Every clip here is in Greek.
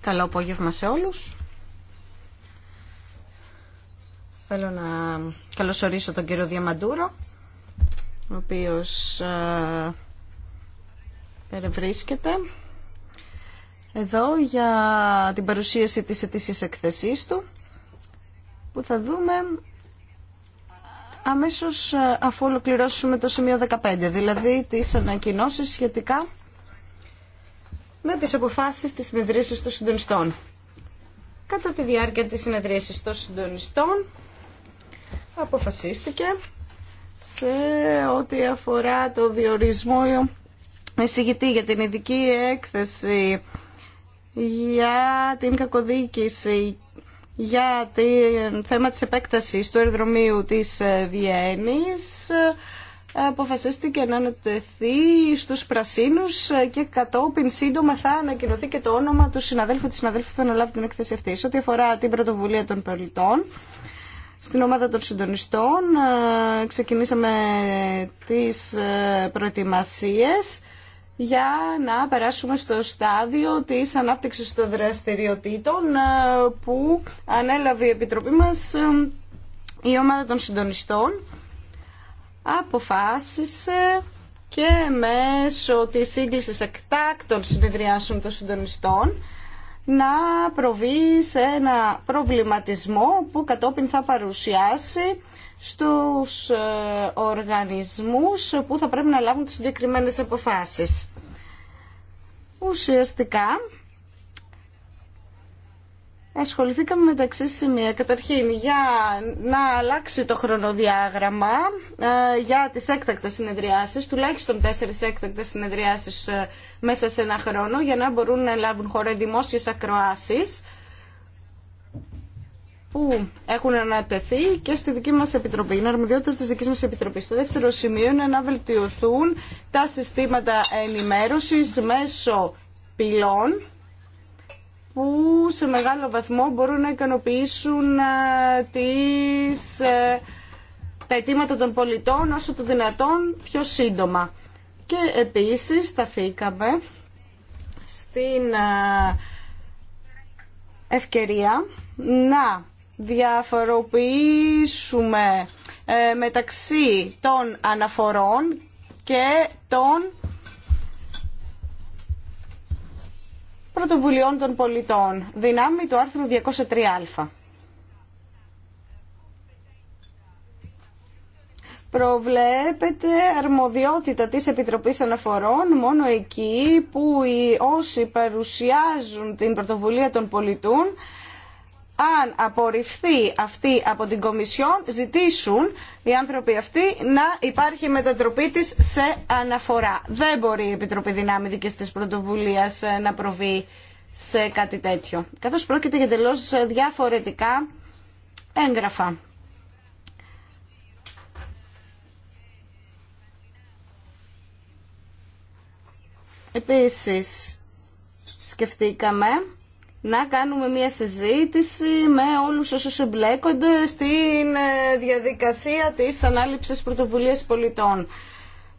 Καλό απόγευμα σε όλους. Θέλω να καλωσορίσω τον κύριο Διαμαντούρο, ο οποίος ε, περιβρίσκεται εδώ για την παρουσίαση της ετήσιας εκθεσής του, που θα δούμε αμέσως ε, αφού ολοκληρώσουμε το σημείο 15, δηλαδή τις ανακοινώσεις σχετικά με τις αποφάσεις της συνεδρίασης των συντονιστών. Κατά τη διάρκεια της συνεδρίασης των συντονιστών αποφασίστηκε σε ό,τι αφορά το διορισμό εισηγητή για την ειδική έκθεση για την κακοδίκηση για το θέμα της επέκτασης του αεροδρομίου της Βιέννης αποφασίστηκε να ανατεθεί στους πρασίνους και κατόπιν σύντομα θα ανακοινωθεί και το όνομα του συναδέλφου της συναδέλφου που θα αναλάβει την εκθέση αυτή. Σε ό,τι αφορά την πρωτοβουλία των πολιτών, στην ομάδα των συντονιστών ε, ξεκινήσαμε τις ε, προετοιμασίες για να περάσουμε στο στάδιο της ανάπτυξης των δραστηριοτήτων ε, που ανέλαβε η Επιτροπή μας η ομάδα των συντονιστών αποφάσισε και μέσω της σύγκλησης εκτάκτων συνεδριάσεων των συντονιστών να προβεί σε ένα προβληματισμό που κατόπιν θα παρουσιάσει στους ε, οργανισμούς που θα πρέπει να λάβουν τις συγκεκριμένες αποφάσεις. Ουσιαστικά Ασχοληθήκαμε μεταξύ τα σημεία. Καταρχήν, για να αλλάξει το χρονοδιάγραμμα ε, για τις έκτακτες συνεδριάσεις, τουλάχιστον τέσσερις έκτακτες συνεδριάσεις ε, μέσα σε ένα χρόνο, για να μπορούν να λάβουν χώρα δημόσιες ακροάσεις που έχουν ανατεθεί και στη δική μας Επιτροπή. Είναι αρμοδιότητα της δικής μας Επιτροπής. Το δεύτερο σημείο είναι να βελτιωθούν τα συστήματα ενημέρωσης μέσω πυλών που σε μεγάλο βαθμό μπορούν να ικανοποιήσουν ε, τις, ε, τα αιτήματα των πολιτών όσο το δυνατόν πιο σύντομα. Και επίσης σταθήκαμε στην ε, ευκαιρία να διαφοροποιήσουμε μεταξύ των αναφορών και των πρωτοβουλειών των πολιτών, δυνάμει του άρθρου 203α. προβλέπεται αρμοδιότητα της Επιτροπής Αναφορών μόνο εκεί που οι όσοι παρουσιάζουν την πρωτοβουλία των πολιτών αν απορριφθεί αυτή από την Κομισιόν, ζητήσουν οι άνθρωποι αυτοί να υπάρχει μετατροπή της σε αναφορά. Δεν μπορεί η Επιτροπή Δυνάμει Δικής της Πρωτοβουλίας ε, να προβεί σε κάτι τέτοιο. Καθώς πρόκειται για τελώς διαφορετικά έγγραφα. Επίσης, σκεφτήκαμε να κάνουμε μια συζήτηση με όλους όσους εμπλέκονται στην ε, διαδικασία της ανάληψης πρωτοβουλίας πολιτών.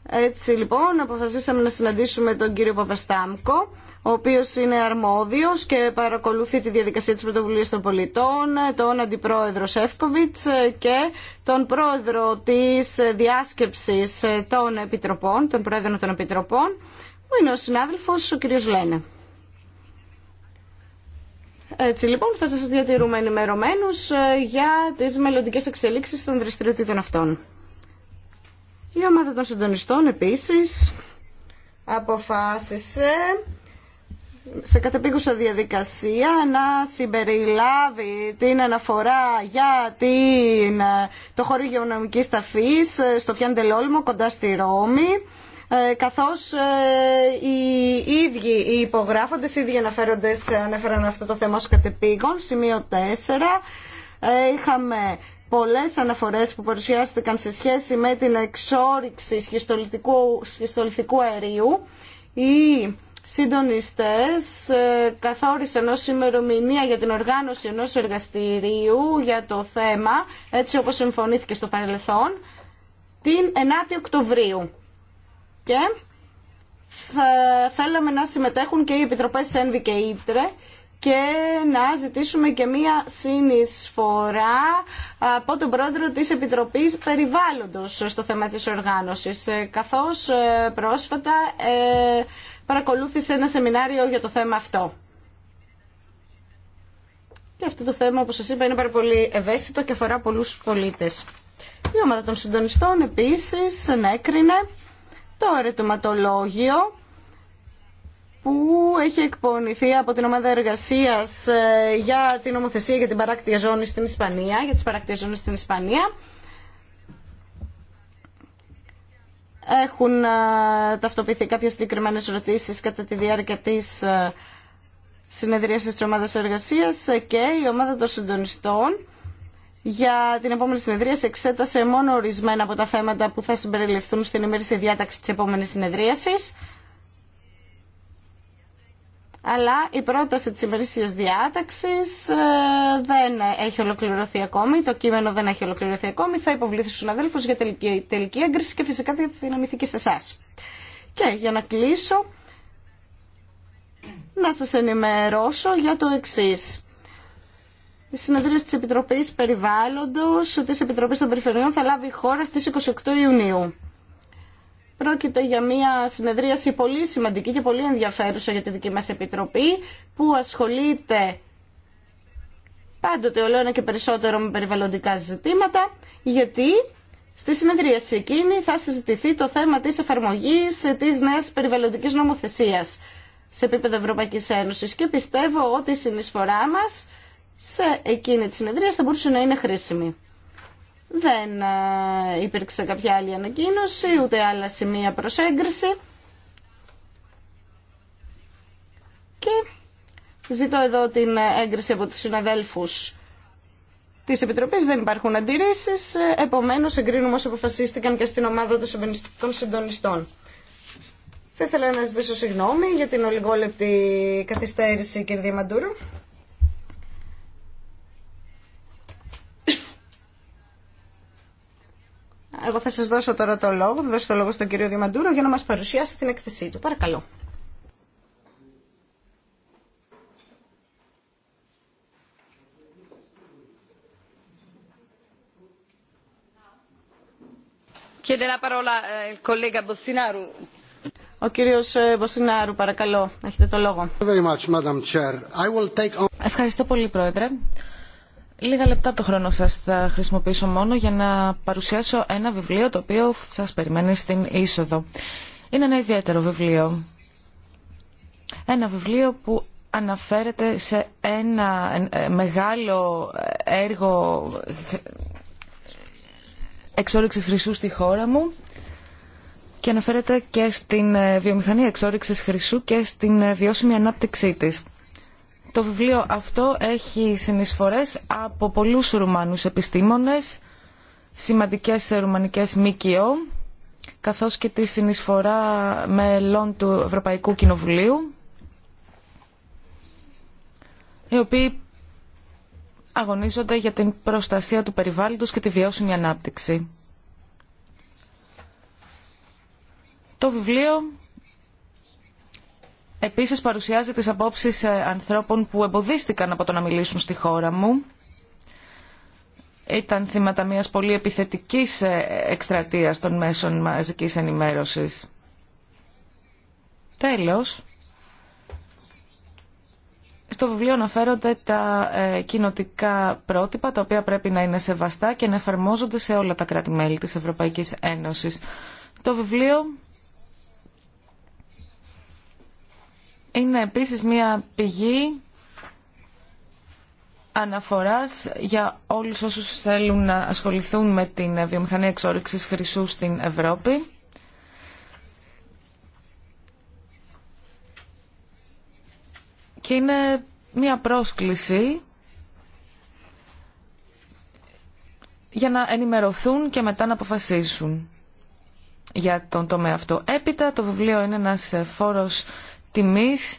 Έτσι λοιπόν αποφασίσαμε να συναντήσουμε τον κύριο Παπαστάμκο, ο οποίος είναι αρμόδιος και παρακολουθεί τη διαδικασία της πρωτοβουλίας των πολιτών, τον αντιπρόεδρο Σεύκοβιτς και τον πρόεδρο της διάσκεψης των επιτροπών, τον Πρόεδρο των επιτροπών, που είναι ο συνάδελφος ο κύριος Λένε. Έτσι λοιπόν θα σας διατηρούμε ενημερωμένου ε, για τις μελλοντικέ εξελίξεις των δραστηριοτήτων αυτών. Η ομάδα των συντονιστών επίσης αποφάσισε σε κατεπίγουσα διαδικασία να συμπεριλάβει την αναφορά για την, ε, το χώρο υγειονομικής ταφής ε, στο Πιάντελόλμο κοντά στη Ρώμη ε, καθώς ε, οι ίδιοι οι υπογράφοντες, οι ίδιοι αναφέροντες ε, ανέφεραν αυτό το θέμα ως κατεπήγον, σημείο 4. Είχαμε πολλές αναφορές που παρουσιάστηκαν σε σχέση με την εξόριξη σχιστολιθικού αερίου. Οι συντονιστές καθόρισαν ως ημερομηνία για την οργάνωση ενός εργαστηρίου για το θέμα, έτσι όπως συμφωνήθηκε στο παρελθόν, την 9η Οκτωβρίου και θα θέλαμε να συμμετέχουν και οι επιτροπές ΕΝΒΙ και ΙΤΡΕ και να ζητήσουμε και μία συνεισφορά από τον πρόεδρο της Επιτροπής Περιβάλλοντος στο θέμα της οργάνωσης, ε, καθώς ε, πρόσφατα ε, παρακολούθησε ένα σεμινάριο για το θέμα αυτό. Και αυτό το θέμα, όπως σας είπα, είναι πάρα πολύ ευαίσθητο και αφορά πολλούς πολίτες. Η ομάδα των συντονιστών επίσης ανέκρινε το ερωτηματολόγιο που έχει εκπονηθεί από την ομάδα εργασίας ε, για την Ομοθεσία για την παράκτια ζώνη στην Ισπανία, για τις παράκτιες ζώνες στην Ισπανία. Έχουν ε, ταυτοποιηθεί κάποιες συγκεκριμένε ρωτήσεις κατά τη διάρκεια της ε, συνεδρίασης της ομάδας εργασίας και η ομάδα των συντονιστών για την επόμενη συνεδρία εξέτασε μόνο ορισμένα από τα θέματα που θα συμπεριληφθούν στην ημερήσια διάταξη της επόμενης συνεδρίασης. Αλλά η πρόταση της ημερήσιας διάταξης ε, δεν έχει ολοκληρωθεί ακόμη, το κείμενο δεν έχει ολοκληρωθεί ακόμη, θα υποβληθεί στους αδέλφους για τελική, τελική έγκριση και φυσικά θα δυναμηθεί και σε εσά. Και για να κλείσω, να σας ενημερώσω για το εξής. Η συνεδρία τη Επιτροπής Περιβάλλοντος τη Επιτροπή των Περιφερειών θα λάβει η χώρα στι 28 Ιουνίου. Πρόκειται για μια συνεδρίαση πολύ σημαντική και πολύ ενδιαφέρουσα για τη δική μας Επιτροπή που ασχολείται πάντοτε όλο ένα και περισσότερο με περιβαλλοντικά ζητήματα γιατί Στη συνεδρίαση εκείνη θα συζητηθεί το θέμα της εφαρμογής της νέας περιβαλλοντικής νομοθεσίας σε επίπεδο Ευρωπαϊκής Ένωσης και πιστεύω ότι η συνεισφορά μας σε εκείνη τη συνεδρία θα μπορούσε να είναι χρήσιμη. Δεν υπήρξε κάποια άλλη ανακοίνωση, ούτε άλλα σημεία προς έγκριση. Και ζητώ εδώ την έγκριση από τους συναδέλφους της Επιτροπής. Δεν υπάρχουν αντιρρήσεις, επομένως εγκρίνουμε όσο αποφασίστηκαν και στην ομάδα των συντονιστών. Θα ήθελα να ζητήσω συγγνώμη για την ολιγόλεπτη καθυστέρηση κ. Διαμαντούρου. εγώ θα σας δώσω τώρα το λόγο, θα δώσω το λόγο στον κύριο Διαμαντούρο για να μας παρουσιάσει την εκθεσή του. Παρακαλώ. Eh, Ο κύριος ε, Μποστινάρου, παρακαλώ, έχετε το λόγο. Ευχαριστώ πολύ, Πρόεδρε. Λίγα λεπτά το χρόνο σας θα χρησιμοποιήσω μόνο για να παρουσιάσω ένα βιβλίο το οποίο σας περιμένει στην είσοδο. Είναι ένα ιδιαίτερο βιβλίο. Ένα βιβλίο που αναφέρεται σε ένα ε, μεγάλο έργο εξόριξης χρυσού στη χώρα μου και αναφέρεται και στην ε, βιομηχανία εξόριξης χρυσού και στην ε, βιώσιμη ανάπτυξή της. Το βιβλίο αυτό έχει συνεισφορές από πολλούς Ρουμάνους επιστήμονες, σημαντικές ρουμανικές ΜΚΟ, καθώς και τη συνεισφορά μελών του Ευρωπαϊκού Κοινοβουλίου, οι οποίοι αγωνίζονται για την προστασία του περιβάλλοντος και τη βιώσιμη ανάπτυξη. Το βιβλίο Επίσης παρουσιάζει τις απόψεις ε, ανθρώπων που εμποδίστηκαν από το να μιλήσουν στη χώρα μου. Ήταν θύματα μιας πολύ επιθετικής ε, εκστρατείας των μέσων μαζικής ενημέρωσης. Τέλος, στο βιβλίο αναφέρονται τα ε, κοινοτικά πρότυπα τα οποία πρέπει να είναι σεβαστά και να εφαρμόζονται σε όλα τα κράτη-μέλη της Ευρωπαϊκής Ένωσης. Το βιβλίο είναι επίσης μια πηγή αναφοράς για όλους όσους θέλουν να ασχοληθούν με την βιομηχανία εξόρυξης χρυσού στην Ευρώπη. Και είναι μια πρόσκληση για να ενημερωθούν και μετά να αποφασίσουν για τον τομέα αυτό. Έπειτα το βιβλίο είναι ένας φόρος τιμής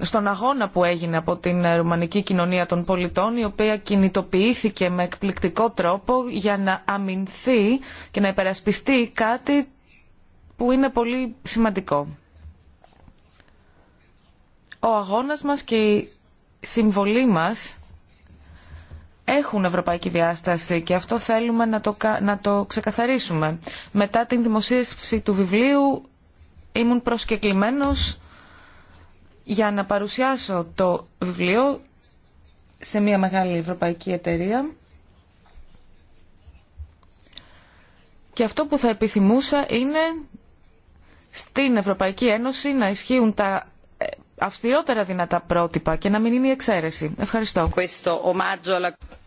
στον αγώνα που έγινε από την ρουμανική κοινωνία των πολιτών η οποία κινητοποιήθηκε με εκπληκτικό τρόπο για να αμυνθεί και να υπερασπιστεί κάτι που είναι πολύ σημαντικό. Ο αγώνας μας και η συμβολή μας έχουν ευρωπαϊκή διάσταση και αυτό θέλουμε να το, να το ξεκαθαρίσουμε. Μετά την δημοσίευση του βιβλίου ήμουν προσκεκλημένος για να παρουσιάσω το βιβλίο σε μια μεγάλη ευρωπαϊκή εταιρεία και αυτό που θα επιθυμούσα είναι στην Ευρωπαϊκή Ένωση να ισχύουν τα ε, αυστηρότερα δυνατά πρότυπα και να μην είναι η εξαίρεση. Ευχαριστώ.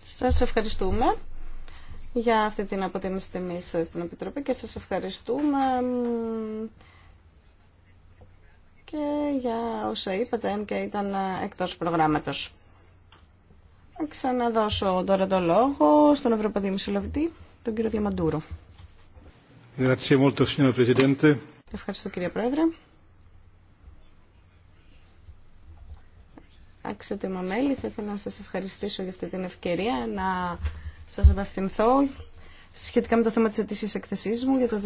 Σας ευχαριστούμε για αυτή την αποτίμηση τιμή στην Επιτροπή και σας ευχαριστούμε και για όσα είπατε, αν και ήταν ε, εκτός προγράμματος. Θα ξαναδώσω τώρα το λόγο στον Ευρωπαϊκό Μισολαβητή, τον κύριο Διαμαντούρο. Ευχαριστώ κύριε Πρόεδρε. Αξιότιμα μέλη, θα ήθελα να σας ευχαριστήσω για αυτή την ευκαιρία να σας απευθυνθώ Σχετικά με το θέμα της αιτήσιας εκθεσής μου για το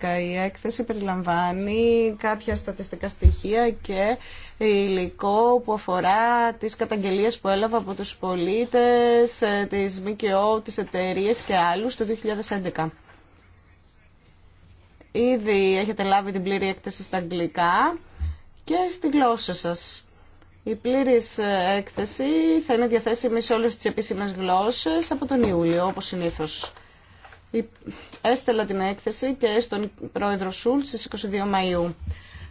2011, η έκθεση περιλαμβάνει κάποια στατιστικά στοιχεία και υλικό που αφορά τις καταγγελίες που έλαβα από τους πολίτες, ε, τις ΜΚΟ, τις εταιρείες και άλλους το 2011. Ήδη έχετε λάβει την πλήρη έκθεση στα αγγλικά και στη γλώσσα σας. Η πλήρης ε, έκθεση θα είναι διαθέσιμη σε όλες τις επίσημε γλώσσες από τον Ιούλιο, όπως συνήθως. Έστελα την έκθεση και στον πρόεδρο Σούλτ στις 22 Μαΐου.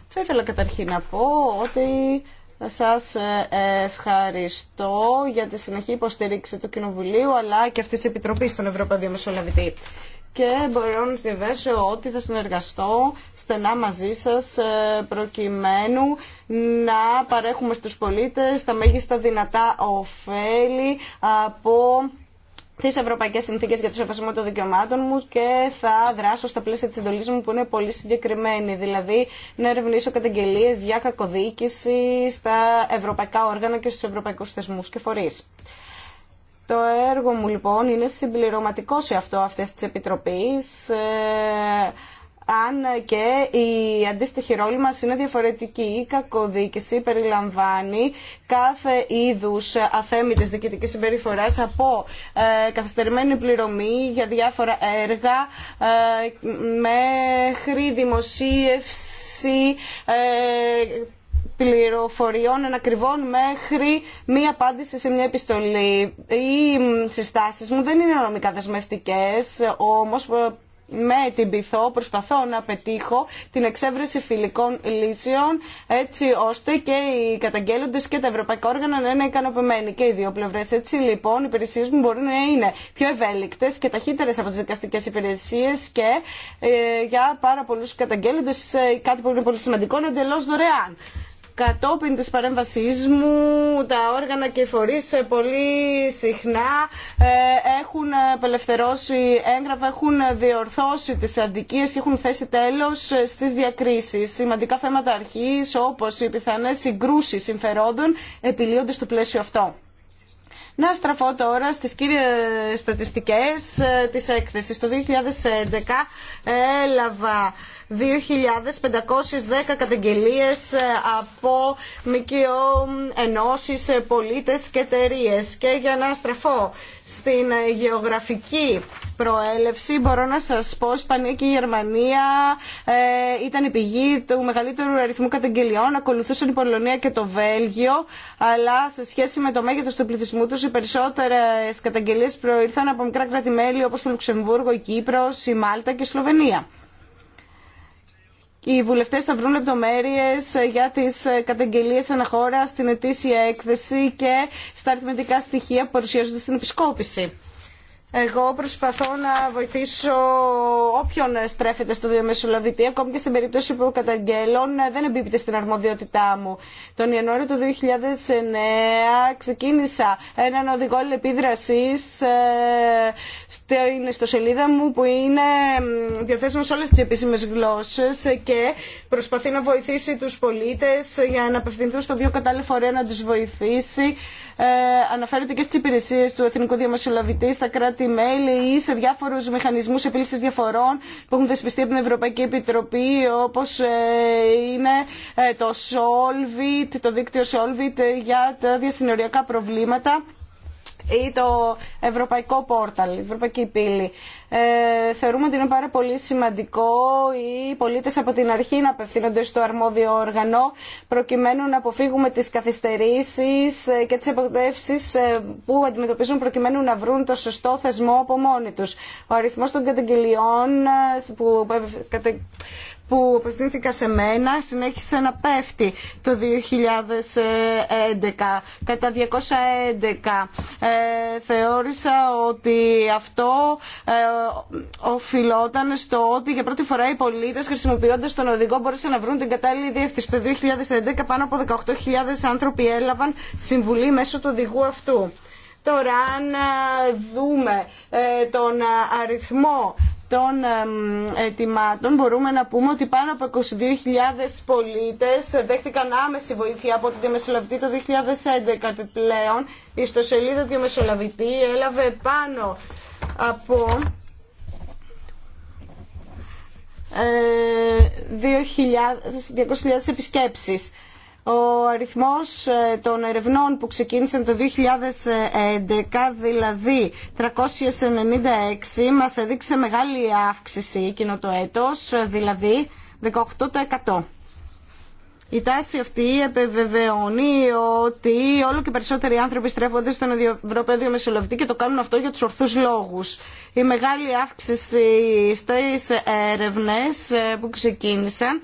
Θα ήθελα καταρχήν να πω ότι σας ε, ευχαριστώ για τη συνεχή υποστήριξη του Κοινοβουλίου αλλά και αυτής της Επιτροπής των Ευρωπαϊκό Διαμεσολαβητή και μπορώ να συνδέσω ότι θα συνεργαστώ στενά μαζί σας ε, προκειμένου να παρέχουμε στους πολίτες τα μέγιστα δυνατά ωφέλη από τις ευρωπαϊκές συνθήκες για το σεβασμό των δικαιωμάτων μου και θα δράσω στα πλαίσια της εντολής μου που είναι πολύ συγκεκριμένη. Δηλαδή να ερευνήσω καταγγελίες για κακοδίκηση στα ευρωπαϊκά όργανα και στους ευρωπαϊκούς θεσμούς και φορείς. Το έργο μου λοιπόν είναι συμπληρωματικό σε αυτό αυτές τις επιτροπής, ε, αν και η αντίστοιχη ρόλη μας είναι διαφορετική. Η κακοδίκηση περιλαμβάνει κάθε είδους αθέμητης διοικητικής συμπεριφοράς από ε, καθυστερημένη πληρωμή για διάφορα έργα με μέχρι δημοσίευση ε, πληροφοριών ανακριβών μέχρι μία απάντηση σε μία επιστολή. Οι συστάσεις μου δεν είναι νομικά δεσμευτικέ, όμω ε, με την πειθό προσπαθώ να πετύχω την εξέβρεση φιλικών λύσεων έτσι ώστε και οι καταγγέλλοντες και τα ευρωπαϊκά όργανα να είναι ικανοποιημένοι και οι δύο πλευρές. Έτσι λοιπόν οι υπηρεσίε μου μπορούν να είναι πιο ευέλικτες και ταχύτερες από τις δικαστικές υπηρεσίες και ε, για πάρα πολλούς καταγγέλλοντες ε, κάτι που είναι πολύ σημαντικό είναι εντελώς δωρεάν κατόπιν της παρέμβασής μου τα όργανα και οι φορείς ε, πολύ συχνά ε, έχουν απελευθερώσει έγγραφα, έχουν διορθώσει τις αντικίες και έχουν θέσει τέλος ε, στις διακρίσεις. Σημαντικά θέματα αρχής όπως οι πιθανές συγκρούσεις συμφερόντων επιλύονται στο πλαίσιο αυτό. Να στραφώ τώρα στις κύριες στατιστικές ε, της έκθεσης. Το 2011 έλαβα 2.510 καταγγελίες ε, από ΜΚΟ, ενώσεις, ε, πολίτες και εταιρείε. Και για να στραφώ στην γεωγραφική προέλευση μπορώ να σας πω Ισπανία και η Γερμανία ε, ήταν η πηγή του μεγαλύτερου αριθμού καταγγελιών, ακολουθούσαν η Πολωνία και το Βέλγιο, αλλά σε σχέση με το μέγεθος του πληθυσμού τους οι περισσότερες καταγγελίες προήρθαν από μικρά κράτη-μέλη όπως το Λουξεμβούργο, η Κύπρος, η Μάλτα και η Σλοβενία. Οι βουλευτές θα βρουν λεπτομέρειες για τις καταγγελίες αναχώρα στην ετήσια έκθεση και στα αριθμητικά στοιχεία που παρουσιάζονται στην επισκόπηση. Εγώ προσπαθώ να βοηθήσω όποιον στρέφεται στο διαμεσολαβητή, ακόμη και στην περίπτωση που καταγγέλων ε, δεν εμπίπτει στην αρμοδιότητά μου. Τον Ιανουάριο του 2009 ξεκίνησα έναν οδηγό επίδραση ε, στην σελίδα μου που είναι διαθέσιμο σε όλες τις επίσημε γλώσσες και προσπαθεί να βοηθήσει τους πολίτες για να απευθυνθούν στο πιο κατάλληλο φορέα να του βοηθήσει ε, αναφέρεται και στι υπηρεσίε του Εθνικού Διαμεσολαβητή, στα κράτη-μέλη ή σε διάφορου μηχανισμού επίλυση διαφορών που έχουν δεσπιστεί από την Ευρωπαϊκή Επιτροπή όπως ε, είναι ε, το Solvit, το δίκτυο Solvit για τα διασυνοριακά προβλήματα ή το Ευρωπαϊκό Πόρταλ, η Ευρωπαϊκή Πύλη. Ε, θεωρούμε ότι είναι πάρα πολύ σημαντικό οι πολίτες από την αρχή να απευθύνονται στο αρμόδιο όργανο προκειμένου να αποφύγουμε τις καθυστερήσεις ε, και τις αποτεύσεις ε, που αντιμετωπίζουν προκειμένου να βρουν το σωστό θεσμό από μόνοι τους. Ο αριθμός των καταγγελιών ε, που που απευθύνθηκα σε μένα συνέχισε να πέφτει το 2011 κατά 211. Ε, θεώρησα ότι αυτό ε, οφειλόταν στο ότι για πρώτη φορά οι πολίτες χρησιμοποιώντας τον οδηγό μπορούσαν να βρουν την κατάλληλη διεύθυνση. Το 2011 πάνω από 18.000 άνθρωποι έλαβαν συμβουλή μέσω του οδηγού αυτού. Τώρα αν ε, δούμε ε, τον ε, αριθμό των ετοιμάτων μπορούμε να πούμε ότι πάνω από 22.000 πολίτες δέχτηκαν άμεση βοήθεια από τη Διαμεσολαβητή το 2011 επιπλέον. Η στοσελίδα Διαμεσολαβητή έλαβε πάνω από 200.000 ε, επισκέψεις ο αριθμός ε, των ερευνών που ξεκίνησαν το 2011, δηλαδή 396, μας έδειξε μεγάλη αύξηση εκείνο το έτος, ε, δηλαδή 18%. Η τάση αυτή επιβεβαιώνει ότι όλο και περισσότεροι άνθρωποι στρέφονται στον Ευρωπαίδιο Μεσολαβητή και το κάνουν αυτό για τους ορθούς λόγους. Η μεγάλη αύξηση στις έρευνες ε, που ξεκίνησαν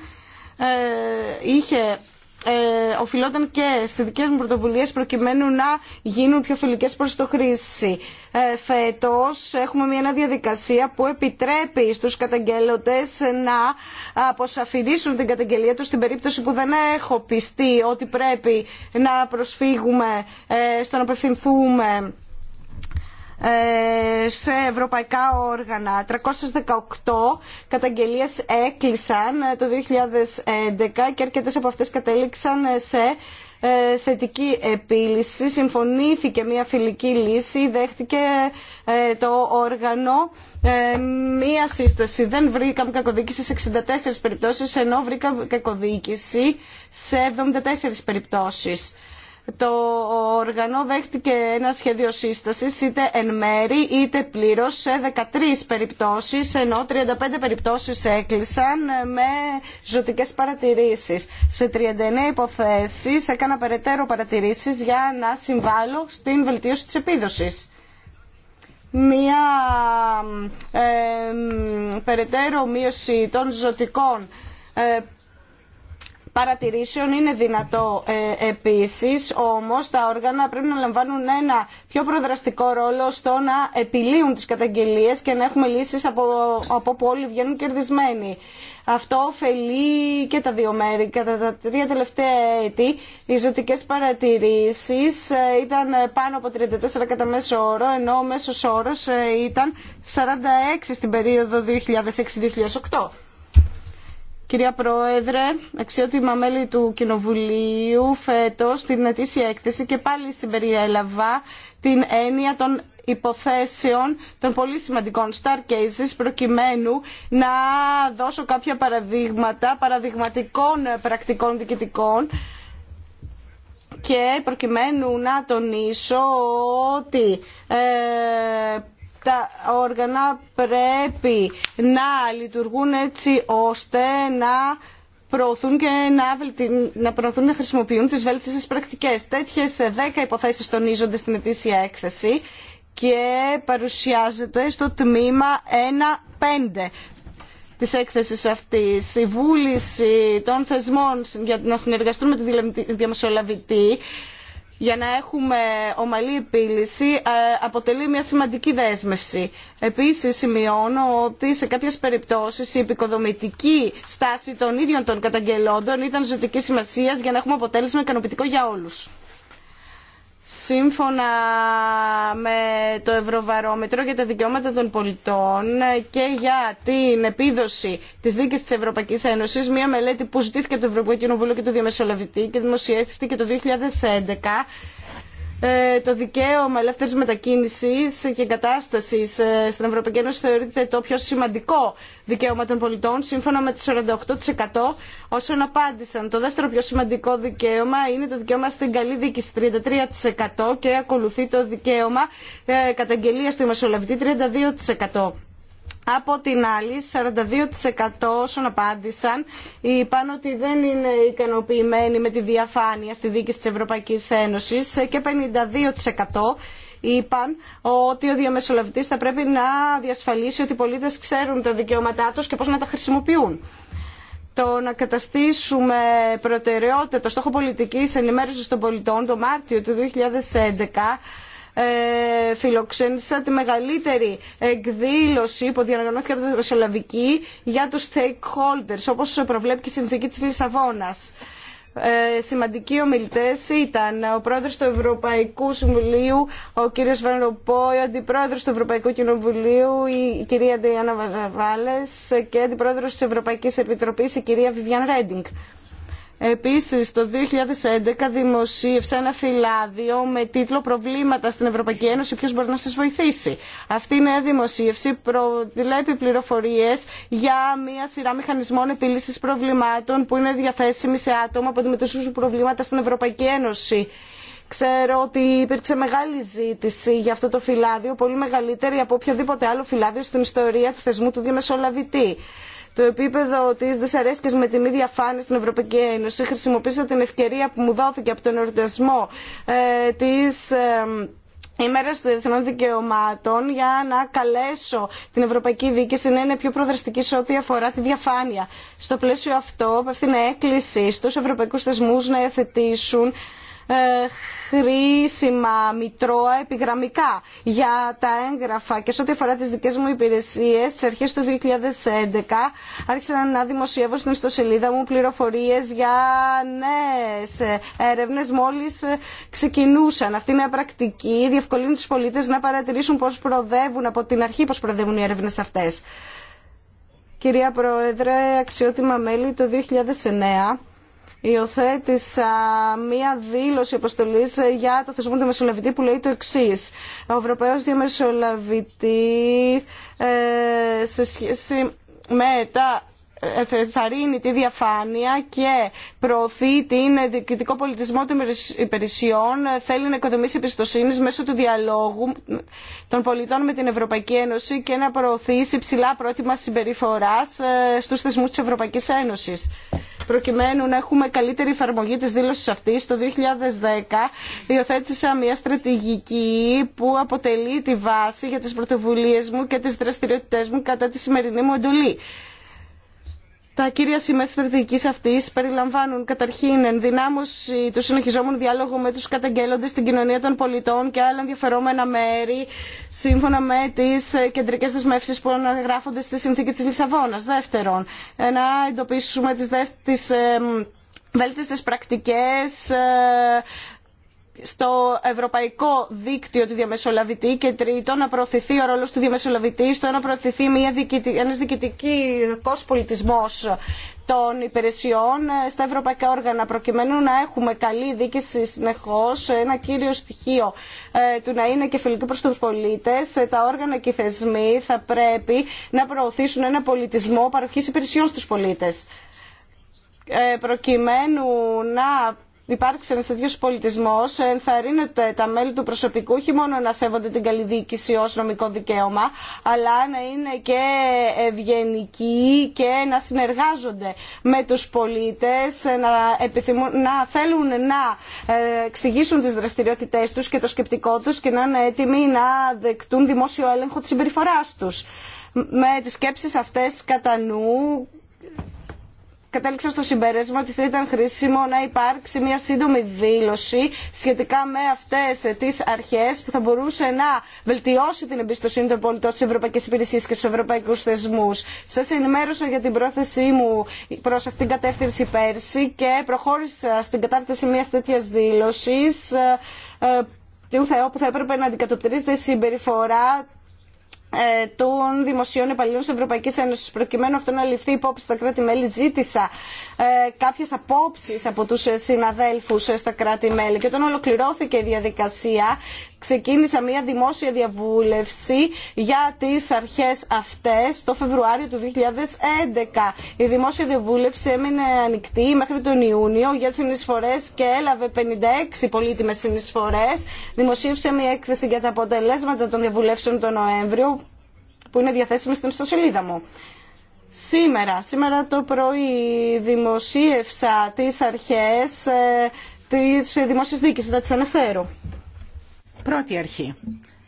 είχε ε, οφειλόταν και στι δικέ μου πρωτοβουλίε προκειμένου να γίνουν πιο φιλικέ προ το χρήση. Ε, Φέτο έχουμε μια διαδικασία που επιτρέπει στου καταγγέλλοντε να αποσαφηνίσουν την καταγγελία του στην περίπτωση που δεν έχω πιστεί ότι πρέπει να προσφύγουμε ε, στο να απευθυνθούμε ε, σε ευρωπαϊκά όργανα. 318 καταγγελίες έκλεισαν ε, το 2011 και αρκετές από αυτές κατέληξαν ε, σε θετική επίλυση. Συμφωνήθηκε μια φιλική λύση, δέχτηκε το όργανο μία σύσταση. Δεν βρήκαμε κακοδίκηση σε 64 περιπτώσεις, ενώ βρήκαμε κακοδίκηση σε 74 περιπτώσεις το οργανό δέχτηκε ένα σχέδιο σύσταση, είτε εν μέρη είτε πλήρως σε 13 περιπτώσεις ενώ 35 περιπτώσεις έκλεισαν με ζωτικέ παρατηρήσεις. Σε 39 υποθέσεις έκανα περαιτέρω παρατηρήσεις για να συμβάλλω στην βελτίωση της επίδοση. μια ε, περαιτέρω μείωση των ζωτικών ε, παρατηρήσεων είναι δυνατό επίση επίσης, όμως τα όργανα πρέπει να λαμβάνουν ένα πιο προδραστικό ρόλο στο να επιλύουν τις καταγγελίες και να έχουμε λύσεις από, από που όλοι βγαίνουν κερδισμένοι. Αυτό ωφελεί και τα δύο μέρη. Κατά τα τρία τελευταία έτη οι ζωτικές παρατηρήσεις ε, ήταν πάνω από 34 κατά μέσο όρο, ενώ ο μέσος όρος ε, ήταν 46 στην περίοδο 2006-2008. Κυρία Πρόεδρε, αξιότιμα μέλη του Κοινοβουλίου, φέτος στην ετήσια έκθεση και πάλι συμπεριέλαβα την έννοια των υποθέσεων των πολύ σημαντικών star cases προκειμένου να δώσω κάποια παραδείγματα παραδειγματικών πρακτικών διοικητικών και προκειμένου να τονίσω ότι ε, τα όργανα πρέπει να λειτουργούν έτσι ώστε να προωθούν και να, βελτι... να προωθούν να χρησιμοποιούν τις βέλτιστες πρακτικές. Τέτοιες 10 ε, υποθέσεις τονίζονται στην ετήσια έκθεση και παρουσιάζεται στο τμήμα 1-5 της έκθεσης αυτής. Η βούληση των θεσμών για να συνεργαστούν με τη διαμεσολαβητή για να έχουμε ομαλή επίλυση ε, αποτελεί μια σημαντική δέσμευση. Επίσης σημειώνω ότι σε κάποιες περιπτώσεις η επικοδομητική στάση των ίδιων των καταγγελόντων ήταν ζωτική σημασίας για να έχουμε αποτέλεσμα ικανοποιητικό για όλους. Σύμφωνα με το Ευρωβαρόμετρο για τα δικαιώματα των πολιτών και για την επίδοση τη δίκη της Ευρωπαϊκής Ένωση, μια μελέτη που ζητήθηκε το Ευρωπαϊκό Κοινοβούλιο και το Διαμεσολαβητή και δημοσιεύτηκε το 2011, ε, το δικαίωμα ελεύθερης μετακίνηση και εγκατάσταση ε, στην Ευρωπαϊκή Ένωση θεωρείται το πιο σημαντικό δικαίωμα των πολιτών, σύμφωνα με το 48% όσων απάντησαν. Το δεύτερο πιο σημαντικό δικαίωμα είναι το δικαίωμα στην καλή διοίκηση, 33% και ακολουθεί το δικαίωμα ε, καταγγελίας του Μεσολαβητή, 32%. Από την άλλη, 42% όσων απάντησαν είπαν ότι δεν είναι ικανοποιημένοι με τη διαφάνεια στη δίκη της Ευρωπαϊκής Ένωσης και 52% είπαν ότι ο διαμεσολαβητής θα πρέπει να διασφαλίσει ότι οι πολίτες ξέρουν τα δικαιώματά τους και πώς να τα χρησιμοποιούν. Το να καταστήσουμε προτεραιότητα το στόχο πολιτικής ενημέρωσης των πολιτών το Μάρτιο του 2011 ε, φιλοξένησα τη μεγαλύτερη εκδήλωση που διοργανώθηκε από τη για τους stakeholders, όπως προβλέπει και η συνθήκη της Λισαβόνας. Ε, σημαντικοί ομιλητέ ήταν ο πρόεδρος του Ευρωπαϊκού Συμβουλίου, ο κύριος Βαν ο αντιπρόεδρος του Ευρωπαϊκού Κοινοβουλίου, η κυρία Ντεϊάννα Βαλαβάλε και αντιπρόεδρο τη Ευρωπαϊκή Επιτροπή, η κυρία Βιβιάν Ρέντινγκ. Επίσης, το 2011 δημοσίευσε ένα φυλάδιο με τίτλο «Προβλήματα στην Ευρωπαϊκή Ένωση. Ποιος μπορεί να σας βοηθήσει». Αυτή η νέα δημοσίευση προτιλέπει πληροφορίες για μια σειρά μηχανισμών επίλυσης προβλημάτων που είναι διαθέσιμοι σε άτομα που αντιμετωπίζουν προβλήματα στην Ευρωπαϊκή Ένωση. Ξέρω ότι υπήρξε μεγάλη ζήτηση για αυτό το φυλάδιο, πολύ μεγαλύτερη από οποιοδήποτε άλλο φυλάδιο στην ιστορία του θεσμού του διαμεσολαβητή το επίπεδο τη δυσαρέσκεια με τη ίδια διαφάνεια στην Ευρωπαϊκή Ένωση. Χρησιμοποίησα την ευκαιρία που μου δόθηκε από τον εορτασμό ε, τη. Ε, των διεθνών δικαιωμάτων για να καλέσω την Ευρωπαϊκή Διοίκηση να είναι πιο προδραστική σε ό,τι αφορά τη διαφάνεια. Στο πλαίσιο αυτό, απευθύνω έκκληση στου ευρωπαϊκού θεσμού να εθετήσουν ε, χρήσιμα μητρώα επιγραμμικά για τα έγγραφα και σε ό,τι αφορά τις δικές μου υπηρεσίες στις αρχές του 2011 άρχισα να δημοσιεύω στην ιστοσελίδα μου πληροφορίες για νέες έρευνες μόλις ξεκινούσαν. Αυτή είναι πρακτική διευκολύνει τους πολίτες να παρατηρήσουν πώς προδεύουν από την αρχή πώς προδεύουν οι έρευνες αυτές. Κυρία Πρόεδρε, αξιότιμα μέλη, το 2009 Υιοθέτησα μία δήλωση αποστολή για το θεσμό του Μεσολαβητή που λέει το εξή. Ο Ευρωπαίος Διαμεσολαβητή ε, σε σχέση με τα ε, θαρρύνει τη διαφάνεια και προωθεί την διοικητικό πολιτισμό των υπηρεσιών, ε, θέλει να οικοδομήσει εμπιστοσύνη μέσω του διαλόγου των πολιτών με την Ευρωπαϊκή Ένωση και να προωθήσει ψηλά πρότυπα συμπεριφορά στου θεσμού τη Ευρωπαϊκή Ένωση προκειμένου να έχουμε καλύτερη εφαρμογή της δήλωσης αυτής. Το 2010 υιοθέτησα μια στρατηγική που αποτελεί τη βάση για τις πρωτοβουλίες μου και τις δραστηριότητές μου κατά τη σημερινή μου εντολή. Τα κύρια σημεία στρατηγική αυτή περιλαμβάνουν καταρχήν ενδυνάμωση του συνεχιζόμενου διάλογου με του καταγγέλλοντε στην κοινωνία των πολιτών και άλλα ενδιαφερόμενα μέρη, σύμφωνα με τι κεντρικέ δεσμεύσει που αναγράφονται στη συνθήκη τη Λισαβόνα. Δεύτερον, να εντοπίσουμε τι βέλτιστες πρακτικές ε, στο ευρωπαϊκό δίκτυο του διαμεσολαβητή και τρίτο να προωθηθεί ο ρόλος του διαμεσολαβητή στο να προωθηθεί μια διοικητική, ένας διοικητικός πολιτισμός των υπηρεσιών ε, στα ευρωπαϊκά όργανα προκειμένου να έχουμε καλή δίκηση συνεχώς ένα κύριο στοιχείο ε, του να είναι και φιλικό προς τους πολίτες ε, τα όργανα και οι θεσμοί θα πρέπει να προωθήσουν ένα πολιτισμό παροχής υπηρεσιών στους πολίτες προκειμένου να υπάρξει ένα τέτοιο πολιτισμό, ενθαρρύνεται τα μέλη του προσωπικού όχι μόνο να σέβονται την καλή διοίκηση ω νομικό δικαίωμα, αλλά να είναι και ευγενικοί και να συνεργάζονται με του πολίτε, να, θέλουν να ε, εξηγήσουν τι δραστηριότητέ του και το σκεπτικό του και να είναι έτοιμοι να δεκτούν δημόσιο έλεγχο τη συμπεριφορά του. Με τις σκέψεις αυτές κατά νου κατέληξα στο συμπέρασμα ότι θα ήταν χρήσιμο να υπάρξει μια σύντομη δήλωση σχετικά με αυτέ ε, τι αρχέ που θα μπορούσε να βελτιώσει την εμπιστοσύνη των πολιτών στι ευρωπαϊκέ υπηρεσίε και στου ευρωπαϊκού θεσμού. Σα ενημέρωσα για την πρόθεσή μου προ αυτήν την κατεύθυνση πέρσι και προχώρησα στην κατάρτιση μια τέτοια δήλωση ε, ε, που θα έπρεπε να αντικατοπτρίζεται η συμπεριφορά ε, των δημοσίων υπαλλήλων τη Ευρωπαϊκή Ένωση. Προκειμένου αυτό να ληφθεί υπόψη στα κράτη-μέλη, ζήτησα ε, κάποιε απόψει από του συναδέλφου ε, στα κράτη-μέλη. Και όταν ολοκληρώθηκε η διαδικασία, ξεκίνησα μια δημόσια διαβούλευση για τις αρχές αυτές το Φεβρουάριο του 2011. Η δημόσια διαβούλευση έμεινε ανοιχτή μέχρι τον Ιούνιο για συνεισφορές και έλαβε 56 πολύτιμες συνεισφορές. Δημοσίευσε μια έκθεση για τα αποτελέσματα των διαβουλεύσεων τον Νοέμβριο που είναι διαθέσιμη στην ιστοσελίδα μου. Σήμερα, σήμερα το πρωί δημοσίευσα τις αρχές ε, της δημόσιας δίκης, θα τις αναφέρω. Πρώτη αρχή.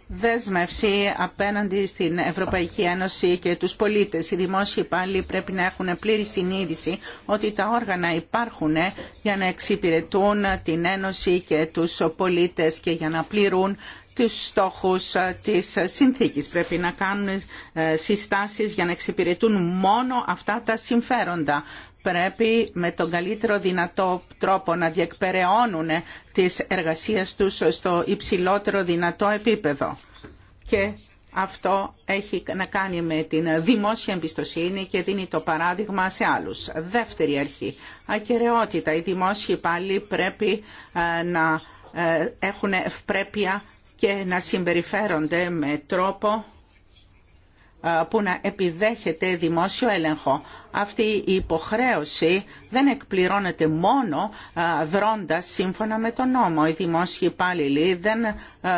Δέσμευση απέναντι στην Ευρωπαϊκή Ένωση και τους πολίτες. Οι δημόσιοι υπάλληλοι πρέπει να έχουν πλήρη συνείδηση ότι τα όργανα υπάρχουν για να εξυπηρετούν την Ένωση και τους πολίτες και για να πληρούν τους στόχους της συνθήκης. Πρέπει να κάνουν ε, συστάσεις για να εξυπηρετούν μόνο αυτά τα συμφέροντα πρέπει με τον καλύτερο δυνατό τρόπο να διεκπεραιώνουν τις εργασίες τους στο υψηλότερο δυνατό επίπεδο. Και αυτό έχει να κάνει με την δημόσια εμπιστοσύνη και δίνει το παράδειγμα σε άλλους. Δεύτερη αρχή, ακεραιότητα. Οι δημόσιοι πάλι πρέπει ε, να ε, έχουν ευπρέπεια και να συμπεριφέρονται με τρόπο που να επιδέχεται δημόσιο έλεγχο. Αυτή η υποχρέωση δεν εκπληρώνεται μόνο δρώντας σύμφωνα με τον νόμο. Οι δημόσιοι υπάλληλοι δεν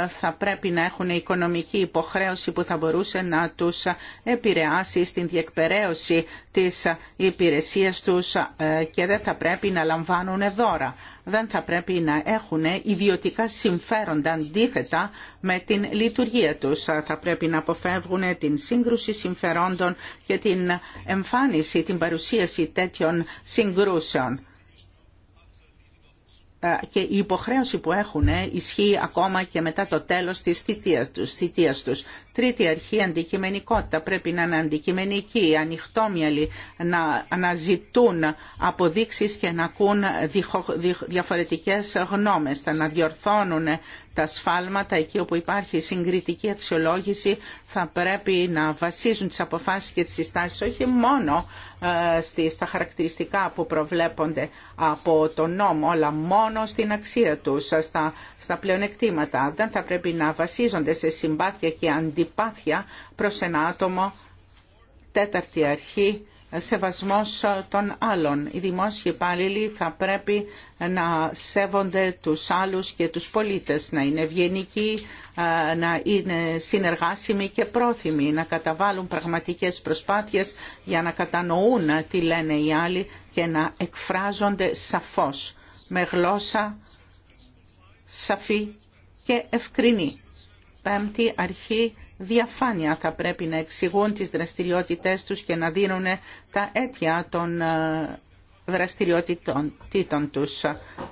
θα πρέπει να έχουν οικονομική υποχρέωση που θα μπορούσε να τους επηρεάσει στην διεκπαιρέωση της υπηρεσίας τους ε, και δεν θα πρέπει να λαμβάνουν δώρα. Δεν θα πρέπει να έχουν ιδιωτικά συμφέροντα αντίθετα με την λειτουργία τους. Θα πρέπει να αποφεύγουν την σύγκρουση συμφερόντων και την εμφάνιση, την παρουσίαση τέτοιων σύγκρουσεων ε, και η υποχρέωση που έχουν ε, ισχύει ακόμα και μετά το τέλος της θητείας τους. Θητείας τους. Τρίτη αρχή, αντικειμενικότητα. Πρέπει να είναι αντικειμενικοί, ανοιχτόμυαλοι, να αναζητούν αποδείξεις και να ακούν διαφορετικές γνώμες, να διορθώνουν ε, τα σφάλματα εκεί όπου υπάρχει συγκριτική αξιολόγηση θα πρέπει να βασίζουν τις αποφάσεις και τις συστάσεις όχι μόνο ε, στα χαρακτηριστικά που προβλέπονται από τον νόμο αλλά μόνο στην αξία τους, ε, στα, στα πλεονεκτήματα. Δεν θα πρέπει να βασίζονται σε συμπάθεια και αντιπάθεια προς ένα άτομο τέταρτη αρχή σεβασμός των άλλων. Οι δημόσιοι υπάλληλοι θα πρέπει να σέβονται τους άλλους και τους πολίτες, να είναι ευγενικοί, να είναι συνεργάσιμοι και πρόθυμοι, να καταβάλουν πραγματικές προσπάθειες για να κατανοούν τι λένε οι άλλοι και να εκφράζονται σαφώς, με γλώσσα σαφή και ευκρινή. Πέμπτη αρχή διαφάνεια θα πρέπει να εξηγούν τις δραστηριότητές τους και να δίνουν τα αίτια των ε, δραστηριοτήτων τους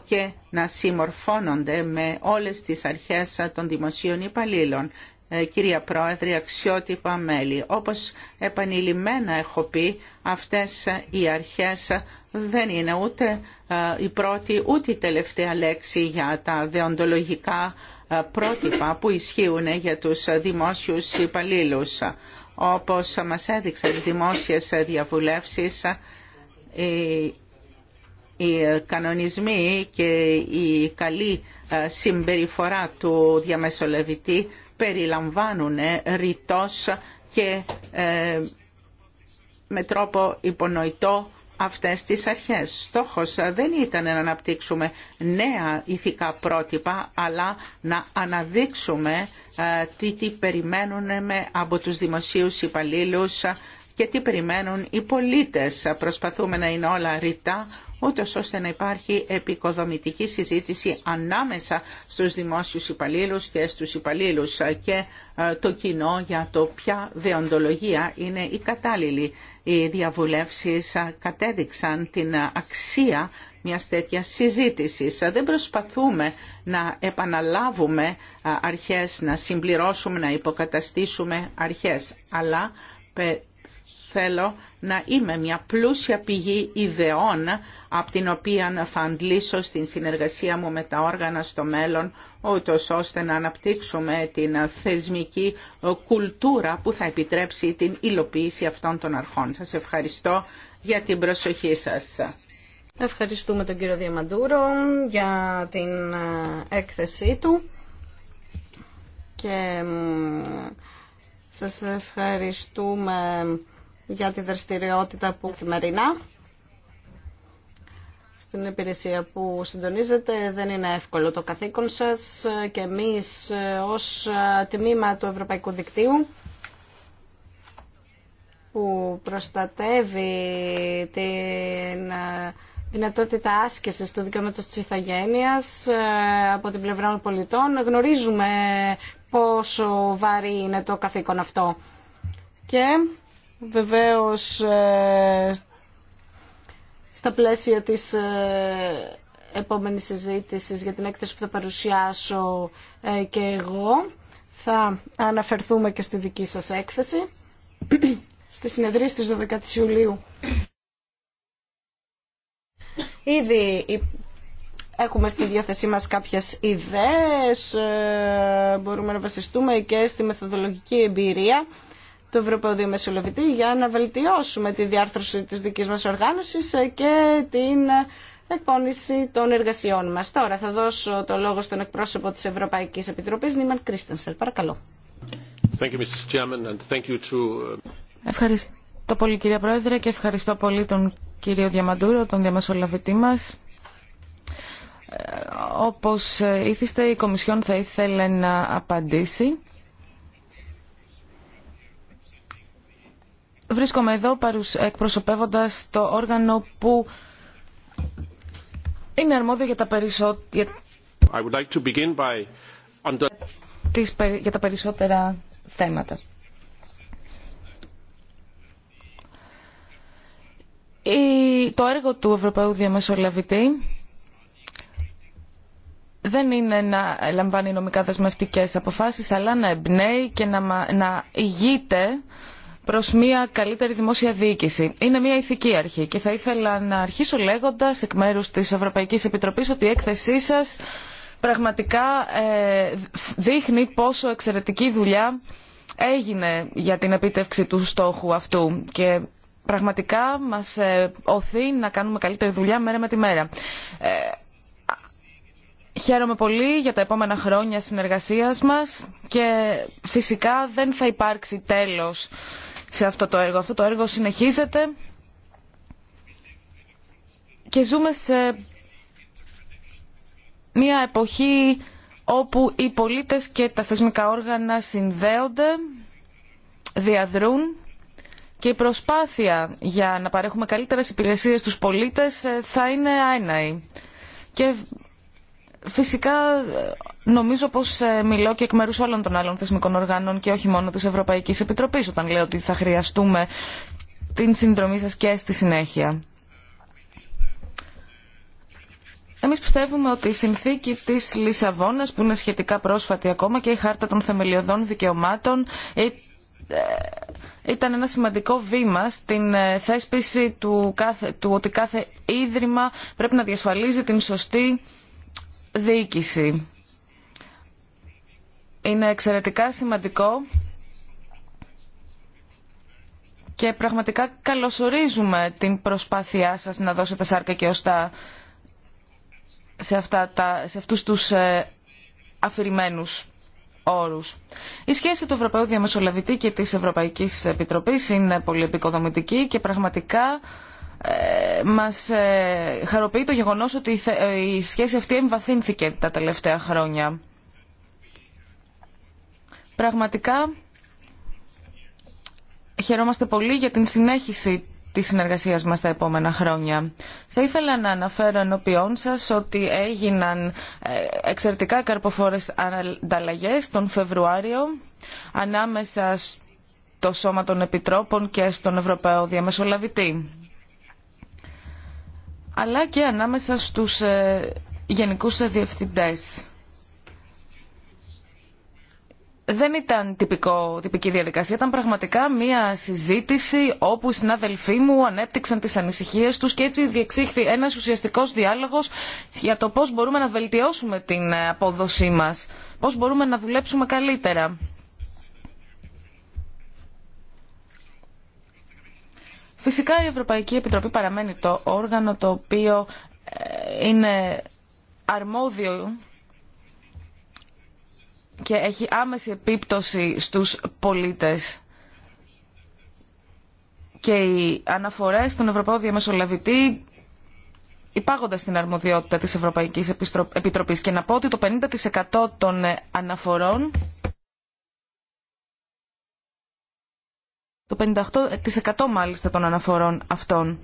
και να συμμορφώνονται με όλες τις αρχές των δημοσίων υπαλλήλων. Ε, κυρία Πρόεδρε, αξιότυπα μέλη, όπως επανειλημμένα έχω πει, αυτές οι αρχές δεν είναι ούτε ε, η πρώτη ούτε η τελευταία λέξη για τα δεοντολογικά πρότυπα που ισχύουν για τους δημόσιους υπαλλήλους. Όπως μας έδειξαν οι δημόσιες διαβουλεύσεις, οι κανονισμοί και η καλή ε, συμπεριφορά του διαμεσολαβητή περιλαμβάνουν ε, ρητός και ε, με τρόπο υπονοητό αυτές τις αρχές. Στόχος δεν ήταν να αναπτύξουμε νέα ηθικά πρότυπα, αλλά να αναδείξουμε ε, τι, τι περιμένουν από τους δημοσίους υπαλλήλους και τι περιμένουν οι πολίτες. Προσπαθούμε να είναι όλα ρητά, ούτω ώστε να υπάρχει επικοδομητική συζήτηση ανάμεσα στους δημόσιους υπαλλήλους και στους υπαλλήλους και ε, το κοινό για το ποια δεοντολογία είναι η κατάλληλη οι διαβουλεύσεις κατέδειξαν την αξία μιας τέτοιας συζήτησης. Δεν προσπαθούμε να επαναλάβουμε αρχές, να συμπληρώσουμε, να υποκαταστήσουμε αρχές, αλλά θέλω να είμαι μια πλούσια πηγή ιδεών από την οποία θα αντλήσω στην συνεργασία μου με τα όργανα στο μέλλον ούτως ώστε να αναπτύξουμε την θεσμική κουλτούρα που θα επιτρέψει την υλοποίηση αυτών των αρχών. Σας ευχαριστώ για την προσοχή σας. Ευχαριστούμε τον κύριο Διαμαντούρο για την ε, έκθεσή του και σας ευχαριστούμε για τη δραστηριότητα που καθημερινά στην υπηρεσία που συντονίζετε δεν είναι εύκολο το καθήκον σας και εμείς ε, ως ε, τμήμα του Ευρωπαϊκού Δικτύου που προστατεύει την ε, δυνατότητα άσκησης του δικαιώματος της ηθαγένειας από την πλευρά των πολιτών γνωρίζουμε πόσο βαρύ είναι το καθήκον αυτό. Και Βεβαίως, ε, στα πλαίσια της ε, επόμενης συζήτηση για την έκθεση που θα παρουσιάσω ε, και εγώ, θα αναφερθούμε και στη δική σας έκθεση. Στη συνεδρία της 12 Ιουλίου. Ήδη έχουμε στη διάθεσή μας κάποιες ιδέες, μπορούμε να βασιστούμε και στη μεθοδολογική εμπειρία του Ευρωπαϊκού Διαμεσολαβητή για να βελτιώσουμε τη διάρθρωση της δικής μας οργάνωσης και την εκπόνηση των εργασιών μας. Τώρα θα δώσω το λόγο στον εκπρόσωπο της Ευρωπαϊκής Επιτροπής, Νίμαν Κρίστενσελ. Παρακαλώ. Uh, ευχαριστώ πολύ κυρία Πρόεδρε και ευχαριστώ πολύ τον κύριο Διαμαντούρο, τον διαμεσολαβητή μας. Ε, όπως ε, ήθιστε, η Κομισιόν θα ήθελε να απαντήσει. Βρίσκομαι εδώ εκπροσωπεύοντας το όργανο που είναι αρμόδιο για τα περισσότερα... για τα περισσότερα θέματα. Το έργο του Ευρωπαίου Διαμεσολαβητή δεν είναι να λαμβάνει νομικά δεσμευτικές αποφάσεις, αλλά να εμπνέει και να, να ηγείται προς μια καλύτερη δημόσια διοίκηση. Είναι μια ηθική αρχή και θα ήθελα να αρχίσω λέγοντα εκ μέρου της Ευρωπαϊκή Επιτροπής ότι η έκθεσή σας πραγματικά ε, δείχνει πόσο εξαιρετική δουλειά έγινε για την επίτευξη του στόχου αυτού και πραγματικά μας ε, οθεί να κάνουμε καλύτερη δουλειά μέρα με τη μέρα. Ε, χαίρομαι πολύ για τα επόμενα χρόνια συνεργασίας μας και φυσικά δεν θα υπάρξει τέλος σε αυτό το έργο. Αυτό το έργο συνεχίζεται και ζούμε σε μια εποχή όπου οι πολίτες και τα θεσμικά όργανα συνδέονται, διαδρούν και η προσπάθεια για να παρέχουμε καλύτερες υπηρεσίες στους πολίτες ε, θα είναι άιναη. Και Φυσικά νομίζω πως ε, μιλώ και εκ μέρους όλων των άλλων θεσμικών οργάνων και όχι μόνο της Ευρωπαϊκής Επιτροπής όταν λέω ότι θα χρειαστούμε την συνδρομή σας και στη συνέχεια. Εμείς πιστεύουμε ότι η συνθήκη της Λισαβόνας που είναι σχετικά πρόσφατη ακόμα και η Χάρτα των Θεμελιωδών Δικαιωμάτων ε, ε, ήταν ένα σημαντικό βήμα στην θέσπιση του, κάθε, του ότι κάθε ίδρυμα πρέπει να διασφαλίζει την σωστή διοίκηση. Είναι εξαιρετικά σημαντικό και πραγματικά καλωσορίζουμε την προσπάθειά σας να δώσετε σάρκα και ώστα σε, αυτά τα, σε αυτούς τους ε, αφηρημένους όρους. Η σχέση του Ευρωπαίου Διαμεσολαβητή και της Ευρωπαϊκής Επιτροπής είναι πολύ επικοδομητική και πραγματικά ε, μας ε, χαροποιεί το γεγονός ότι ε, η σχέση αυτή εμβαθύνθηκε τα τελευταία χρόνια. Πραγματικά χαιρόμαστε πολύ για την συνέχιση της συνεργασίας μας τα επόμενα χρόνια. Θα ήθελα να αναφέρω ενώπιόν σα ότι έγιναν εξαιρετικά καρποφόρες ανταλλαγέ τον Φεβρουάριο ανάμεσα στο Σώμα των Επιτρόπων και στον Ευρωπαίο Διαμεσολαβητή αλλά και ανάμεσα στους ε, γενικούς διευθυντές. Δεν ήταν τυπικό, τυπική διαδικασία, ήταν πραγματικά μία συζήτηση όπου οι συνάδελφοί μου ανέπτυξαν τις ανησυχίες τους και έτσι διεξήχθη ένας ουσιαστικός διάλογος για το πώς μπορούμε να βελτιώσουμε την ε, απόδοσή μας, πώς μπορούμε να δουλέψουμε καλύτερα. Φυσικά η Ευρωπαϊκή Επιτροπή παραμένει το όργανο το οποίο ε, είναι αρμόδιο και έχει άμεση επίπτωση στους πολίτες. Και οι αναφορές στον Ευρωπαϊκό Διαμεσολαβητή υπάγονται στην αρμοδιότητα της Ευρωπαϊκής Επιτροπής. Και να πω ότι το 50% των ε, αναφορών το 58% μάλιστα των αναφορών αυτών.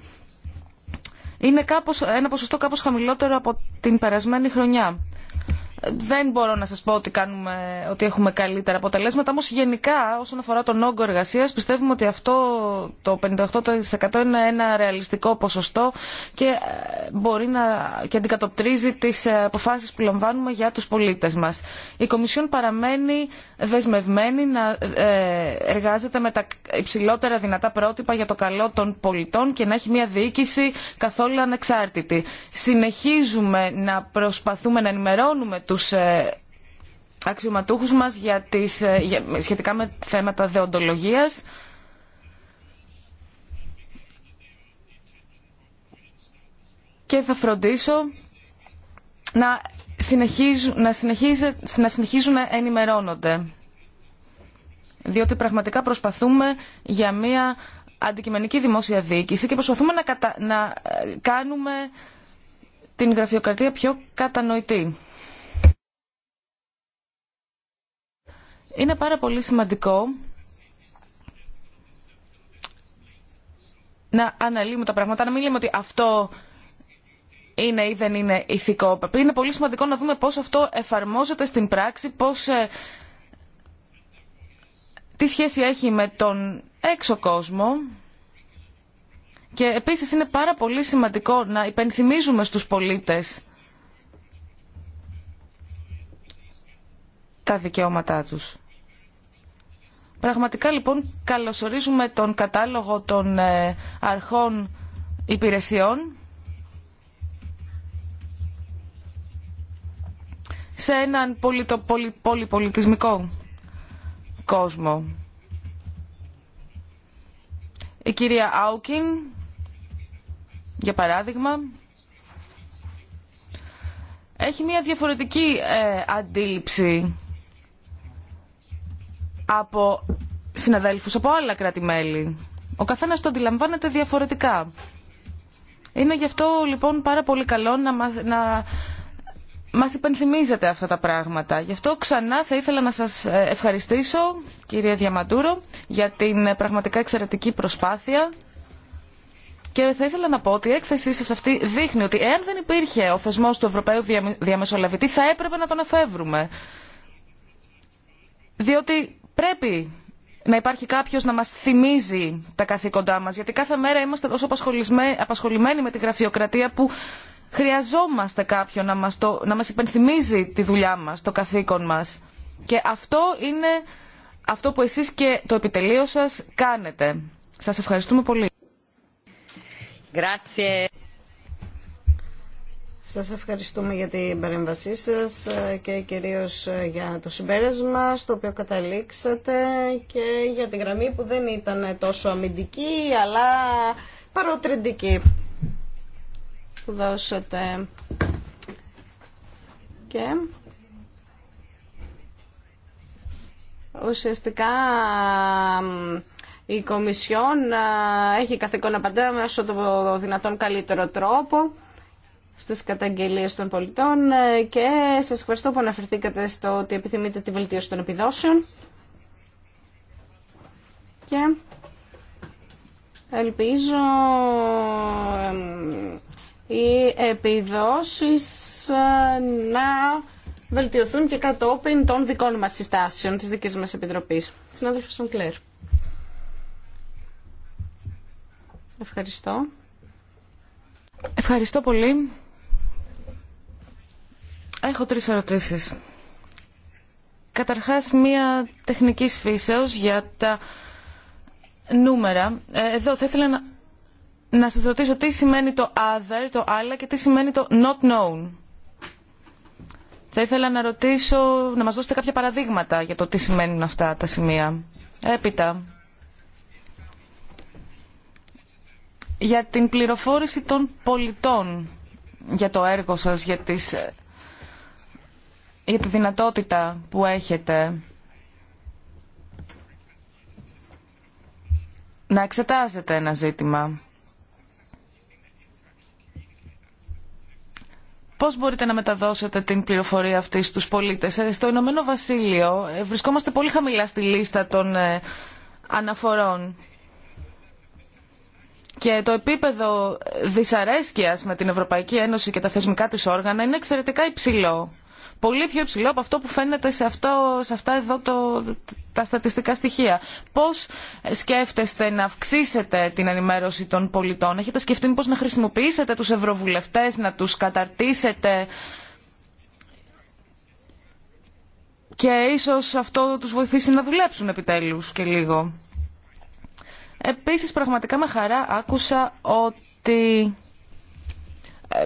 Είναι κάπως, ένα ποσοστό κάπως χαμηλότερο από την περασμένη χρονιά δεν μπορώ να σας πω ότι, κάνουμε, ότι έχουμε καλύτερα αποτελέσματα, όμως γενικά όσον αφορά τον όγκο εργασία, πιστεύουμε ότι αυτό το 58% είναι ένα ρεαλιστικό ποσοστό και ε, μπορεί να και αντικατοπτρίζει τις ε, αποφάσεις που λαμβάνουμε για τους πολίτες μας. Η Κομισιόν παραμένει δεσμευμένη να ε, εργάζεται με τα υψηλότερα δυνατά πρότυπα για το καλό των πολιτών και να έχει μια διοίκηση καθόλου ανεξάρτητη. Συνεχίζουμε να προσπαθούμε να ενημερώνουμε τους ε, αξιωματούχους μας για τις, ε, για, σχετικά με θέματα δεοντολογίας. Και θα φροντίσω να συνεχίζουν, να συνεχίζε, να ενημερώνονται. Διότι πραγματικά προσπαθούμε για μια αντικειμενική δημόσια διοίκηση και προσπαθούμε να, να ε, κάνουμε την γραφειοκρατία πιο κατανοητή. Είναι πάρα πολύ σημαντικό να αναλύουμε τα πράγματα, να μην λέμε ότι αυτό είναι ή δεν είναι ηθικό. Είναι πολύ σημαντικό να δούμε πώς αυτό εφαρμόζεται στην πράξη, πώς, ε, τι σχέση έχει με τον έξω κόσμο. Και επίσης είναι πάρα πολύ σημαντικό να υπενθυμίζουμε στους πολίτες τα δικαιώματά τους. Πραγματικά λοιπόν καλωσορίζουμε τον κατάλογο των ε, αρχών υπηρεσιών σε έναν το πολυ, πολυπολιτισμικό κόσμο. Η κυρία Άουκιν, για παράδειγμα, έχει μια διαφορετική ε, αντίληψη από συναδέλφους από άλλα κράτη-μέλη. Ο καθένας το αντιλαμβάνεται διαφορετικά. Είναι γι' αυτό λοιπόν πάρα πολύ καλό να μας, να μας υπενθυμίζετε αυτά τα πράγματα. Γι' αυτό ξανά θα ήθελα να σας ε, ευχαριστήσω, κυρία Διαματούρο, για την ε, πραγματικά εξαιρετική προσπάθεια και θα ήθελα να πω ότι η έκθεσή σας αυτή δείχνει ότι εάν δεν υπήρχε ο θεσμός του Ευρωπαίου Διαμεσολαβητή θα έπρεπε να τον εφεύρουμε. Διότι πρέπει να υπάρχει κάποιο να μα θυμίζει τα καθήκοντά μα, γιατί κάθε μέρα είμαστε τόσο απασχολημένοι με τη γραφειοκρατία που χρειαζόμαστε κάποιον να μας, να μας υπενθυμίζει τη δουλειά μας, το καθήκον μας. Και αυτό είναι αυτό που εσείς και το επιτελείο σας κάνετε. Σας ευχαριστούμε πολύ. Grazie. Σας ευχαριστούμε για την παρέμβασή σας και κυρίως για το συμπέρασμα στο οποίο καταλήξατε και για την γραμμή που δεν ήταν τόσο αμυντική αλλά παροτριντική που δώσατε. Και ουσιαστικά η Κομισιόν έχει καθήκον να μέσω το δυνατόν καλύτερο τρόπο στις καταγγελίες των πολιτών ε, και σας ευχαριστώ που αναφερθήκατε στο ότι επιθυμείτε τη βελτίωση των επιδόσεων και ελπίζω οι επιδόσεις ε, να βελτιωθούν και κατόπιν των δικών μας συστάσεων της δικής μας Επιτροπής. Συνάδελφος Σονκλέρ. Ευχαριστώ. Ευχαριστώ πολύ. Έχω τρεις ερωτήσεις. Καταρχάς, μία τεχνικής φύσεως για τα νούμερα. Ε, εδώ θα ήθελα να, να σας ρωτήσω τι σημαίνει το other, το άλλα και τι σημαίνει το not known. Θα ήθελα να ρωτήσω, να μας δώσετε κάποια παραδείγματα για το τι σημαίνουν αυτά τα σημεία. Έπειτα, για την πληροφόρηση των πολιτών για το έργο σας, για τις ε, για τη δυνατότητα που έχετε να εξετάζετε ένα ζήτημα. Πώς μπορείτε να μεταδώσετε την πληροφορία αυτή στους πολίτες. Ε, στο Ηνωμένο Βασίλειο ε, βρισκόμαστε πολύ χαμηλά στη λίστα των ε, αναφορών. Και το επίπεδο δυσαρέσκειας με την Ευρωπαϊκή Ένωση και τα θεσμικά της όργανα είναι εξαιρετικά υψηλό πολύ πιο υψηλό από αυτό που φαίνεται σε, αυτό, σε αυτά εδώ το, τα στατιστικά στοιχεία. Πώς σκέφτεστε να αυξήσετε την ενημέρωση των πολιτών. Έχετε σκεφτεί πώς να χρησιμοποιήσετε τους ευρωβουλευτές, να τους καταρτήσετε και ίσως αυτό τους βοηθήσει να δουλέψουν επιτέλους και λίγο. Επίσης πραγματικά με χαρά άκουσα ότι ε,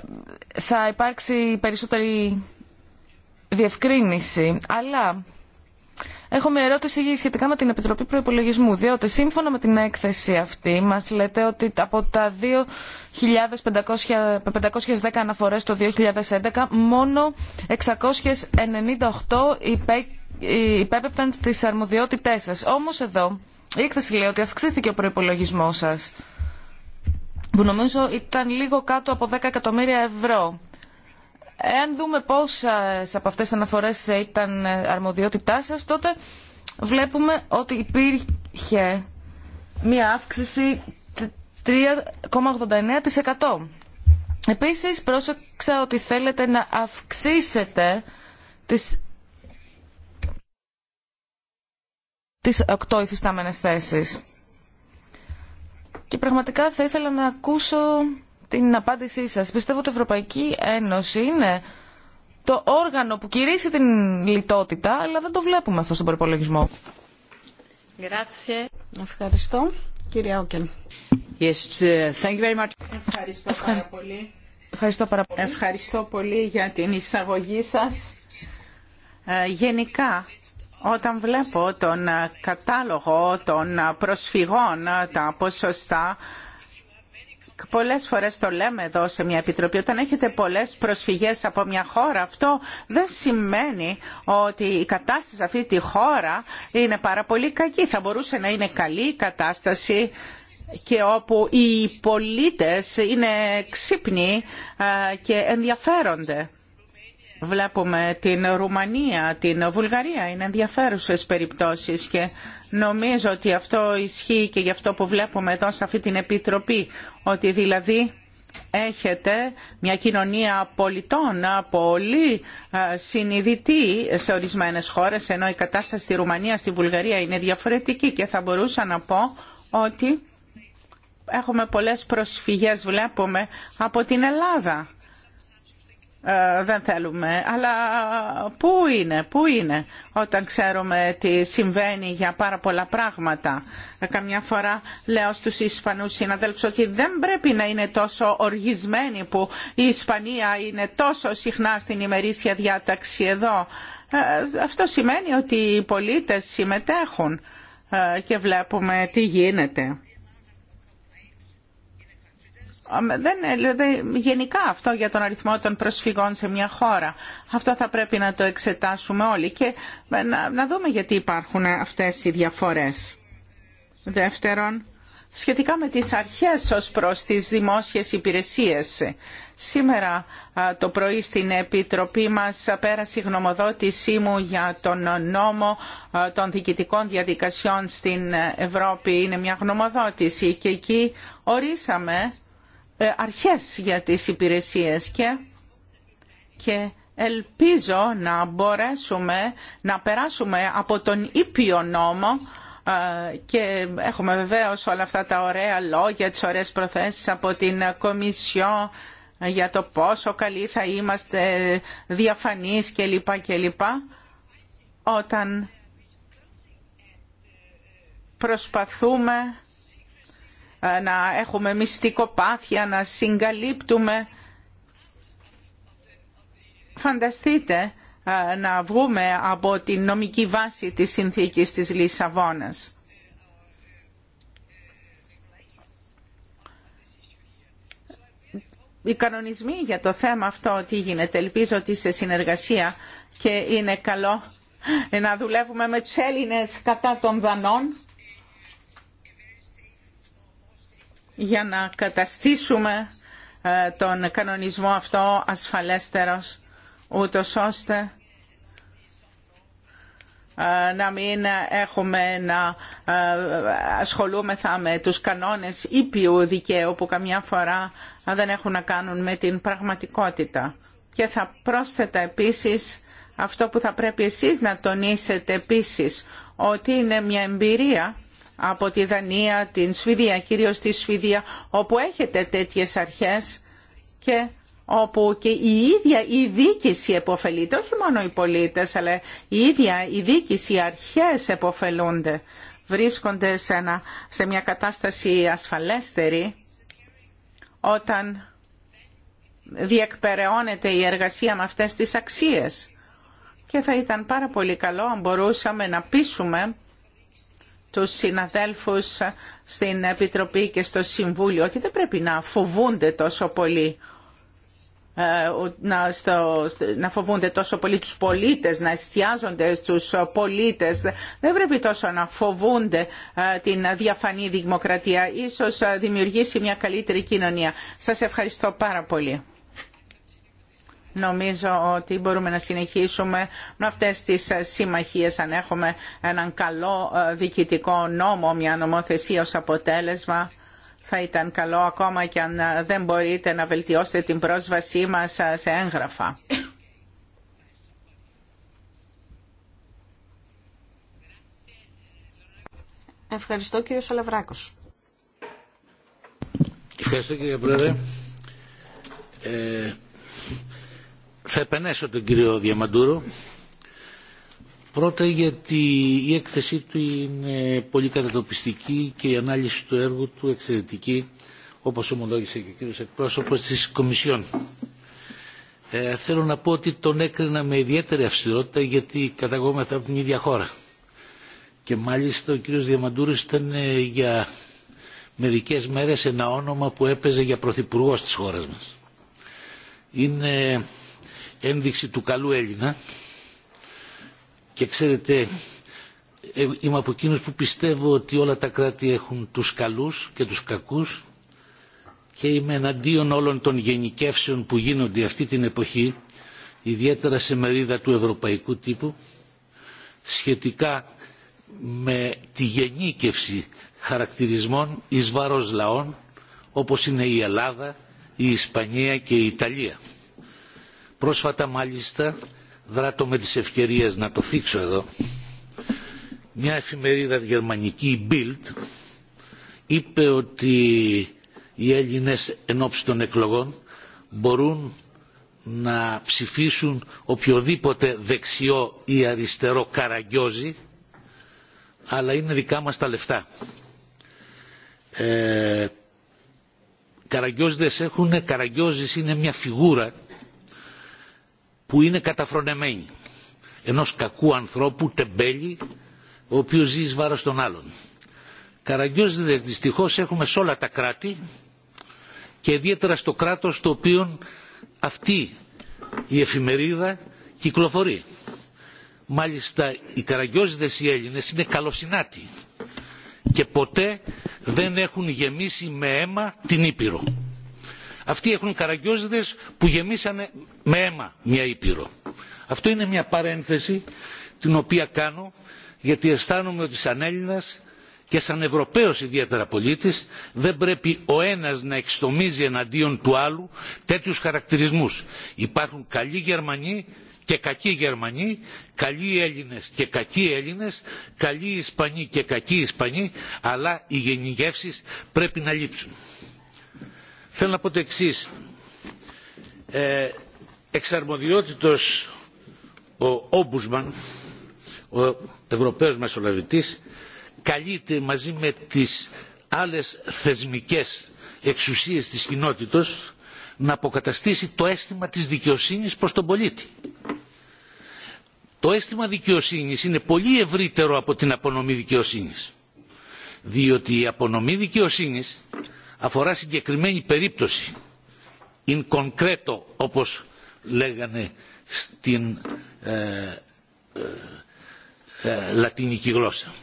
θα υπάρξει περισσότερη διευκρίνηση, αλλά έχω μια ερώτηση σχετικά με την Επιτροπή Προπολογισμού. Διότι σύμφωνα με την έκθεση αυτή, μα λέτε ότι από τα 2.510 αναφορέ το 2011, μόνο 698 υπέπεπταν στι αρμοδιότητέ σα. Όμω εδώ η έκθεση λέει ότι αυξήθηκε ο προπολογισμό σα, που νομίζω ήταν λίγο κάτω από 10 εκατομμύρια ευρώ. Εάν δούμε πόσες από αυτές τις αναφορές ήταν αρμοδιότητά σας, τότε βλέπουμε ότι υπήρχε μία αύξηση 3,89%. Επίσης, πρόσεξα ότι θέλετε να αυξήσετε τις, τις 8 υφιστάμενες θέσεις. Και πραγματικά θα ήθελα να ακούσω την απάντησή σας. Πιστεύω ότι η Ευρωπαϊκή Ένωση είναι το όργανο που κηρύσσει την λιτότητα, αλλά δεν το βλέπουμε αυτό στον προπολογισμό. Ευχαριστώ. Κύριε Όκελ. Yes, uh, thank you very much. Ευχαριστώ, πάρα πολύ. Ευχαριστώ πάρα πολύ. για την εισαγωγή σας. Ε, γενικά, όταν βλέπω τον ε, κατάλογο των ε, προσφυγών, τα ποσοστά, Πολλές φορές το λέμε εδώ σε μια επιτροπή, όταν έχετε πολλές προσφυγές από μια χώρα, αυτό δεν σημαίνει ότι η κατάσταση σε αυτή τη χώρα είναι πάρα πολύ κακή. Θα μπορούσε να είναι καλή η κατάσταση και όπου οι πολίτες είναι ξύπνοι ε, και ενδιαφέρονται Βλέπουμε την Ρουμανία, την Βουλγαρία, είναι ενδιαφέρουσες περιπτώσεις και νομίζω ότι αυτό ισχύει και γι' αυτό που βλέπουμε εδώ σε αυτή την Επιτροπή, ότι δηλαδή έχετε μια κοινωνία πολιτών πολύ συνειδητή σε ορισμένες χώρες, ενώ η κατάσταση στη Ρουμανία, στη Βουλγαρία είναι διαφορετική και θα μπορούσα να πω ότι έχουμε πολλές προσφυγές, βλέπουμε, από την Ελλάδα ε, δεν θέλουμε. Αλλά πού είναι, πού είναι όταν ξέρουμε τι συμβαίνει για πάρα πολλά πράγματα. Ε, καμιά φορά λέω στους Ισπανούς συναδέλφους ότι δεν πρέπει να είναι τόσο οργισμένοι που η Ισπανία είναι τόσο συχνά στην ημερήσια διάταξη εδώ. Ε, αυτό σημαίνει ότι οι πολίτες συμμετέχουν και βλέπουμε τι γίνεται δεν, ε, γενικά αυτό για τον αριθμό των προσφυγών σε μια χώρα. Αυτό θα πρέπει να το εξετάσουμε όλοι και ε, να, να δούμε γιατί υπάρχουν αυτές οι διαφορές. Δεύτερον, σχετικά με τις αρχές ως προς τις δημόσιες υπηρεσίες. Σήμερα το πρωί στην Επιτροπή μας πέρασε η γνωμοδότησή μου για τον νόμο των διοικητικών διαδικασιών στην Ευρώπη. Είναι μια γνωμοδότηση και εκεί ορίσαμε ε, αρχές για τις υπηρεσίες και, και ελπίζω να μπορέσουμε να περάσουμε από τον ήπιο νόμο ε, και έχουμε βεβαίως όλα αυτά τα ωραία λόγια, τις ωραίες προθέσεις από την Κομισιό ε, για το πόσο καλοί θα είμαστε διαφανείς κλπ. κλπ. Όταν προσπαθούμε ε, να έχουμε μυστικοπάθεια, να συγκαλύπτουμε. Φανταστείτε ε, να βγούμε από την νομική βάση της συνθήκης της Λισαβόνας. Οι κανονισμοί για το θέμα αυτό τι γίνεται. Ελπίζω ότι σε συνεργασία και είναι καλό να δουλεύουμε με τους Έλληνες κατά των Δανών για να καταστήσουμε ε, τον κανονισμό αυτό ασφαλέστερος, ούτως ώστε ε, να μην έχουμε να ε, ασχολούμεθα με τους κανόνες ήπιου δικαίου που καμιά φορά δεν έχουν να κάνουν με την πραγματικότητα. Και θα πρόσθετα επίσης αυτό που θα πρέπει εσείς να τονίσετε επίσης, ότι είναι μια εμπειρία από τη Δανία, την Σουηδία, κυρίως τη Σουηδία, όπου έχετε τέτοιες αρχές και όπου και η ίδια η δίκηση επωφελείται, όχι μόνο οι πολίτες, αλλά η ίδια η δίκηση, οι αρχές επωφελούνται, βρίσκονται σε, ένα, σε μια κατάσταση ασφαλέστερη όταν διεκπεραιώνεται η εργασία με αυτές τις αξίες. Και θα ήταν πάρα πολύ καλό αν μπορούσαμε να πείσουμε τους συναδέλφους στην Επιτροπή και στο Συμβούλιο ότι δεν πρέπει να φοβούνται τόσο πολύ ε, να, να φοβούνται τόσο πολύ τους πολίτες, να εστιάζονται στους πολίτες. Δεν πρέπει τόσο να φοβούνται ε, την διαφανή δημοκρατία. Ίσως ε, δημιουργήσει μια καλύτερη κοινωνία. Σας ευχαριστώ πάρα πολύ. Νομίζω ότι μπορούμε να συνεχίσουμε με αυτές τις συμμαχίες αν έχουμε έναν καλό ε, διοικητικό νόμο, μια νομοθεσία ως αποτέλεσμα. Θα ήταν καλό ακόμα και αν ε, δεν μπορείτε να βελτιώσετε την πρόσβασή μας ε, σε έγγραφα. Ευχαριστώ κύριο Σαλαβράκος. Ευχαριστώ κύριε Πρόεδρε. Ε, θα επενέσω τον κύριο Διαμαντούρο. Πρώτα γιατί η έκθεσή του είναι πολύ κατατοπιστική και η ανάλυση του έργου του εξαιρετική, όπως ομολόγησε και ο κύριος εκπρόσωπος της Κομισιόν. Ε, θέλω να πω ότι τον έκρινα με ιδιαίτερη αυστηρότητα γιατί καταγόμεθα από την ίδια χώρα. Και μάλιστα ο κύριος Διαμαντούρης ήταν ε, για μερικές μέρες ένα όνομα που έπαιζε για πρωθυπουργός της χώρας μας. Είναι ένδειξη του καλού Έλληνα και ξέρετε ε, είμαι από εκείνους που πιστεύω ότι όλα τα κράτη έχουν τους καλούς και τους κακούς και είμαι εναντίον όλων των γενικεύσεων που γίνονται αυτή την εποχή ιδιαίτερα σε μερίδα του ευρωπαϊκού τύπου σχετικά με τη γενίκευση χαρακτηρισμών εις βάρος λαών όπως είναι η Ελλάδα, η Ισπανία και η Ιταλία. Πρόσφατα μάλιστα, δράτω με τις ευκαιρίες να το θίξω εδώ, μια εφημερίδα γερμανική, η Bild, είπε ότι οι Έλληνες ώψη των εκλογών μπορούν να ψηφίσουν οποιοδήποτε δεξιό ή αριστερό καραγκιόζι αλλά είναι δικά μας τα λεφτά. Ε, έχουν, καραγκιόζης είναι μια φιγούρα που είναι καταφρονεμένη ενός κακού ανθρώπου τεμπέλη ο οποίος ζει εις βάρος των άλλων. Καραγκιόζηδες δυστυχώς έχουμε σε όλα τα κράτη και ιδιαίτερα στο κράτος το οποίο αυτή η εφημερίδα κυκλοφορεί. Μάλιστα οι καραγκιόζηδες οι Έλληνες είναι καλοσυνάτοι και ποτέ δεν έχουν γεμίσει με αίμα την Ήπειρο. Αυτοί έχουν καραγκιόζιδες που γεμίσανε με αίμα μια Ήπειρο. Αυτό είναι μια παρένθεση την οποία κάνω γιατί αισθάνομαι ότι σαν Έλληνας και σαν Ευρωπαίος ιδιαίτερα πολίτης δεν πρέπει ο ένας να εξτομίζει εναντίον του άλλου τέτοιους χαρακτηρισμούς. Υπάρχουν καλοί Γερμανοί και κακοί Γερμανοί, καλοί Έλληνες και κακοί Έλληνες, καλοί Ισπανοί και κακοί Ισπανοί, αλλά οι γενιγεύσεις πρέπει να λείψουν. Θέλω να πω το εξή. Ε, εξαρμοδιότητος ο Όμπουσμαν, ο Ευρωπαίος Μεσολαβητής, καλείται μαζί με τις άλλες θεσμικές εξουσίες της κοινότητα να αποκαταστήσει το αίσθημα της δικαιοσύνης προς τον πολίτη. Το αίσθημα δικαιοσύνης είναι πολύ ευρύτερο από την απονομή δικαιοσύνης. Διότι η απονομή δικαιοσύνης αφορά συγκεκριμένη περίπτωση. In concreto, όπως λέγανε στην ε, ε, ε, λατινική γλώσσα.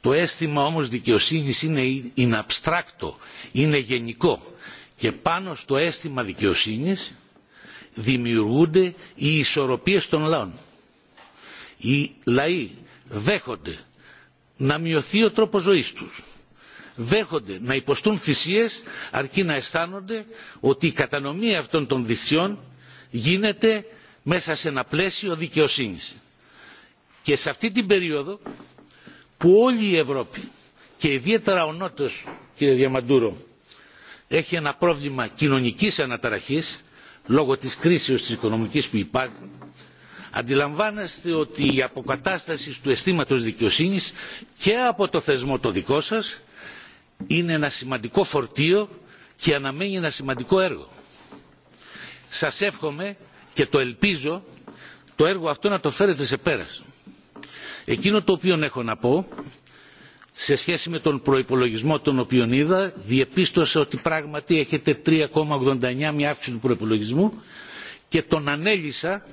Το αίσθημα όμως δικαιοσύνης είναι in abstracto, είναι γενικό. Και πάνω στο αίσθημα δικαιοσύνης δημιουργούνται οι ισορροπίες των λαών. Οι λαοί δέχονται να μειωθεί ο τρόπος ζωής τους δέχονται να υποστούν θυσίε αρκεί να αισθάνονται ότι η κατανομή αυτών των θυσιών γίνεται μέσα σε ένα πλαίσιο δικαιοσύνης. Και σε αυτή την περίοδο που όλη η Ευρώπη και ιδιαίτερα ο Νότος, κύριε Διαμαντούρο, έχει ένα πρόβλημα κοινωνικής αναταραχής λόγω της κρίσης της οικονομικής που υπάρχει, αντιλαμβάνεστε ότι η αποκατάσταση του αισθήματο δικαιοσύνης και από το θεσμό το δικό σας είναι ένα σημαντικό φορτίο και αναμένει ένα σημαντικό έργο. Σας εύχομαι και το ελπίζω το έργο αυτό να το φέρετε σε πέρας. Εκείνο το οποίο έχω να πω σε σχέση με τον προϋπολογισμό τον οποίο είδα διεπίστωσα ότι πράγματι έχετε 3,89 μια αύξηση του προϋπολογισμού και τον ανέλησα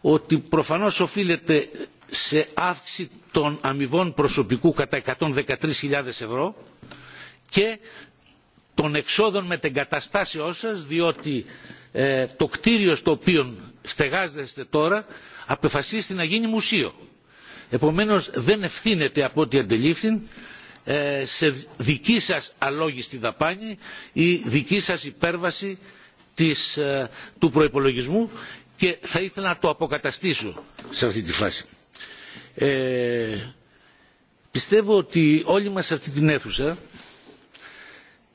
ότι προφανώς οφείλεται σε αύξηση των αμοιβών προσωπικού κατά 113.000 ευρώ και των εξόδων μετεγκαταστάσεώς σας διότι ε, το κτίριο στο οποίο στεγάζεστε τώρα απεφασίστη να γίνει μουσείο. Επομένως δεν ευθύνεται από ό,τι αντελήφθη ε, σε δική σας αλόγιστη δαπάνη ή δική σας υπέρβαση της, ε, του προϋπολογισμού και θα ήθελα να το αποκαταστήσω σε αυτή τη φάση. Πιστεύω ότι όλοι μας σε αυτή την αίθουσα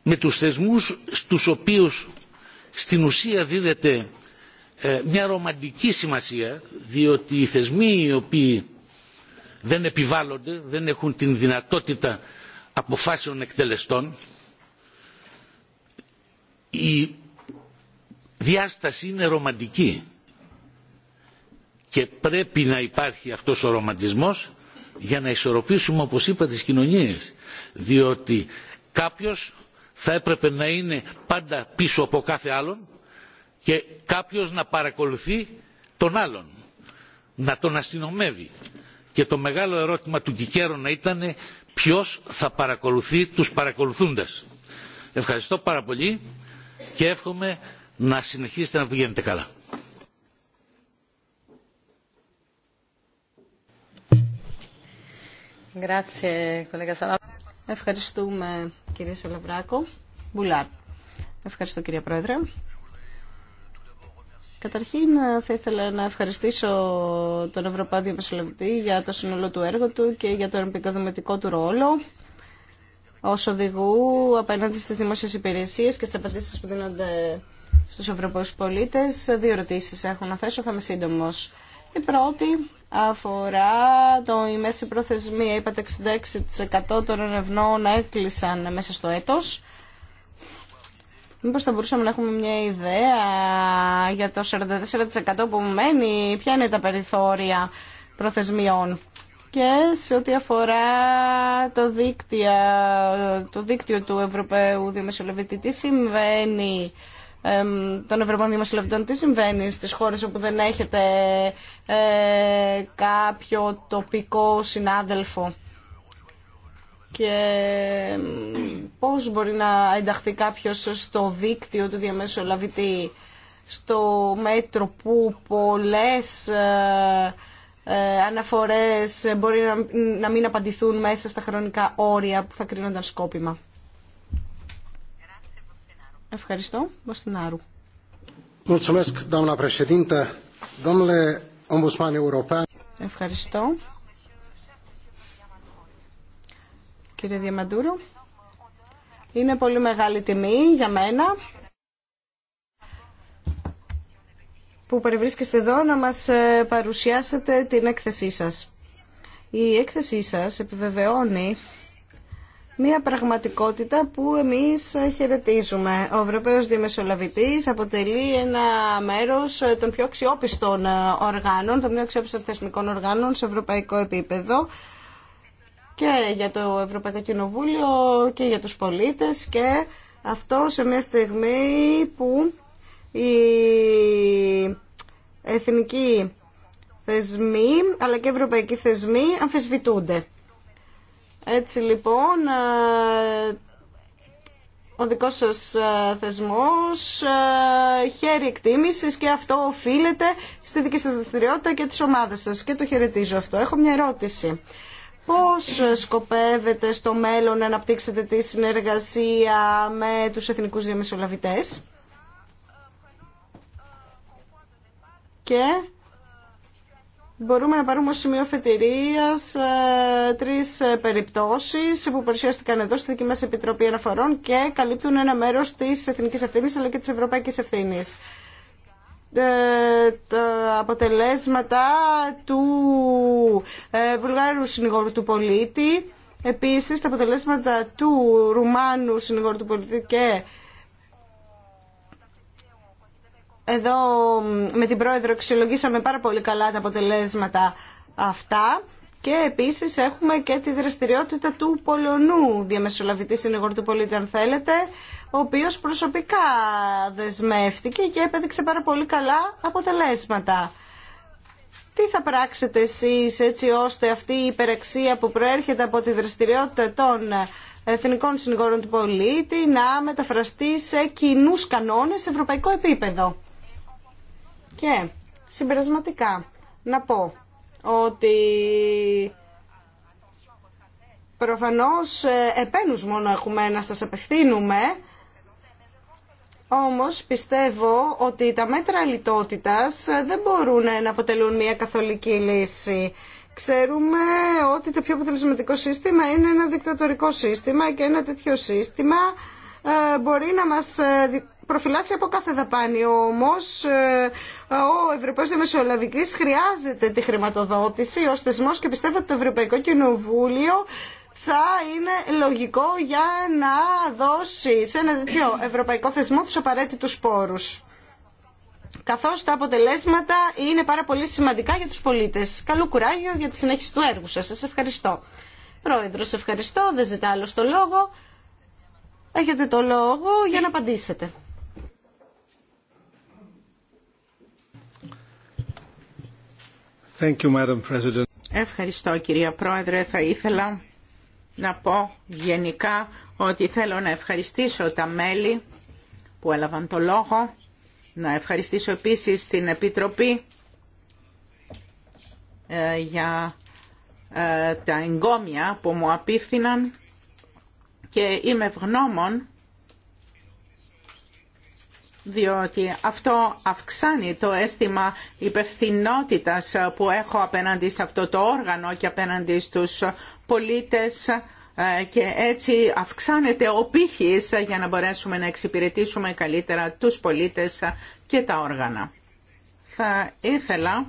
με τους θεσμούς στους οποίους στην ουσία δίδεται ε, μια ρομαντική σημασία διότι οι θεσμοί οι οποίοι δεν επιβάλλονται δεν έχουν την δυνατότητα αποφάσεων εκτελεστών η διάσταση είναι ρομαντική και πρέπει να υπάρχει αυτός ο ρομαντισμός για να ισορροπήσουμε όπως είπα τις κοινωνίες διότι κάποιος θα έπρεπε να είναι πάντα πίσω από κάθε άλλον και κάποιος να παρακολουθεί τον άλλον, να τον αστυνομεύει. Και το μεγάλο ερώτημα του Κικέρο να ήταν ποιος θα παρακολουθεί τους παρακολουθούντες. Ευχαριστώ πάρα πολύ και εύχομαι να συνεχίσετε να πηγαίνετε καλά. Ευχαριστούμε κυρία Μπουλάρ. Ευχαριστώ κυρία Πρόεδρε. Καταρχήν ε, θα ήθελα να ευχαριστήσω τον Ευρωπαϊκό Μεσολαβητή για το σύνολο του έργου του και για τον επικοδομητικό του ρόλο ω οδηγού απέναντι στις δημόσιες υπηρεσίες και στις απαντήσει που δίνονται στους ευρωπαϊκούς πολίτες. Δύο ερωτήσει έχω να θέσω, θα είμαι σύντομο. Η πρώτη αφορά το, η μέση προθεσμία. Είπατε 66% των ερευνών έκλεισαν μέσα στο έτος. Μήπως θα μπορούσαμε να έχουμε μια ιδέα για το 44% που μένει, ποια είναι τα περιθώρια προθεσμιών. Και σε ό,τι αφορά το, δίκτυα, το δίκτυο του Ευρωπαίου Διαμεσολαβητή, τι συμβαίνει των Ευρωπαίων Δημοσιολογητών. Τι συμβαίνει στις χώρες όπου δεν έχετε ε, κάποιο τοπικό συνάδελφο και πώς μπορεί να ενταχθεί κάποιος στο δίκτυο του διαμεσολαβητή στο μέτρο που πολλές ε, ε, αναφορές μπορεί να, να μην απαντηθούν μέσα στα χρονικά όρια που θα κρίνονταν σκόπιμα. Ευχαριστώ. Μποστινάρου. Ευχαριστώ. Κύριε Διαμαντούρο. είναι πολύ μεγάλη τιμή για μένα που παρευρίσκεστε εδώ να μας ε, παρουσιάσετε την έκθεσή σας. Η έκθεσή σας επιβεβαιώνει μια πραγματικότητα που εμείς χαιρετίζουμε. Ο Ευρωπαίος Διαμεσολαβητής αποτελεί ένα μέρος των πιο αξιόπιστων οργάνων, των πιο αξιόπιστων θεσμικών οργάνων σε ευρωπαϊκό επίπεδο και για το Ευρωπαϊκό Κοινοβούλιο και για τους πολίτες και αυτό σε μια στιγμή που οι εθνικοί θεσμοί αλλά και ευρωπαϊκοί θεσμοί αμφισβητούνται. Έτσι λοιπόν, ε, ο δικός σας ε, θεσμός ε, χαίρει και αυτό οφείλεται στη δική σας δραστηριότητα και της ομάδας σας και το χαιρετίζω αυτό. Έχω μια ερώτηση. Πώς σκοπεύετε στο μέλλον να αναπτύξετε τη συνεργασία με τους εθνικούς διαμεσολαβητές και Μπορούμε να πάρουμε σημείο φετηρίας ε, τρεις ε, περιπτώσεις που παρουσιάστηκαν εδώ στη δική μας Επιτροπή Αναφορών και καλύπτουν ένα μέρος της εθνικής ευθύνης αλλά και της ευρωπαϊκής ευθύνης. Ε, τα αποτελέσματα του ε, βουλγάρου συνηγόρου του πολίτη, επίσης τα αποτελέσματα του ρουμάνου συνηγόρου του πολίτη και εδώ με την Πρόεδρο αξιολογήσαμε πάρα πολύ καλά τα αποτελέσματα αυτά. Και επίση έχουμε και τη δραστηριότητα του Πολωνού διαμεσολαβητή συνεγόρου του πολίτη, αν θέλετε, ο οποίος προσωπικά δεσμεύτηκε και επέδειξε πάρα πολύ καλά αποτελέσματα. Τι θα πράξετε εσείς έτσι ώστε αυτή η υπεραξία που προέρχεται από τη δραστηριότητα των εθνικών συνηγόρων του πολίτη να μεταφραστεί σε κοινού κανόνες σε ευρωπαϊκό επίπεδο. Και συμπερασματικά να πω ότι προφανώς ε, επένους μόνο έχουμε να σας απευθύνουμε, όμως πιστεύω ότι τα μέτρα λιτότητας ε, δεν μπορούν να αποτελούν μια καθολική λύση. Ξέρουμε ότι το πιο αποτελεσματικό σύστημα είναι ένα δικτατορικό σύστημα και ένα τέτοιο σύστημα ε, μπορεί να μας προφυλάσσει από κάθε δαπάνη. Όμως ε, ο Ευρωπαϊο Δημοσιολαβική χρειάζεται τη χρηματοδότηση ως θεσμό και πιστεύω ότι το Ευρωπαϊκό Κοινοβούλιο θα είναι λογικό για να δώσει σε ένα τέτοιο ευρωπαϊκό θεσμό του απαραίτητου πόρου. Καθώς τα αποτελέσματα είναι πάρα πολύ σημαντικά για τους πολίτες. Καλό κουράγιο για τη συνέχιση του έργου σας. Σας ευχαριστώ. Πρόεδρο. ευχαριστώ. Δεν ζητά άλλο το λόγο. Έχετε το λόγο για να απαντήσετε. Ευχαριστώ κυρία Πρόεδρε. Θα ήθελα να πω γενικά ότι θέλω να ευχαριστήσω τα μέλη που έλαβαν το λόγο, να ευχαριστήσω επίσης την Επιτροπή ε, για ε, τα εγκόμια που μου απίθυναν και είμαι ευγνώμων διότι αυτό αυξάνει το αίσθημα υπευθυνότητας που έχω απέναντι σε αυτό το όργανο και απέναντι στους πολίτες ε, και έτσι αυξάνεται ο πύχης για να μπορέσουμε να εξυπηρετήσουμε καλύτερα τους πολίτες και τα όργανα. Θα ήθελα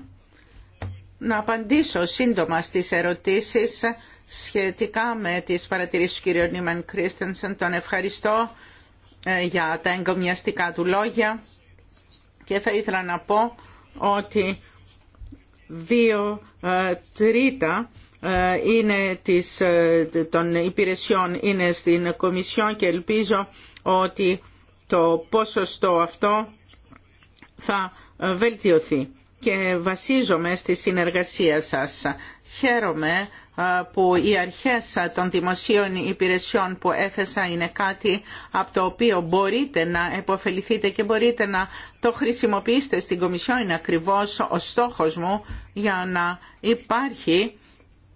να απαντήσω σύντομα στις ερωτήσεις σχετικά με τις παρατηρήσεις του κ. Νίμαν Κρίστενσεν. Τον ευχαριστώ ε, για τα εγκομιαστικά του λόγια και θα ήθελα να πω ότι δύο ε, τρίτα ε, είναι της, των υπηρεσιών είναι στην Κομισιόν και ελπίζω ότι το ποσοστό αυτό θα βελτιωθεί και βασίζομαι στη συνεργασία σας. Χαίρομαι που οι αρχές των δημοσίων υπηρεσιών που έθεσα είναι κάτι από το οποίο μπορείτε να επωφεληθείτε και μπορείτε να το χρησιμοποιήσετε στην Κομισιό. Είναι ακριβώς ο στόχος μου για να υπάρχει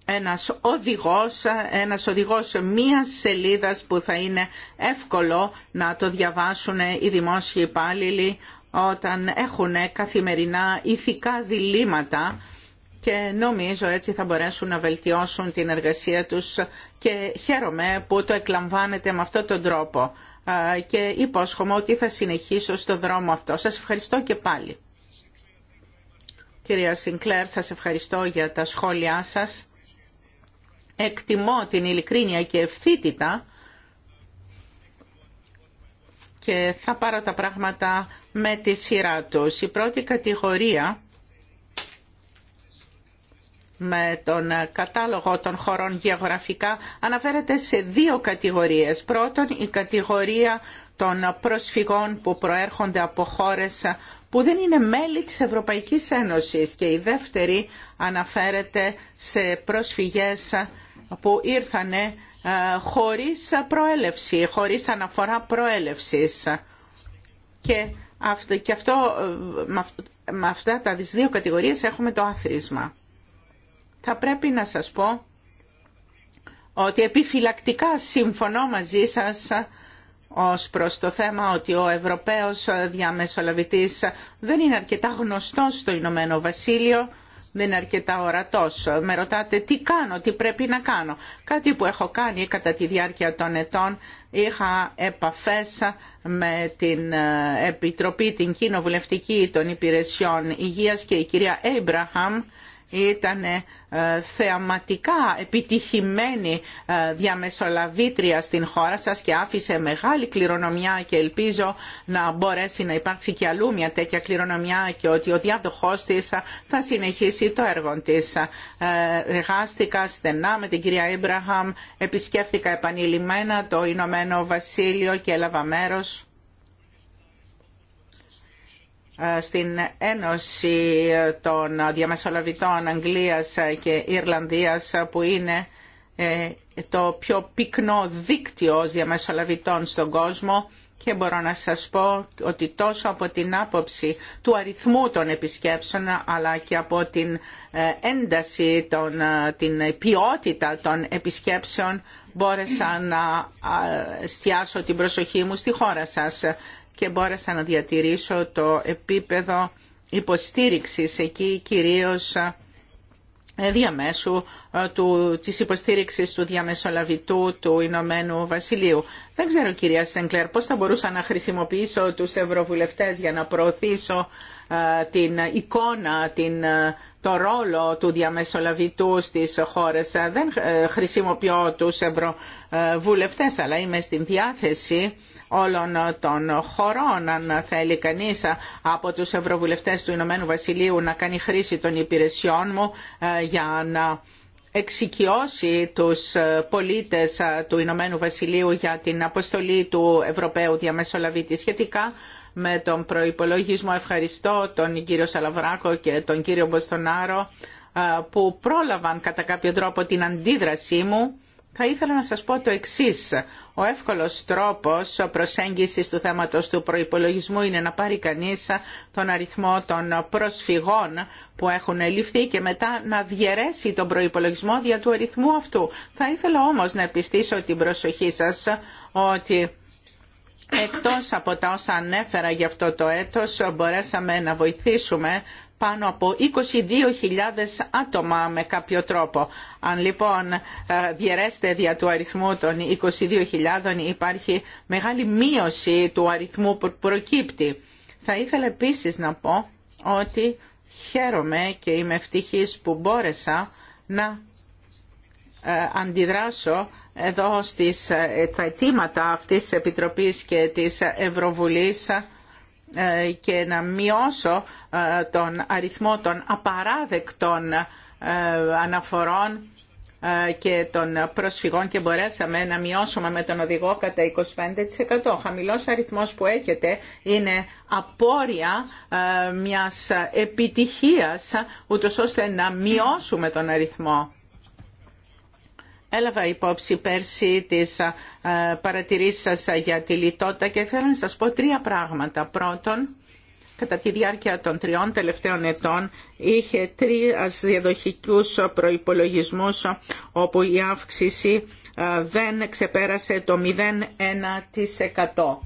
ένας οδηγός, ένας οδηγός μίας σελίδας που θα είναι εύκολο να το διαβάσουν οι δημόσιοι υπάλληλοι όταν έχουν καθημερινά ηθικά διλήμματα και νομίζω έτσι θα μπορέσουν να βελτιώσουν την εργασία τους και χαίρομαι που το εκλαμβάνετε με αυτόν τον τρόπο και υπόσχομαι ότι θα συνεχίσω στο δρόμο αυτό. Σας ευχαριστώ και πάλι. Κυρία Σινκλέρ, σας ευχαριστώ για τα σχόλιά σας. Εκτιμώ την ειλικρίνεια και ευθύτητα και θα πάρω τα πράγματα με τη σειρά τους. Η πρώτη κατηγορία με τον κατάλογο των χωρών γεωγραφικά αναφέρεται σε δύο κατηγορίες. Πρώτον, η κατηγορία των προσφυγών που προέρχονται από χώρες που δεν είναι μέλη της Ευρωπαϊκής Ένωσης και η δεύτερη αναφέρεται σε προσφυγές που ήρθανε ε, χωρίς προέλευση, χωρίς αναφορά προέλευσης. Και, και αυτό, ε, με αυτά τα δύο κατηγορίες έχουμε το άθροισμα θα πρέπει να σας πω ότι επιφυλακτικά συμφωνώ μαζί σας ως προς το θέμα ότι ο Ευρωπαίος διαμεσολαβητής δεν είναι αρκετά γνωστός στο Ηνωμένο Βασίλειο, δεν είναι αρκετά ορατός. Με ρωτάτε τι κάνω, τι πρέπει να κάνω. Κάτι που έχω κάνει κατά τη διάρκεια των ετών, είχα επαφές με την ε, Επιτροπή, την Κοινοβουλευτική των Υπηρεσιών Υγείας και η κυρία Έιμπραχαμ, ήταν ε, θεαματικά επιτυχημένη ε, διαμεσολαβήτρια στην χώρα σας και άφησε μεγάλη κληρονομιά και ελπίζω να μπορέσει να υπάρξει και αλλού μια τέτοια κληρονομιά και ότι ο διάδοχός της θα συνεχίσει το έργο της. Ε, Ρεγάστηκα στενά με την κυρία Ήμπραχαμ, επισκέφθηκα επανειλημμένα το Ηνωμένο Βασίλειο και έλαβα μέρος ε, στην Ένωση των Διαμεσολαβητών Αγγλίας και Ιρλανδίας που είναι ε, το πιο πυκνό δίκτυο διαμεσολαβητών στον κόσμο και μπορώ να σας πω ότι τόσο από την άποψη του αριθμού των επισκέψεων αλλά και από την ε, ένταση, των, την ποιότητα των επισκέψεων μπόρεσα να στιάσω την προσοχή μου στη χώρα σας και μπόρεσα να διατηρήσω το επίπεδο υποστήριξης εκεί κυρίως ε, διαμέσου ε, του, της υποστήριξης του διαμεσολαβητού του Ηνωμένου Βασιλείου. Δεν ξέρω κυρία Σενκλέρ πώς θα μπορούσα να χρησιμοποιήσω τους ευρωβουλευτές για να προωθήσω ε, την εικόνα, την, το ρόλο του διαμεσολαβητού στις χώρες. Δεν χρησιμοποιώ τους ευρωβουλευτές αλλά είμαι στην διάθεση όλων ε, των χωρών. Αν θέλει κανεί ε, από τους Ευρωβουλευτές του Ηνωμένου Βασιλείου να κάνει χρήση των υπηρεσιών μου ε, για να εξοικειώσει τους πολίτες του Ηνωμένου Βασιλείου για την αποστολή του Ευρωπαίου Διαμεσολαβήτη σχετικά με τον προϋπολογισμό. Ευχαριστώ τον κύριο Σαλαβράκο και τον κύριο Μποστονάρο που πρόλαβαν κατά κάποιο τρόπο την αντίδρασή μου θα ήθελα να σας πω το εξής. Ο εύκολος τρόπος προσέγγισης του θέματος του προϋπολογισμού είναι να πάρει κανείς τον αριθμό των προσφυγών που έχουν ληφθεί και μετά να διαιρέσει τον προϋπολογισμό δια του αριθμού αυτού. Θα ήθελα όμως να επιστήσω την προσοχή σας ότι εκτός από τα όσα ανέφερα για αυτό το έτος μπορέσαμε να βοηθήσουμε πάνω από 22.000 άτομα με κάποιο τρόπο. Αν λοιπόν ε, διαιρέστε δια του αριθμού των 22.000 υπάρχει μεγάλη μείωση του αριθμού που προκύπτει. Θα ήθελα επίσης να πω ότι χαίρομαι και είμαι ευτυχής που μπόρεσα να ε, αντιδράσω εδώ στις, ε, τα αιτήματα αυτής της Επιτροπής και της Ευρωβουλής ε, και να μειώσω ε, τον αριθμό των απαράδεκτων ε, αναφορών και των προσφυγών και μπορέσαμε να μειώσουμε με τον οδηγό κατά 25%. Ο χαμηλός αριθμός που έχετε είναι απόρρια μιας επιτυχίας, ούτως ώστε να μειώσουμε τον αριθμό Έλαβα υπόψη πέρσι τις παρατηρήσεις σας για τη λιτότητα και θέλω να σας πω τρία πράγματα. Πρώτον, κατά τη διάρκεια των τριών τελευταίων ετών είχε τρει διαδοχικούς προϋπολογισμούς όπου η αύξηση δεν ξεπέρασε το 0,1%.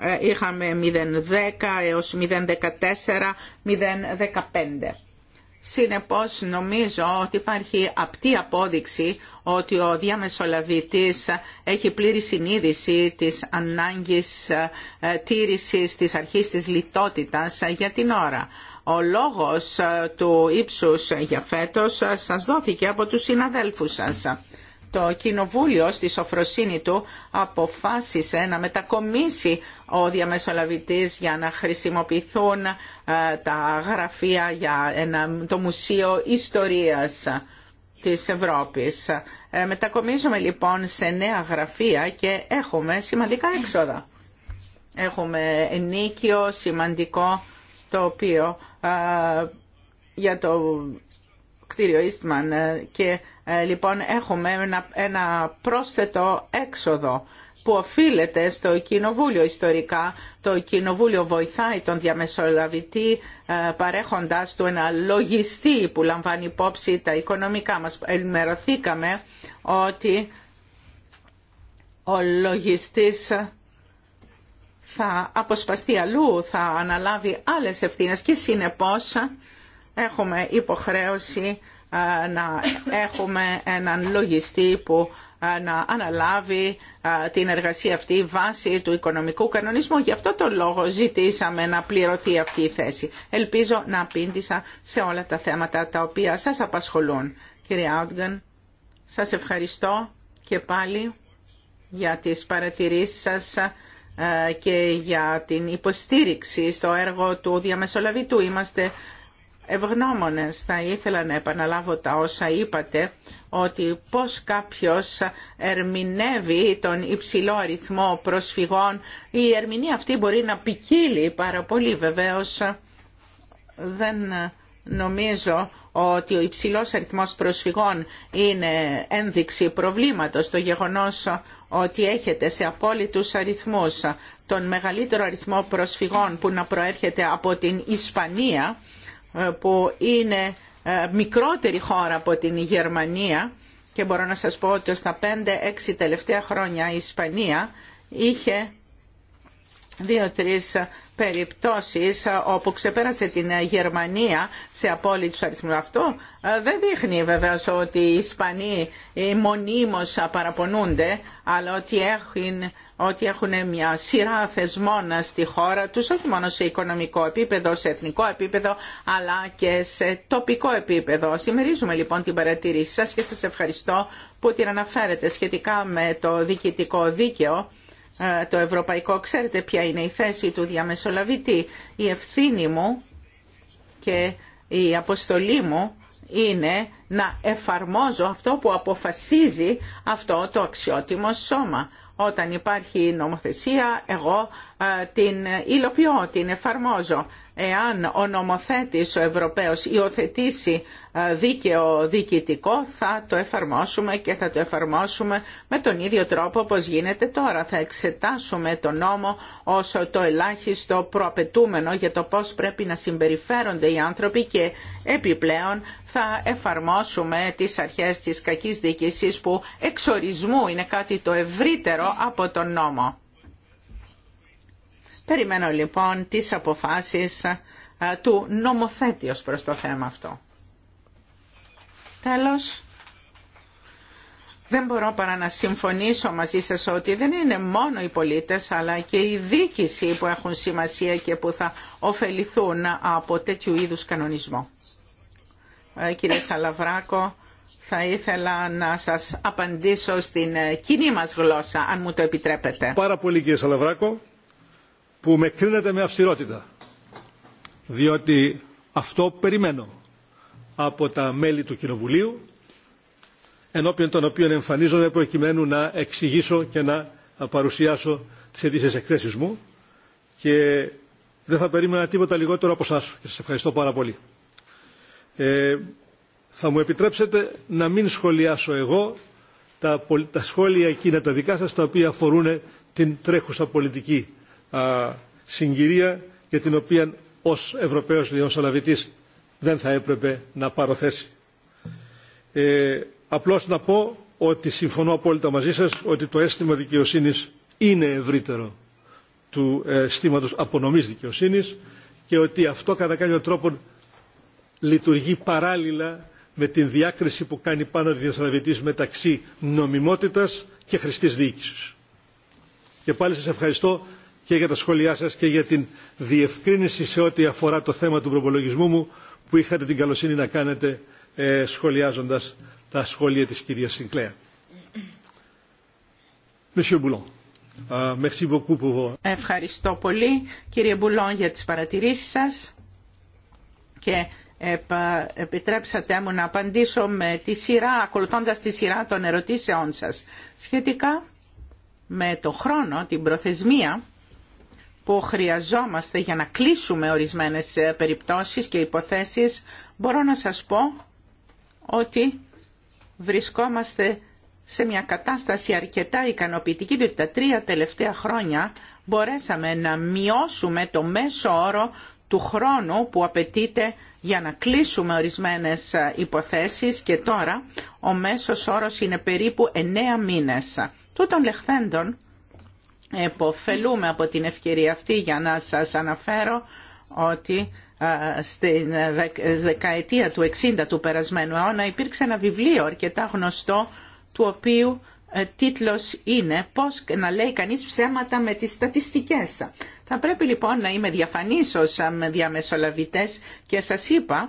Ε, είχαμε 0,10 έως 0,14, 0,15 Συνεπώς νομίζω ότι υπάρχει απτή απόδειξη ότι ο διαμεσολαβητής έχει πλήρη συνείδηση της ανάγκης ε, τήρησης της αρχής της λιτότητας για την ώρα. Ο λόγος ε, του ύψους για φέτος ε, σας δόθηκε από τους συναδέλφους σας. Το Κοινοβούλιο στη σοφροσύνη του αποφάσισε να μετακομίσει ο διαμεσολαβητής για να χρησιμοποιηθούν ε, τα γραφεία για το Μουσείο Ιστορίας της Ευρώπης. Ε, μετακομίζουμε λοιπόν σε νέα γραφεία και έχουμε σημαντικά έξοδα. Έχουμε ενίκιο σημαντικό το οποίο ε, για το κτίριο Eastman και λοιπόν έχουμε ένα, ένα πρόσθετο έξοδο που οφείλεται στο Κοινοβούλιο ιστορικά. Το Κοινοβούλιο βοηθάει τον διαμεσολαβητή ε, παρέχοντας του ένα λογιστή που λαμβάνει υπόψη τα οικονομικά μας. Ενημερωθήκαμε ότι ο λογιστής θα αποσπαστεί αλλού, θα αναλάβει άλλες ευθύνες και συνεπώς έχουμε υποχρέωση ε, να έχουμε έναν λογιστή που να αναλάβει την εργασία αυτή βάσει του οικονομικού κανονισμού. Γι' αυτό το λόγο ζητήσαμε να πληρωθεί αυτή η θέση. Ελπίζω να απήντησα σε όλα τα θέματα τα οποία σας απασχολούν. Κύριε Άουτγκαν, σας ευχαριστώ και πάλι για τις παρατηρήσεις σας και για την υποστήριξη στο έργο του διαμεσολαβητού. Είμαστε ευγνώμονες. Θα ήθελα να επαναλάβω τα όσα είπατε, ότι πώς κάποιος ερμηνεύει τον υψηλό αριθμό προσφυγών. Η ερμηνεία αυτή μπορεί να ποικίλει πάρα πολύ βεβαίως. Δεν νομίζω ότι ο υψηλός αριθμός προσφυγών είναι ένδειξη προβλήματος. Το γεγονός ότι έχετε σε απόλυτους αριθμούς τον μεγαλύτερο αριθμό προσφυγών που να προέρχεται από την Ισπανία που είναι ε, μικρότερη χώρα από την Γερμανία και μπορώ να σας πω ότι στα 5-6 τελευταία χρόνια η Ισπανία είχε δύο-τρεις περιπτώσεις όπου ξεπέρασε την Γερμανία σε απόλυτους αριθμούς. Αυτό ε, δεν δείχνει βέβαια ότι οι Ισπανοί μονίμως παραπονούνται, αλλά ότι έχουν ότι έχουν μια σειρά θεσμών στη χώρα τους, όχι μόνο σε οικονομικό επίπεδο, σε εθνικό επίπεδο, αλλά και σε τοπικό επίπεδο. Σημερίζουμε λοιπόν την παρατήρησή σας και σας ευχαριστώ που την αναφέρετε σχετικά με το διοικητικό δίκαιο ε, το ευρωπαϊκό. Ξέρετε ποια είναι η θέση του διαμεσολαβητή. Η ευθύνη μου και η αποστολή μου είναι να εφαρμόζω αυτό που αποφασίζει αυτό το αξιότιμο σώμα. Όταν υπάρχει νομοθεσία, εγώ ε, την υλοποιώ, την εφαρμόζω. Εάν ο νομοθέτης ο Ευρωπαίος υιοθετήσει ε, δίκαιο διοικητικό θα το εφαρμόσουμε και θα το εφαρμόσουμε με τον ίδιο τρόπο όπως γίνεται τώρα. Θα εξετάσουμε τον νόμο όσο το ελάχιστο προαπαιτούμενο για το πώς πρέπει να συμπεριφέρονται οι άνθρωποι και επιπλέον θα εφαρμόσουμε τις αρχές της κακής διοίκησης που εξορισμού είναι κάτι το ευρύτερο από τον νόμο. Περιμένω λοιπόν τις αποφάσεις του νομοθέτη ως προς το θέμα αυτό. Τέλος, δεν μπορώ παρά να συμφωνήσω μαζί σας ότι δεν είναι μόνο οι πολίτες αλλά και η δίκηση που έχουν σημασία και που θα ωφεληθούν από τέτοιου είδους κανονισμό. Ε, κύριε Σαλαβράκο, θα ήθελα να σας απαντήσω στην ε, κοινή μας γλώσσα, αν μου το επιτρέπετε. Πάρα πολύ κύριε Σαλαβράκο που με κρίνεται με αυστηρότητα. Διότι αυτό περιμένω από τα μέλη του Κοινοβουλίου, ενώπιον των οποίων εμφανίζομαι προκειμένου να εξηγήσω και να παρουσιάσω τις ειδήσεις εκθέσεις μου και δεν θα περίμενα τίποτα λιγότερο από σας και σας ευχαριστώ πάρα πολύ. Ε, θα μου επιτρέψετε να μην σχολιάσω εγώ τα, τα σχόλια εκείνα τα δικά σας τα οποία αφορούν την τρέχουσα πολιτική συγκυρία για την οποία ως Ευρωπαίος Διαμεσολαβητής δεν θα έπρεπε να πάρω θέση. Ε, απλώς να πω ότι συμφωνώ απόλυτα μαζί σας ότι το αίσθημα δικαιοσύνης είναι ευρύτερο του ε, αισθήματος απονομής δικαιοσύνης και ότι αυτό κατά κάποιο τρόπο λειτουργεί παράλληλα με την διάκριση που κάνει πάνω ο διαμεσολαβητής μεταξύ νομιμότητας και χρηστής διοίκησης. Και πάλι σας ευχαριστώ και για τα σχόλιά σας και για την διευκρίνηση σε ό,τι αφορά το θέμα του προπολογισμού μου που είχατε την καλοσύνη να κάνετε ε, σχολιάζοντας τα σχόλια της κυρίας Συγκλέα. Ευχαριστώ πολύ κύριε Μπουλόν για τις παρατηρήσεις σας και επιτρέψατε μου να απαντήσω με τη σειρά, ακολουθώντας τη σειρά των ερωτήσεών σας σχετικά με το χρόνο, την προθεσμία που χρειαζόμαστε για να κλείσουμε ορισμένες ε, περιπτώσεις και υποθέσεις, μπορώ να σας πω ότι βρισκόμαστε σε μια κατάσταση αρκετά ικανοποιητική, διότι τα τρία τελευταία χρόνια μπορέσαμε να μειώσουμε το μέσο όρο του χρόνου που απαιτείται για να κλείσουμε ορισμένες ε, υποθέσεις και τώρα ο μέσος όρος είναι περίπου 9 μήνες. Τούτων λεχθέντων εποφελούμε από την ευκαιρία αυτή για να σας αναφέρω ότι στην δεκαετία του 60 του περασμένου αιώνα υπήρξε ένα βιβλίο αρκετά γνωστό του οποίου ε, τίτλος είναι «Πώς να λέει κανείς ψέματα με τις στατιστικές». Θα πρέπει λοιπόν να είμαι διαφανής ως διαμεσολαβητές και σας είπα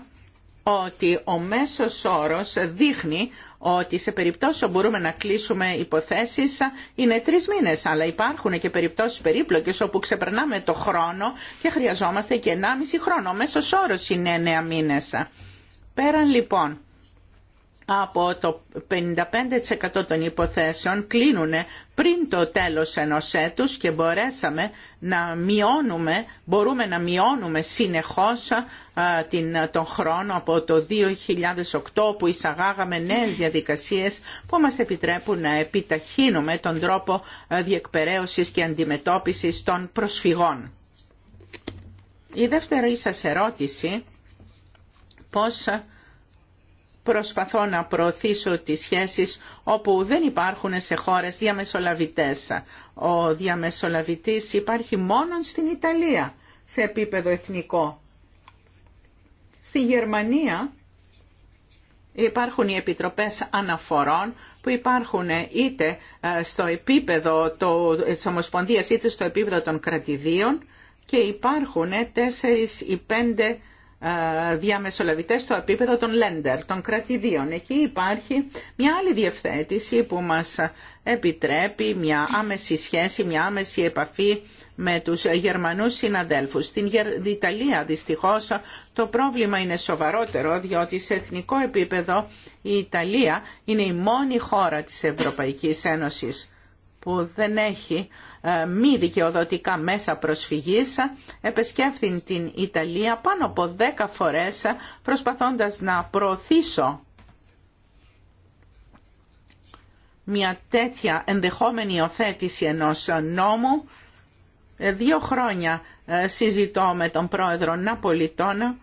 ότι ο μέσος όρος δείχνει ότι σε περιπτώσεις που μπορούμε να κλείσουμε υποθέσεις είναι τρεις μήνες, αλλά υπάρχουν και περιπτώσεις περίπλοκες όπου ξεπερνάμε το χρόνο και χρειαζόμαστε και 1,5 χρόνο. Ο μέσος όρος είναι 9 μήνες. Πέραν λοιπόν από το 55% των υποθέσεων κλείνουν πριν το τέλος ενός έτους και μπορέσαμε να μειώνουμε, μπορούμε να μειώνουμε συνεχώς την, τον χρόνο από το 2008 που εισαγάγαμε νέες διαδικασίες που μας επιτρέπουν να επιταχύνουμε τον τρόπο διεκπαιρέωσης και αντιμετώπισης των προσφυγών. Η δεύτερη σας ερώτηση, πώς προσπαθώ να προωθήσω τις σχέσεις όπου δεν υπάρχουν σε χώρες διαμεσολαβητές. Ο διαμεσολαβητής υπάρχει μόνο στην Ιταλία σε επίπεδο εθνικό. Στη Γερμανία υπάρχουν οι επιτροπές αναφορών που υπάρχουν είτε ε, στο επίπεδο της Ομοσπονδίας είτε στο επίπεδο των κρατηδίων και υπάρχουν τέσσερις ή πέντε ε, Διαμεσολαβητέ στο επίπεδο των Λέντερ, των κρατηδίων. Εκεί υπάρχει μια άλλη διευθέτηση που μας επιτρέπει μια άμεση σχέση, μια άμεση επαφή με τους Γερμανούς συναδέλφους. Στην Ιταλία δυστυχώς το πρόβλημα είναι σοβαρότερο διότι σε εθνικό επίπεδο η Ιταλία είναι η μόνη χώρα της Ευρωπαϊκής Ένωσης που δεν έχει ε, μη δικαιοδοτικά μέσα προσφυγής επεσκέφθη την Ιταλία πάνω από δέκα φορές προσπαθώντας να προωθήσω μια τέτοια ενδεχόμενη οθέτηση ενός νόμου. Ε, δύο χρόνια ε, συζητώ με τον πρόεδρο Ναπολιτών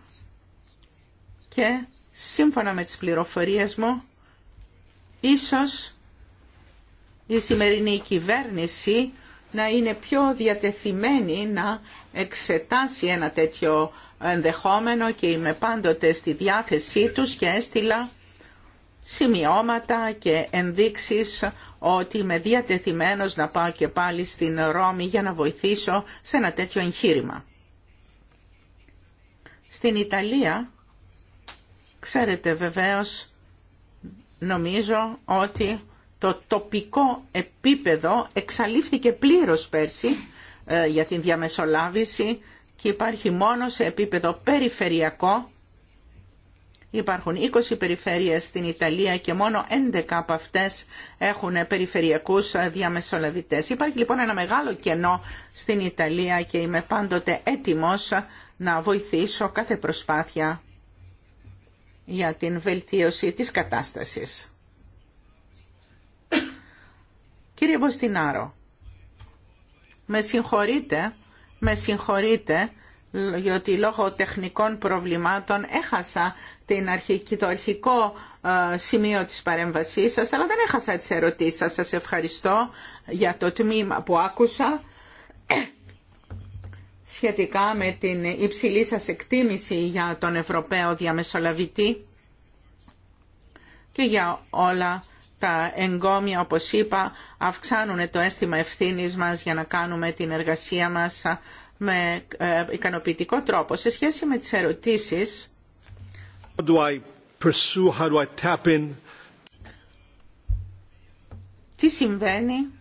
και σύμφωνα με τις πληροφορίες μου ίσως η σημερινή κυβέρνηση να είναι πιο διατεθειμένη να εξετάσει ένα τέτοιο ενδεχόμενο και είμαι πάντοτε στη διάθεσή τους και έστειλα σημειώματα και ενδείξεις ότι είμαι διατεθειμένος να πάω και πάλι στην Ρώμη για να βοηθήσω σε ένα τέτοιο εγχείρημα. Στην Ιταλία, ξέρετε βεβαίως, νομίζω ότι το τοπικό επίπεδο εξαλείφθηκε πλήρως πέρσι ε, για την διαμεσολάβηση και υπάρχει μόνο σε επίπεδο περιφερειακό. Υπάρχουν 20 περιφέρειες στην Ιταλία και μόνο 11 από αυτές έχουν περιφερειακούς ε, διαμεσολαβητές. Υπάρχει λοιπόν ένα μεγάλο κενό στην Ιταλία και είμαι πάντοτε έτοιμος να βοηθήσω κάθε προσπάθεια για την βελτίωση της κατάστασης. Κύριε Μποστινάρο, με συγχωρείτε, με συγχωρείτε, γιατί λόγω τεχνικών προβλημάτων έχασα την αρχική, το αρχικό ε, σημείο της παρέμβασής σας, αλλά δεν έχασα τις ερωτήσεις σας. Σας ευχαριστώ για το τμήμα που άκουσα σχετικά με την υψηλή σας εκτίμηση για τον Ευρωπαίο Διαμεσολαβητή και για όλα τα εγκόμια, όπως είπα, αυξάνουν το αίσθημα ευθύνης μας για να κάνουμε την εργασία μας με ε, ικανοποιητικό τρόπο. Σε σχέση με τις ερωτήσεις... do Τι συμβαίνει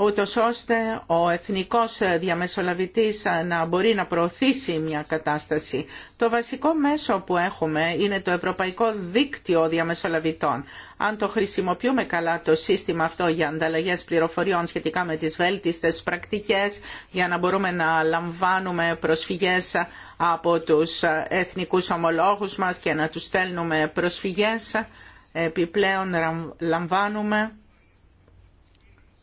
ούτως ώστε ο εθνικός διαμεσολαβητής να μπορεί να προωθήσει μια κατάσταση. Το βασικό μέσο που έχουμε είναι το Ευρωπαϊκό Δίκτυο Διαμεσολαβητών. Αν το χρησιμοποιούμε καλά το σύστημα αυτό για ανταλλαγέ πληροφοριών σχετικά με τις βέλτιστες πρακτικές, για να μπορούμε να λαμβάνουμε προσφυγές από τους εθνικούς ομολόγους μας και να του στέλνουμε προσφυγές, επιπλέον λαμβάνουμε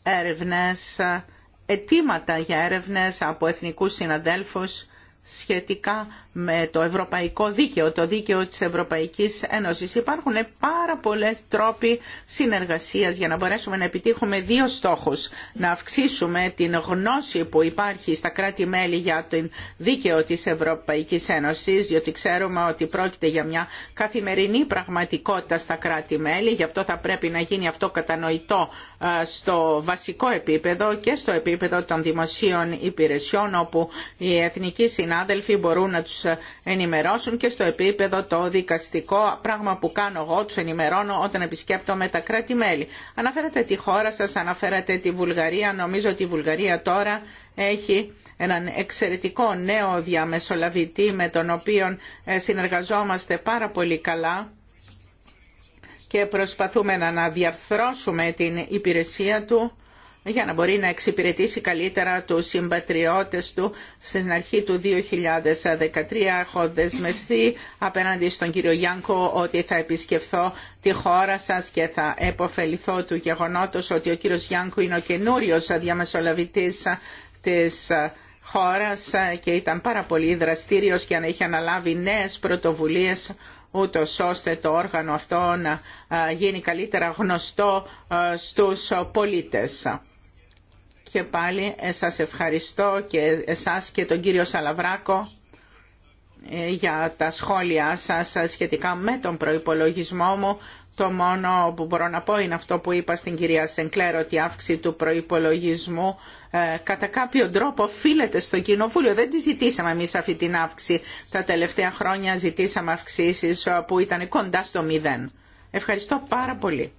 έρευνες, ε, αιτήματα για έρευνες από εθνικούς συναδέλφους σχετικά με το ευρωπαϊκό δίκαιο, το δίκαιο της Ευρωπαϊκής Ένωσης. Υπάρχουν πάρα πολλές τρόποι συνεργασίας για να μπορέσουμε να επιτύχουμε δύο στόχους. Να αυξήσουμε την γνώση που υπάρχει στα κράτη-μέλη για το δίκαιο της Ευρωπαϊκής Ένωσης, διότι ξέρουμε ότι πρόκειται για μια καθημερινή πραγματικότητα στα κράτη-μέλη, γι' αυτό θα πρέπει να γίνει αυτό κατανοητό στο βασικό επίπεδο και στο επίπεδο των δημοσίων υπηρεσιών, όπου η Εθνική συνάδελφοι μπορούν να τους ενημερώσουν και στο επίπεδο το δικαστικό, πράγμα που κάνω εγώ, τους ενημερώνω όταν επισκέπτομαι τα κράτη-μέλη. Αναφέρατε τη χώρα σας, αναφέρατε τη Βουλγαρία, νομίζω ότι η Βουλγαρία τώρα έχει έναν εξαιρετικό νέο διαμεσολαβητή με τον οποίο ε, συνεργαζόμαστε πάρα πολύ καλά και προσπαθούμε να αναδιαρθρώσουμε την υπηρεσία του για να μπορεί να εξυπηρετήσει καλύτερα τους συμπατριώτες του στην αρχή του 2013. Έχω δεσμευθεί απέναντι στον κύριο Γιάνκο ότι θα επισκεφθώ τη χώρα σας και θα επωφεληθώ του γεγονότος ότι ο κύριος Γιάνκο είναι ο καινούριο διαμεσολαβητής της χώρας και ήταν πάρα πολύ δραστήριος για να έχει αναλάβει νέες πρωτοβουλίες ούτω ώστε το όργανο αυτό να γίνει καλύτερα γνωστό στους πολίτες και πάλι ε, σας ευχαριστώ και εσάς και τον κύριο Σαλαβράκο ε, για τα σχόλιά σας ε, σχετικά με τον προϋπολογισμό μου. Το μόνο που μπορώ να πω είναι αυτό που είπα στην κυρία Σενκλέρ ότι η αύξηση του προϋπολογισμού κατά κάποιο τρόπο οφείλεται στο Κοινοβούλιο. Δεν τη ζητήσαμε εμείς αυτή την αύξηση. Τα τελευταία χρόνια ζητήσαμε αυξήσεις που ήταν κοντά στο μηδέν. Ευχαριστώ πάρα πολύ.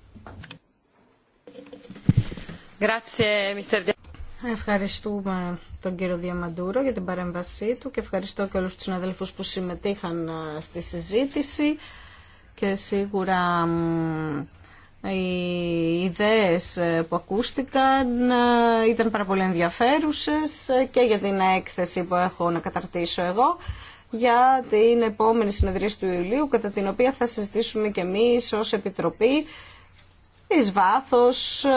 Ευχαριστούμε τον κύριο Διαμαντούρο για την παρέμβασή του και ευχαριστώ και όλους τους συναδέλφους που συμμετείχαν στη συζήτηση και σίγουρα οι ιδέες ε, που ακούστηκαν ε, ήταν πάρα πολύ ενδιαφέρουσες ε, και για την έκθεση που έχω να καταρτήσω εγώ για την επόμενη συνεδρία του Ιουλίου κατά την οποία θα συζητήσουμε και εμείς ως Επιτροπή εις βάθος ε,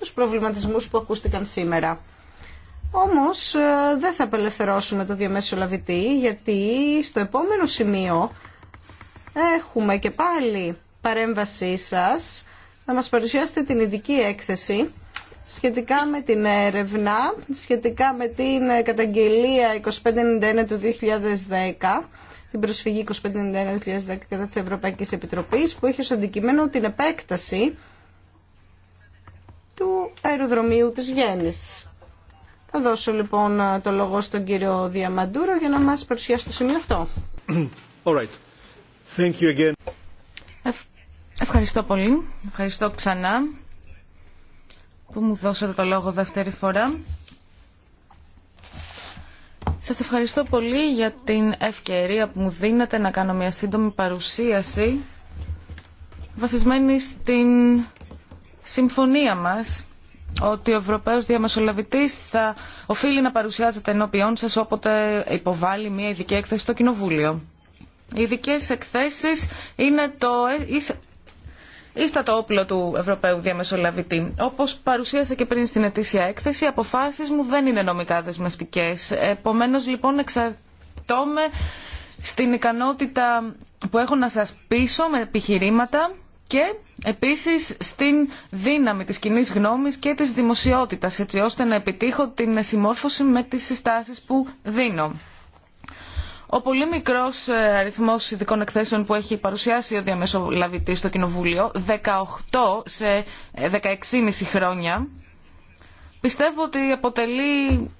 τους προβληματισμούς που ακούστηκαν σήμερα. Όμως ε, δεν θα απελευθερώσουμε το λαβητή γιατί στο επόμενο σημείο έχουμε και πάλι παρέμβασή σας να μας παρουσιάσετε την ειδική έκθεση σχετικά με την έρευνα, σχετικά με την καταγγελία 2591 του 2010 την προσφυγή 2591-2010 κατά της Ευρωπαϊκής Επιτροπής που έχει ως αντικείμενο την επέκταση του αεροδρομίου της Γέννης. Θα δώσω λοιπόν το λόγο στον κύριο Διαμαντούρο για να μας παρουσιάσει το σημείο αυτό. All right. Thank you again. Ευχαριστώ πολύ. Ευχαριστώ ξανά που μου δώσατε το λόγο δεύτερη φορά. Σας ευχαριστώ πολύ για την ευκαιρία που μου δίνετε να κάνω μια σύντομη παρουσίαση βασισμένη στην συμφωνία μας ότι ο Ευρωπαίος Διαμεσολαβητής θα οφείλει να παρουσιάζεται ενώπιόν σας όποτε υποβάλλει μια ειδική έκθεση στο Κοινοβούλιο. Οι ειδικέ εκθέσεις είναι το ε, το όπλο του Ευρωπαίου Διαμεσολαβητή. Όπω παρουσίασα και πριν στην ετήσια έκθεση, οι αποφάσει μου δεν είναι νομικά δεσμευτικέ. Επομένω, λοιπόν, εξαρτώμαι στην ικανότητα που έχω να σας πείσω με επιχειρήματα και επίσης στην δύναμη της κοινή γνώμης και της δημοσιότητας έτσι ώστε να επιτύχω την συμμόρφωση με τι συστάσεις που δίνω. Ο πολύ μικρός ε, αριθμό ειδικών εκθέσεων που έχει παρουσιάσει ο διαμεσολαβητής στο Κοινοβούλιο, 18 σε 16,5 ε, χρόνια, πιστεύω ότι αποτελεί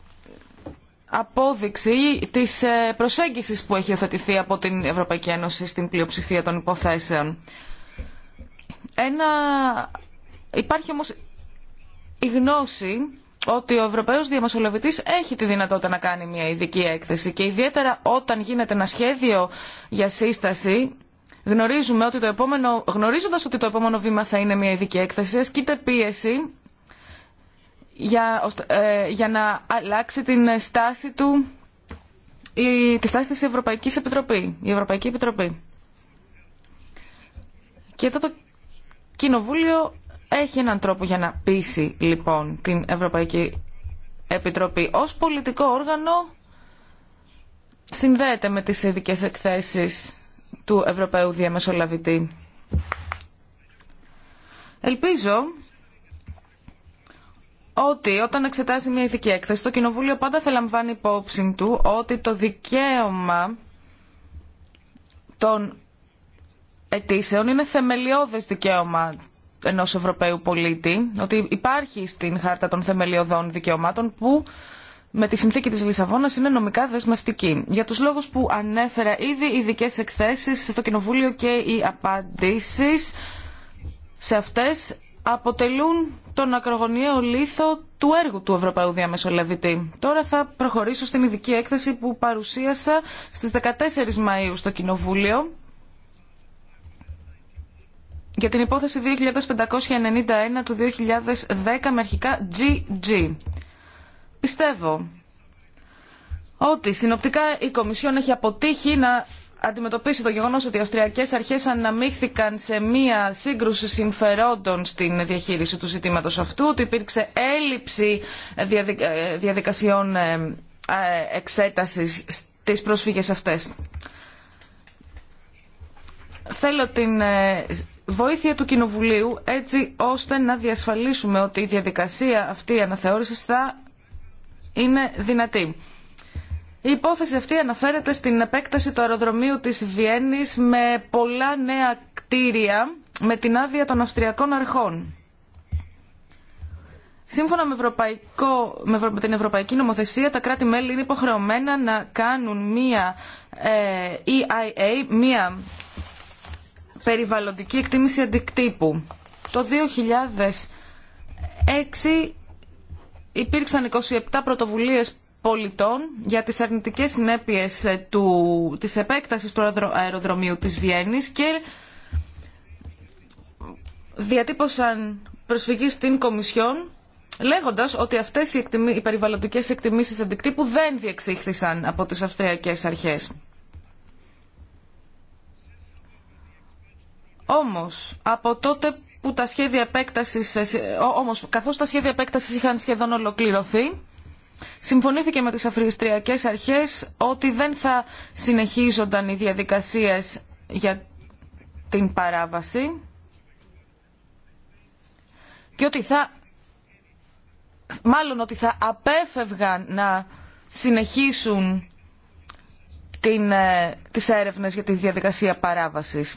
απόδειξη της ε, προσέγγισης που έχει οθετηθεί από την Ευρωπαϊκή Ένωση στην πλειοψηφία των υποθέσεων. Ένα... Υπάρχει όμως η γνώση ότι ο Ευρωπαίος Διαμεσολαβητής έχει τη δυνατότητα να κάνει μια ειδική έκθεση και ιδιαίτερα όταν γίνεται ένα σχέδιο για σύσταση γνωρίζουμε ότι το επόμενο, γνωρίζοντας ότι το επόμενο βήμα θα είναι μια ειδική έκθεση ασκείται πίεση για, ε, για να αλλάξει την στάση του η, τη στάση της Ευρωπαϊκής Επιτροπή, η Ευρωπαϊκή Επιτροπή. Και εδώ το Κοινοβούλιο έχει έναν τρόπο για να πείσει λοιπόν την Ευρωπαϊκή Επιτροπή. Ως πολιτικό όργανο συνδέεται με τις ειδικέ εκθέσεις του Ευρωπαίου Διαμεσολαβητή. Ελπίζω ότι όταν εξετάσει μια ειδική έκθεση, το Κοινοβούλιο πάντα θα λαμβάνει υπόψη του ότι το δικαίωμα των αιτήσεων είναι θεμελιώδες δικαίωμα ενός Ευρωπαίου πολίτη, ότι υπάρχει στην Χάρτα των Θεμελιωδών Δικαιωμάτων που με τη συνθήκη της Λισαβόνας είναι νομικά δεσμευτική. Για τους λόγους που ανέφερα ήδη, οι ειδικέ εκθέσεις στο Κοινοβούλιο και οι απαντήσεις σε αυτές αποτελούν τον ακρογωνιαίο λίθο του έργου του Ευρωπαίου Διαμεσολαβητή. Τώρα θα προχωρήσω στην ειδική έκθεση που παρουσίασα στις 14 Μαΐου στο Κοινοβούλιο για την υπόθεση 2591 του 2010 με αρχικά GG. Πιστεύω ότι συνοπτικά η Κομισιόν έχει αποτύχει να αντιμετωπίσει το γεγονός ότι οι Αυστριακές αρχές αναμίχθηκαν σε μία σύγκρουση συμφερόντων στην διαχείριση του ζητήματος αυτού, ότι υπήρξε έλλειψη ε, διαδικασιών ε, ε, εξέτασης στις προσφύγες αυτές. Θέλω την βοήθεια του Κοινοβουλίου έτσι ώστε να διασφαλίσουμε ότι η διαδικασία αυτή αναθεώρησης θα είναι δυνατή. Η υπόθεση αυτή αναφέρεται στην επέκταση του αεροδρομίου της Βιέννης με πολλά νέα κτίρια με την άδεια των Αυστριακών Αρχών. Σύμφωνα με, την Ευρωπαϊκή Νομοθεσία, τα κράτη-μέλη είναι υποχρεωμένα να κάνουν μία ε, EIA, μία περιβαλλοντική εκτίμηση αντικτύπου. Το 2006 υπήρξαν 27 πρωτοβουλίες πολιτών για τις αρνητικές συνέπειες ε, του, της επέκτασης του αεροδρομίου της Βιέννης και διατύπωσαν προσφυγή στην Κομισιόν λέγοντας ότι αυτές οι, περιβαλλοντικές εκτιμήσεις αντικτύπου δεν διεξήχθησαν από τις αυστριακές αρχές. Όμως, από τότε που τα σχέδια επέκτασης, όμως καθώς τα σχέδια επέκτασης είχαν σχεδόν ολοκληρωθεί, συμφωνήθηκε με τις αφριστριακές αρχές ότι δεν θα συνεχίζονταν οι διαδικασίες για την παράβαση και ότι θα, μάλλον ότι θα απέφευγαν να συνεχίσουν την, ε, τις έρευνες για τη διαδικασία παράβασης.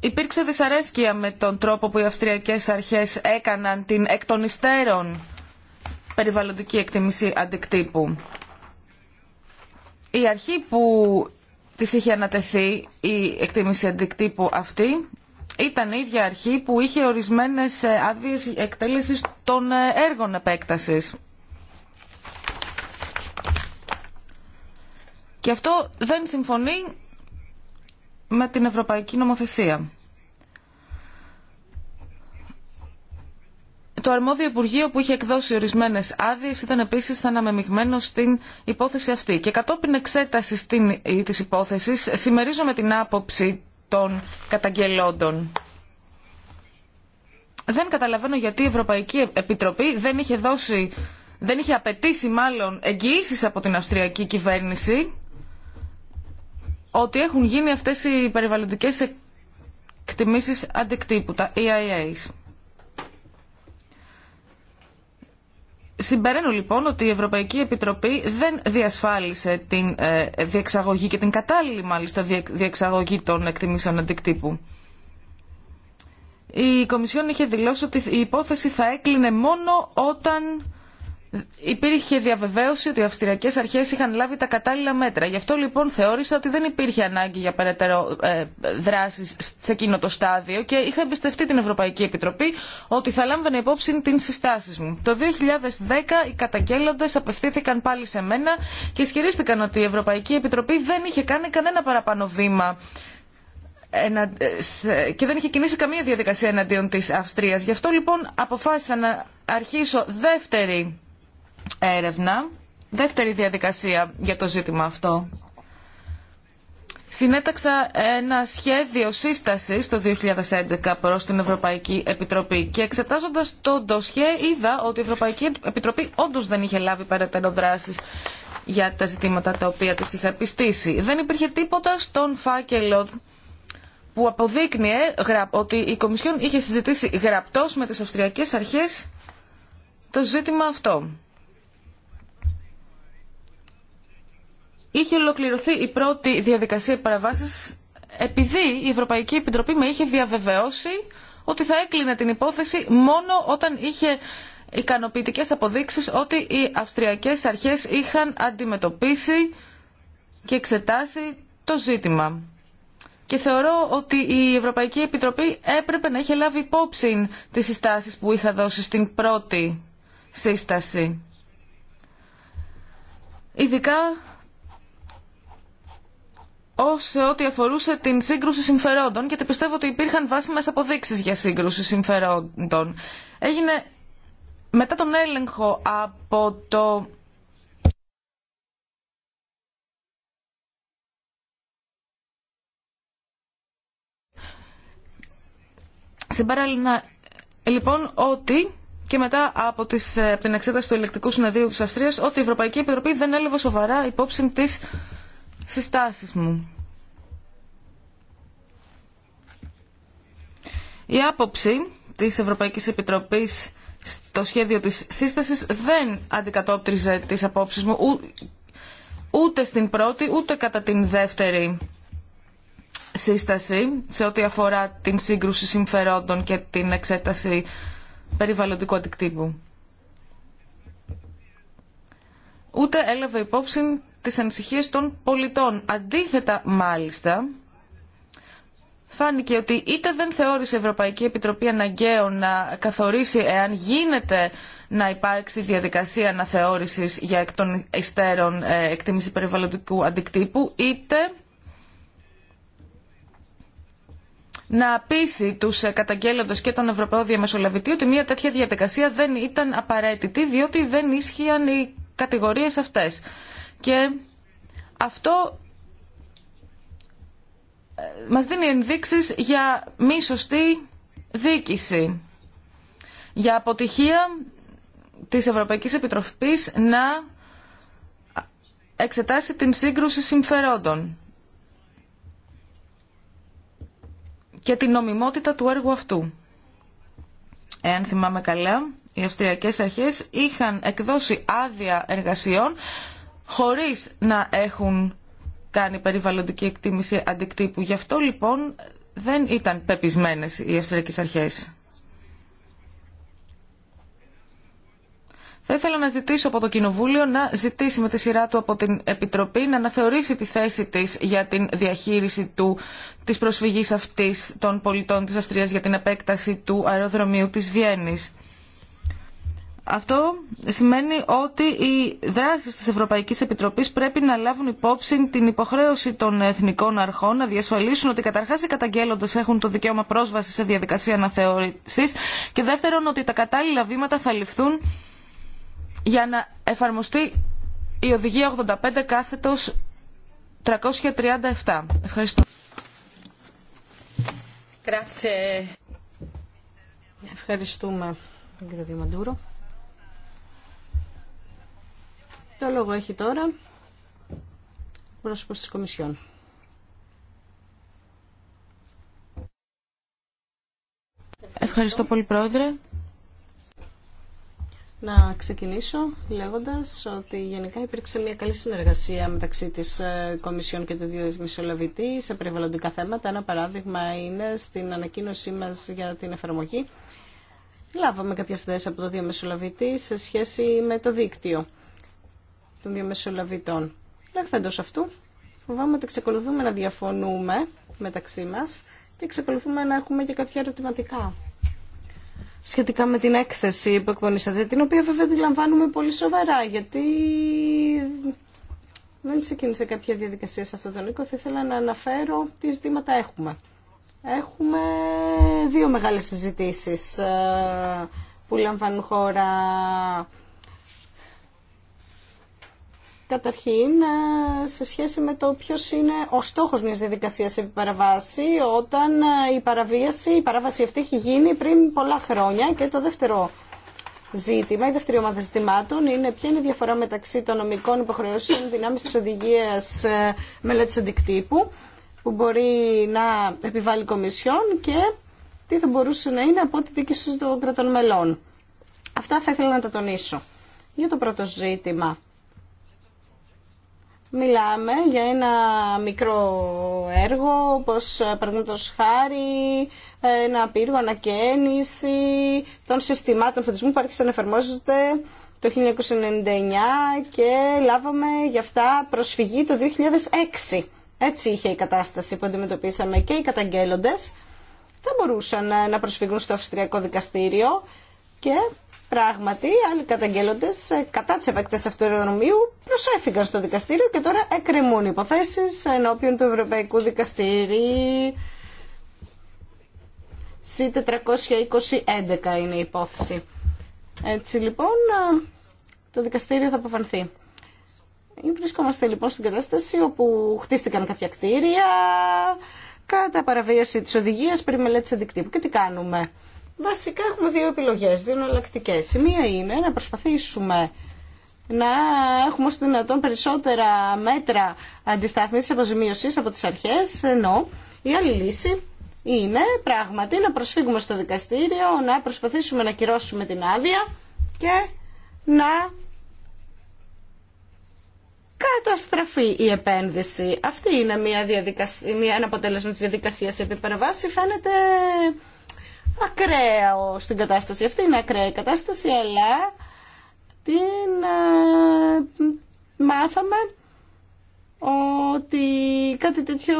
υπήρξε δυσαρέσκεια με τον τρόπο που οι αυστριακές αρχές έκαναν την εκ των υστέρων περιβαλλοντική εκτίμηση αντικτύπου. Η αρχή που της είχε ανατεθεί η εκτίμηση αντικτύπου αυτή ήταν η ίδια αρχή που είχε ορισμένες άδειε εκτέλεσης των έργων επέκτασης. Και αυτό δεν συμφωνεί με την Ευρωπαϊκή Νομοθεσία. Το αρμόδιο Υπουργείο που είχε εκδώσει ορισμένες άδειες ήταν επίσης αναμεμειγμένο στην υπόθεση αυτή. Και κατόπιν εξέτασης της υπόθεσης συμμερίζομαι την άποψη των καταγγελόντων. Δεν καταλαβαίνω γιατί η Ευρωπαϊκή Επιτροπή δεν είχε δώσει, δεν είχε απαιτήσει μάλλον εγγυήσεις από την Αυστριακή κυβέρνηση ότι έχουν γίνει αυτές οι περιβαλλοντικές εκτιμήσεις αντικτύπου, τα EIAs. Συμπεραίνω λοιπόν ότι η Ευρωπαϊκή Επιτροπή δεν διασφάλισε την ε, διεξαγωγή και την κατάλληλη μάλιστα διεξαγωγή των εκτιμήσεων αντικτύπου. Η Κομισιόν είχε δηλώσει ότι η υπόθεση θα έκλεινε μόνο όταν Υπήρχε διαβεβαίωση ότι οι αυστηριακέ αρχέ είχαν λάβει τα κατάλληλα μέτρα. Γι' αυτό λοιπόν θεώρησα ότι δεν υπήρχε ανάγκη για περαιτέρω ε, σε εκείνο το στάδιο και είχα εμπιστευτεί την Ευρωπαϊκή Επιτροπή ότι θα λάμβανε υπόψη την συστάσει μου. Το 2010 οι καταγγέλλοντες απευθύνθηκαν πάλι σε μένα και ισχυρίστηκαν ότι η Ευρωπαϊκή Επιτροπή δεν είχε κάνει κανένα παραπάνω βήμα ε, και δεν είχε κινήσει καμία διαδικασία εναντίον της Αυστρίας. Γι' αυτό λοιπόν αποφάσισα να αρχίσω δεύτερη έρευνα, δεύτερη διαδικασία για το ζήτημα αυτό. Συνέταξα ένα σχέδιο σύστασης το 2011 προς την Ευρωπαϊκή Επιτροπή και εξετάζοντας το ντοσιέ είδα ότι η Ευρωπαϊκή Επιτροπή όντως δεν είχε λάβει περαιτέρω δράσεις για τα ζητήματα τα οποία της είχα επιστήσει. Δεν υπήρχε τίποτα στον φάκελο που αποδείκνυε ότι η Κομισιόν είχε συζητήσει γραπτός με τις Αυστριακές Αρχές το ζήτημα αυτό. είχε ολοκληρωθεί η πρώτη διαδικασία παραβάσεις επειδή η Ευρωπαϊκή Επιτροπή με είχε διαβεβαιώσει ότι θα έκλεινε την υπόθεση μόνο όταν είχε ικανοποιητικές αποδείξεις ότι οι αυστριακές αρχές είχαν αντιμετωπίσει και εξετάσει το ζήτημα. Και θεωρώ ότι η Ευρωπαϊκή Επιτροπή έπρεπε να είχε λάβει υπόψη τις συστάσεις που είχα δώσει στην πρώτη σύσταση. Ειδικά ω ό,τι αφορούσε την σύγκρουση συμφερόντων, γιατί πιστεύω ότι υπήρχαν βάσιμες αποδείξεις για σύγκρουση συμφερόντων. Έγινε μετά τον έλεγχο από το Συμπαράλληλα, λοιπόν, ότι και μετά από, τις, ε, από την εξέταση του ελεκτικού συνεδρίου της Αυστρίας, ότι η Ευρωπαϊκή Επιτροπή δεν έλαβε σοβαρά υπόψη της συστάσεις μου. Η άποψη της Ευρωπαϊκής Επιτροπής στο σχέδιο της σύστασης δεν αντικατόπτριζε τις απόψεις μου ούτε στην πρώτη ούτε κατά την δεύτερη σύσταση σε ό,τι αφορά την σύγκρουση συμφερόντων και την εξέταση περιβαλλοντικού αντικτύπου. Ούτε έλαβε υπόψη τις ανησυχίες των πολιτών. Αντίθετα, μάλιστα, φάνηκε ότι είτε δεν θεώρησε η Ευρωπαϊκή Επιτροπή αναγκαίο να καθορίσει εάν γίνεται να υπάρξει διαδικασία αναθεώρησης για εκ των υστέρων ε, εκτίμηση περιβαλλοντικού αντικτύπου, είτε να πείσει τους ε, καταγγέλλοντες και τον Ευρωπαίο Διαμεσολαβητή ότι μια τέτοια διαδικασία δεν ήταν απαραίτητη διότι δεν ίσχυαν οι κατηγορίες αυτές. Και αυτό ε, μας δίνει ενδείξεις για μη σωστή δίκηση, για αποτυχία της Ευρωπαϊκής Επιτροπής να εξετάσει την σύγκρουση συμφερόντων και την νομιμότητα του έργου αυτού. Εάν θυμάμαι καλά, οι αυστριακές αρχές είχαν εκδώσει άδεια εργασιών χωρίς να έχουν κάνει περιβαλλοντική εκτίμηση αντικτύπου. Γι' αυτό λοιπόν δεν ήταν πεπισμένες οι αυστριακές αρχές. Θα ήθελα να ζητήσω από το Κοινοβούλιο να ζητήσει με τη σειρά του από την Επιτροπή να αναθεωρήσει τη θέση της για την διαχείριση του, της προσφυγής αυτής των πολιτών της Αυστρίας για την επέκταση του αεροδρομίου της Βιέννης. Αυτό σημαίνει ότι οι δράσεις της Ευρωπαϊκής Επιτροπής πρέπει να λάβουν υπόψη την υποχρέωση των εθνικών αρχών να διασφαλίσουν ότι καταρχάς οι καταγγέλλοντες έχουν το δικαίωμα πρόσβαση σε διαδικασία αναθεώρησης και δεύτερον ότι τα κατάλληλα βήματα θα ληφθούν για να εφαρμοστεί η Οδηγία 85 κάθετος 337. Ευχαριστώ. Ευχαριστούμε τον κύριο Διαμαντούρο. Το λόγο έχει τώρα ο πρόσωπος της Κομισιόν. Ευχαριστώ πολύ, Πρόεδρε. Να ξεκινήσω λέγοντας ότι γενικά υπήρξε μια καλή συνεργασία μεταξύ της ε, Κομισιόν και του Διομεσολαβητή σε περιβαλλοντικά θέματα. Ένα παράδειγμα είναι στην ανακοίνωσή μας για την εφαρμογή. Λάβαμε κάποιες ιδέες από το Διομεσολαβητή σε σχέση με το δίκτυο των διαμεσολαβητών. Λέχθεντος αυτού, φοβάμαι ότι ξεκολουθούμε να διαφωνούμε μεταξύ μας και ξεκολουθούμε να έχουμε και κάποια ερωτηματικά σχετικά με την έκθεση που εκπονήσατε, την οποία βέβαια τη λαμβάνουμε πολύ σοβαρά, γιατί δεν ξεκίνησε κάποια διαδικασία σε αυτό το οίκο. Θα ήθελα να αναφέρω τι ζητήματα έχουμε. Έχουμε δύο μεγάλες συζητήσεις ε, που λαμβάνουν χώρα Καταρχήν, ε, σε σχέση με το ποιο είναι ο στόχο μια διαδικασία επιπαραβάση, όταν ε, η παραβίαση, η παράβαση αυτή έχει γίνει πριν πολλά χρόνια. Και το δεύτερο ζήτημα, η δεύτερη ομάδα ζητημάτων είναι ποια είναι η διαφορά μεταξύ των νομικών υποχρεώσεων δυνάμει τη οδηγία ε, μελέτη αντικτύπου, που μπορεί να επιβάλλει κομισιόν και τι θα μπορούσε να είναι από τη δίκηση των κρατών μελών. Αυτά θα ήθελα να τα τονίσω. Για το πρώτο ζήτημα Μιλάμε για ένα μικρό έργο, όπως παραδείγματος χάρη, ένα πύργο ανακαίνιση των συστημάτων φωτισμού που άρχισαν να εφαρμόζεται το 1999 και λάβαμε γι' αυτά προσφυγή το 2006. Έτσι είχε η κατάσταση που αντιμετωπίσαμε και οι καταγγέλλοντες θα μπορούσαν να προσφυγούν στο Αυστριακό Δικαστήριο και Πράγματι, άλλοι καταγγέλλοντε ε, κατά τι επέκταση αυτού του προσέφηκαν στο δικαστήριο και τώρα εκκρεμούν υποθέσει ενώπιον του Ευρωπαϊκού Δικαστηρίου. C420-11 είναι η υπόθεση. Έτσι λοιπόν, ε, το δικαστήριο θα αποφανθεί. Βρισκόμαστε λοιπόν στην κατάσταση όπου χτίστηκαν κάποια κτίρια κατά παραβίαση της οδηγίας πριν μελέτης αντικτύπου. Και τι κάνουμε. Βασικά έχουμε δύο επιλογές, δύο εναλλακτικέ. Η μία είναι να προσπαθήσουμε να έχουμε όσο δυνατόν περισσότερα μέτρα αντιστάθμισης αποζημίωσης από τις αρχές, ενώ η άλλη λύση είναι πράγματι να προσφύγουμε στο δικαστήριο, να προσπαθήσουμε να κυρώσουμε την άδεια και να καταστραφεί η επένδυση. Αυτή είναι μια διαδικασία, ένα αποτέλεσμα της διαδικασίας επί Φαίνεται ακραίο στην κατάσταση. Αυτή είναι ακραία η κατάσταση, αλλά την ε, μάθαμε ότι κάτι τέτοιο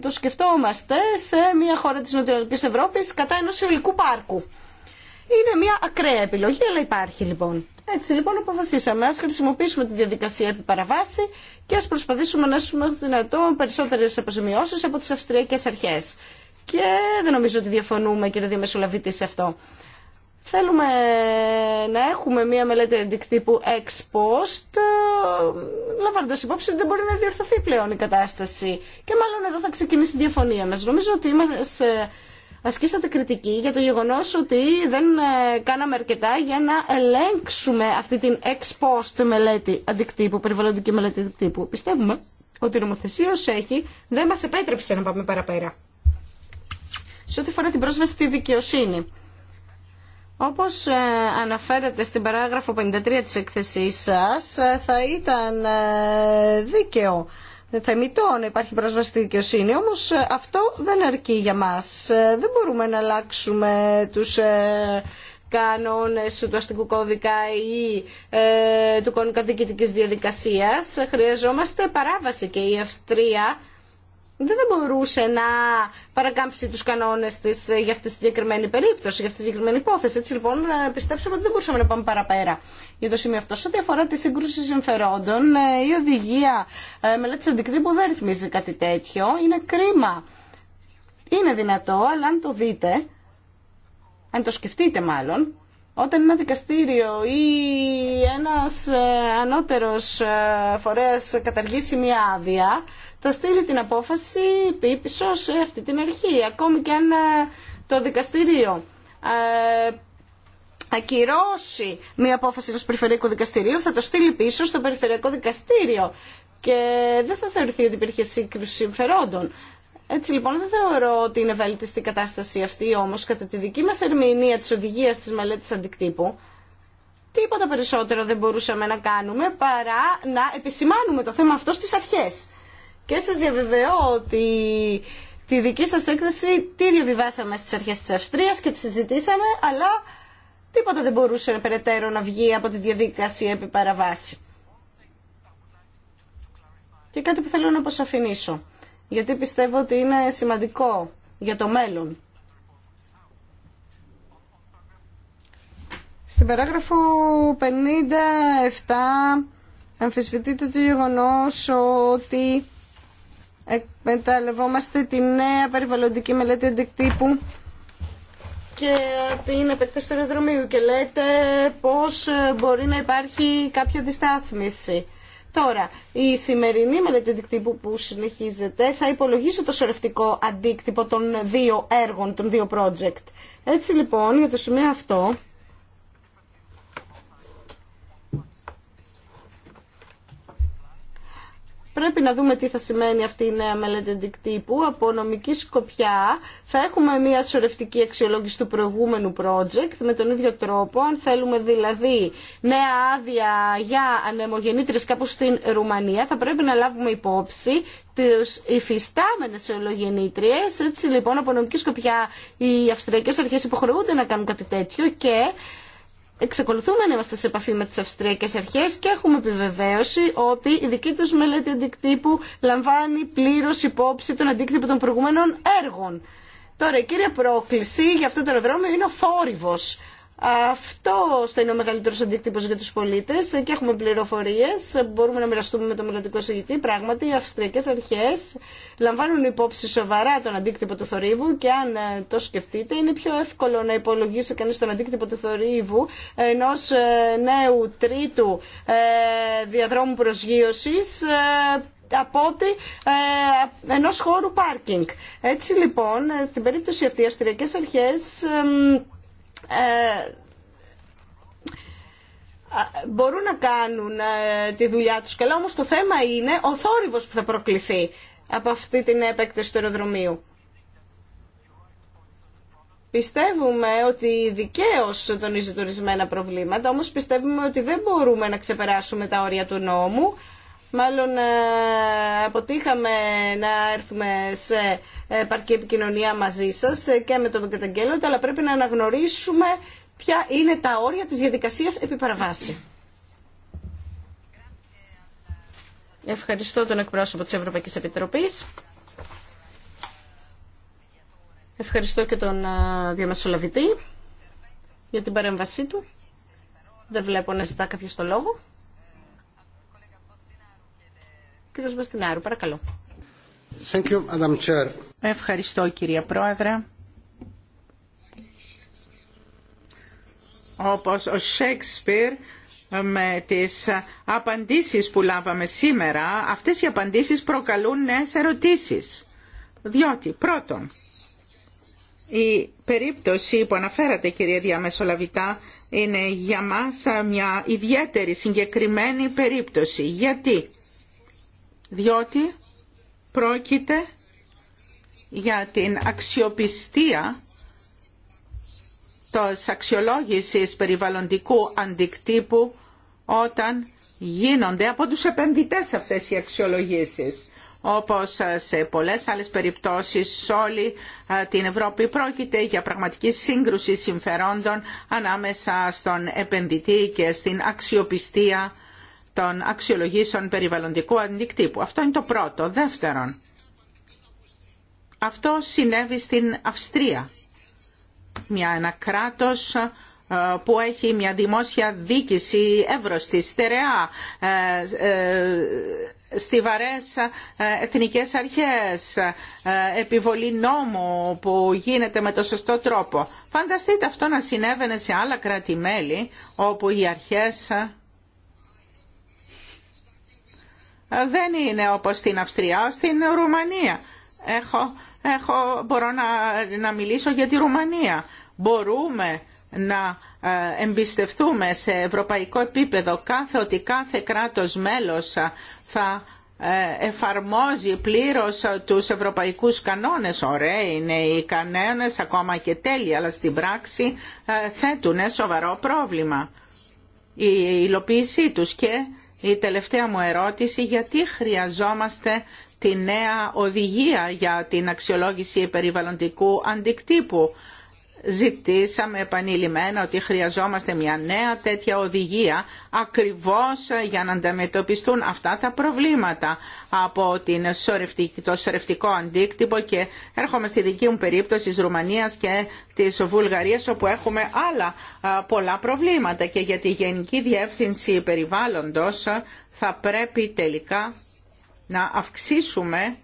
το σκεφτόμαστε σε μια χώρα της Νοτιοανατολικής Ευρώπης κατά ενός υλικού πάρκου. Είναι μια ακραία επιλογή, αλλά υπάρχει λοιπόν. Έτσι λοιπόν αποφασίσαμε, ας χρησιμοποιήσουμε τη διαδικασία επί παραβάση και ας προσπαθήσουμε να έχουμε δυνατόν περισσότερες αποζημιώσεις από τις αυστριακές αρχές και δεν νομίζω ότι διαφωνούμε κύριε Διαμεσολαβήτη σε αυτό. Θέλουμε να έχουμε μία μελέτη αντικτύπου ex post, ε, λαμβάνοντα υπόψη ότι δεν μπορεί να διορθωθεί πλέον η κατάσταση. Και μάλλον εδώ θα ξεκινήσει η διαφωνία μα. Νομίζω ότι είμαστε, ασκήσατε κριτική για το γεγονό ότι δεν ε, κάναμε αρκετά για να ελέγξουμε αυτή την ex post μελέτη αντικτύπου, περιβαλλοντική μελέτη αντικτύπου. Πιστεύουμε ότι η νομοθεσία ω έχει δεν μα επέτρεψε να πάμε παραπέρα σε ό,τι φορά την πρόσβαση στη δικαιοσύνη. Όπως ε, αναφέρεται στην παράγραφο 53 της εκθεσής σας, ε, θα ήταν ε, δίκαιο θεμητό να υπάρχει πρόσβαση στη δικαιοσύνη, όμως αυτό δεν αρκεί για μας. Δεν μπορούμε να αλλάξουμε τους κανόνες του αστικού κώδικα ή του κώδικα διαδικασίας. Χρειαζόμαστε παράβαση και η Αυστρία δεν θα μπορούσε να παρακάμψει του κανόνε της ε, για αυτή τη συγκεκριμένη περίπτωση, για αυτή τη συγκεκριμένη υπόθεση. Έτσι λοιπόν ε, πιστέψαμε ότι δεν μπορούσαμε να πάμε παραπέρα για το σημείο αυτό. Σε ό,τι αφορά τη σύγκρουση συμφερόντων, ε, η οδηγία μελέτη αντικτύπου δεν ρυθμίζει κάτι τέτοιο. Είναι κρίμα. Είναι δυνατό, αλλά αν το δείτε, αν το σκεφτείτε μάλλον, όταν ένα δικαστήριο ή ένας ε, ανώτερος ε, φορέας καταργήσει μια άδεια, θα στείλει την απόφαση πίσω σε αυτή την αρχή. Ακόμη και αν ε, το δικαστήριο ακυρώσει μια απόφαση ενός περιφερειακού δικαστηρίου, θα το στείλει πίσω στο περιφερειακό δικαστήριο και δεν θα θεωρηθεί ότι υπήρχε σύγκρουση συμφερόντων. Έτσι λοιπόν δεν θεωρώ ότι είναι βέλτιστη η κατάσταση αυτή, όμως κατά τη δική μας ερμηνεία της οδηγίας της μελέτης αντικτύπου, τίποτα περισσότερο δεν μπορούσαμε να κάνουμε παρά να επισημάνουμε το θέμα αυτό στις αρχές. Και σας διαβεβαιώ ότι τη δική σας έκθεση τη διαβιβάσαμε στις αρχές της Αυστρίας και τη συζητήσαμε, αλλά τίποτα δεν μπορούσε περαιτέρω να βγει από τη διαδικασία επί παραβάση. Και κάτι που θέλω να αποσαφηνίσω γιατί πιστεύω ότι είναι σημαντικό για το μέλλον. Στην παράγραφο 57 αμφισβητείται το γεγονός ότι εκμεταλλευόμαστε τη νέα περιβαλλοντική μελέτη αντικτύπου και την επέκταση του αεροδρομίου και λέτε πώς μπορεί να υπάρχει κάποια διστάθμιση. Τώρα, η σημερινή μελέτη δικτύπου που συνεχίζεται θα υπολογίσει το σωρευτικό αντίκτυπο των δύο έργων, των δύο project. Έτσι λοιπόν, για το σημείο αυτό, Πρέπει να δούμε τι θα σημαίνει αυτή η νέα μελέτη αντικτύπου. Από νομική σκοπιά θα έχουμε μια σωρευτική αξιολόγηση του προηγούμενου project με τον ίδιο τρόπο. Αν θέλουμε δηλαδή νέα άδεια για ανεμογεννήτρες κάπου στην Ρουμανία θα πρέπει να λάβουμε υπόψη τις υφιστάμενες ολογεννήτριε. Έτσι λοιπόν από νομική σκοπιά οι αυστριακέ αρχέ υποχρεούνται να κάνουν κάτι τέτοιο και εξακολουθούμε να είμαστε σε επαφή με τις αυστριακές αρχές και έχουμε επιβεβαίωση ότι η δική τους μελέτη αντικτύπου λαμβάνει πλήρως υπόψη τον αντίκτυπο των προηγούμενων έργων. Τώρα η κύρια πρόκληση για αυτό το αεροδρόμιο είναι ο θόρυβος. Αυτό είναι ο μεγαλύτερο αντίκτυπο για του πολίτε και έχουμε πληροφορίε. Μπορούμε να μοιραστούμε με τον μελλοντικό συγητή. Πράγματι, οι αυστριακέ αρχέ λαμβάνουν υπόψη σοβαρά τον αντίκτυπο του θορύβου και αν ε, το σκεφτείτε, είναι πιο εύκολο να υπολογίσει κανεί τον αντίκτυπο του θορύβου ενό ε, νέου τρίτου ε, διαδρόμου προσγείωση από ότι ενός χώρου πάρκινγκ. Έτσι λοιπόν, στην περίπτωση αυτή, οι αυστηριακές αρχές ε, μπορούν να κάνουν ε, τη δουλειά τους καλά, όμως το θέμα είναι ο θόρυβος που θα προκληθεί από αυτή την επέκταση του αεροδρομίου. Πιστεύουμε ότι δικαίω τονίζει τουρισμένα προβλήματα, όμως πιστεύουμε ότι δεν μπορούμε να ξεπεράσουμε τα όρια του νόμου, μάλλον ε, αποτύχαμε να έρθουμε σε ε, επαρκή επικοινωνία μαζί σας ε, και με τον καταγγέλλοντα, αλλά πρέπει να αναγνωρίσουμε ποια είναι τα όρια της διαδικασίας επί παραβάση. Ευχαριστώ τον εκπρόσωπο της Ευρωπαϊκής Επιτροπής. Ευχαριστώ και τον διαμεσολαβητή για την παρέμβασή του. Δεν βλέπω να ζητά κάποιος το λόγο. Κύριο Βαστινάρου, παρακαλώ. Ευχαριστώ κυρία Πρόεδρε. Όπως ο Σέξπιρ με τις απαντήσεις που λάβαμε σήμερα, αυτές οι απαντήσεις προκαλούν νέες ερωτήσεις. Διότι, πρώτον, η περίπτωση που αναφέρατε κυρία Διαμεσολαβητά είναι για μας μια ιδιαίτερη συγκεκριμένη περίπτωση. Γιατί διότι πρόκειται για την αξιοπιστία της αξιολόγησης περιβαλλοντικού αντικτύπου όταν γίνονται από τους επενδυτές αυτές οι αξιολογήσεις. Όπως σε πολλές άλλες περιπτώσεις σε όλη την Ευρώπη πρόκειται για πραγματική σύγκρουση συμφερόντων ανάμεσα στον επενδυτή και στην αξιοπιστία των αξιολογήσεων περιβαλλοντικού αντικτύπου. Αυτό είναι το πρώτο. Δεύτερον, αυτό συνέβη στην Αυστρία. Μια, ένα κράτος ε, που έχει μια δημόσια δίκηση εύρωστη, στερεά, ε, ε, στιβαρές εθνικές αρχές, επιβολή νόμου που γίνεται με το σωστό τρόπο. Φανταστείτε αυτό να συνέβαινε σε άλλα κράτη-μέλη όπου οι αρχές Ε, δεν είναι όπως στην Αυστρία, στην Ρουμανία. Έχω, έχω, μπορώ να, μιλήσω για τη Ρουμανία. Μπορούμε να ε, εμπιστευτούμε σε ευρωπαϊκό επίπεδο κάθε ότι κάθε κράτος μέλος θα ε, εφαρμόζει πλήρως τους ευρωπαϊκούς κανόνες. Ωραία είναι οι κανόνες, ακόμα και τέλεια, αλλά στην πράξη θέτουν σοβαρό πρόβλημα η υλοποίησή τους και η τελευταία μου ερώτηση, γιατί χρειαζόμαστε τη νέα οδηγία για την αξιολόγηση περιβαλλοντικού αντικτύπου ζητήσαμε επανειλημμένα ότι χρειαζόμαστε μια νέα τέτοια οδηγία ακριβώς για να αντιμετωπιστούν αυτά τα προβλήματα από την το σωρευτικό αντίκτυπο και έρχομαι στη δική μου περίπτωση της Ρουμανίας και της Βουλγαρίας όπου έχουμε άλλα πολλά προβλήματα και για τη Γενική Διεύθυνση Περιβάλλοντος θα πρέπει τελικά να αυξήσουμε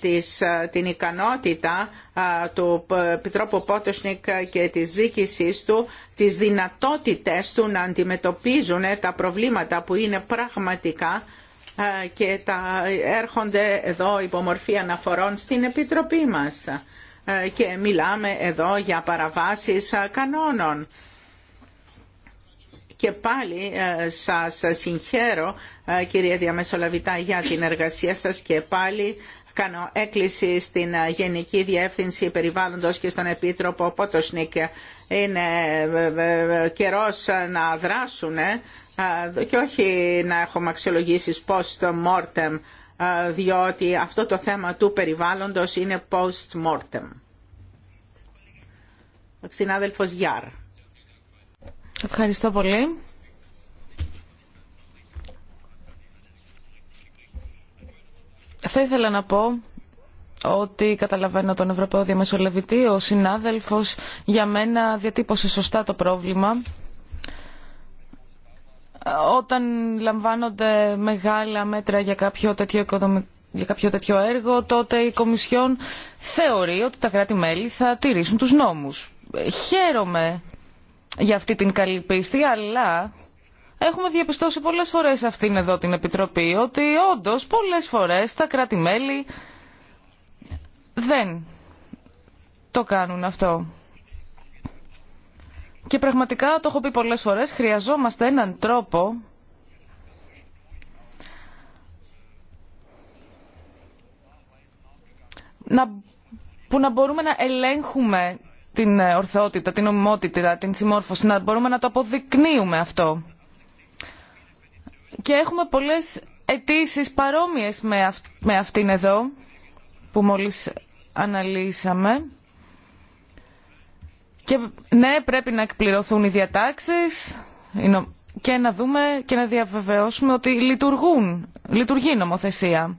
ε, ε, την ικανότητα ε, του Επιτρόπου Πότοσνικ και της δίκησής του, τις δυνατότητες του να αντιμετωπίζουν τα προβλήματα που είναι πραγματικά και τα έρχονται εδώ υπό μορφή αναφορών στην Επιτροπή μας. Και μιλάμε εδώ για παραβάσεις κανόνων. Και πάλι σας συγχαίρω, κυρία Διαμεσολαβητά, για την εργασία σας και πάλι Κάνω έκκληση στην ε, Γενική Διεύθυνση Περιβάλλοντος και στον Επίτροπο Πότοσνικ. Είναι ε, ε, καιρός να δράσουν και όχι να έχουμε αξιολογήσει post-mortem, διότι αυτό το θέμα του περιβάλλοντος είναι post-mortem. Συνάδελφος Γιάρ. Ευχαριστώ πολύ. Θα ήθελα να πω ότι καταλαβαίνω τον Ευρωπαίο Διαμεσολαβητή, ο συνάδελφος για μένα διατύπωσε σωστά το πρόβλημα. Όταν λαμβάνονται μεγάλα μέτρα για κάποιο τέτοιο για κάποιο τέτοιο έργο, τότε η Κομισιόν θεωρεί ότι τα κράτη-μέλη θα τηρήσουν τους νόμους. Χαίρομαι για αυτή την καλή πίστη, αλλά Έχουμε διαπιστώσει πολλές φορές αυτήν εδώ την Επιτροπή ότι όντως πολλές φορές τα κράτη-μέλη δεν το κάνουν αυτό. Και πραγματικά το έχω πει πολλές φορές, χρειαζόμαστε έναν τρόπο να, που να μπορούμε να ελέγχουμε την ε, ορθότητα, την ομιμότητα, την συμμόρφωση, να μπορούμε να το αποδεικνύουμε αυτό. Και έχουμε πολλές αιτήσει παρόμοιες με, με αυτήν εδώ που μόλις αναλύσαμε. Και ναι, πρέπει να εκπληρωθούν οι διατάξεις και να δούμε και να διαβεβαιώσουμε ότι λειτουργούν, λειτουργεί η νομοθεσία.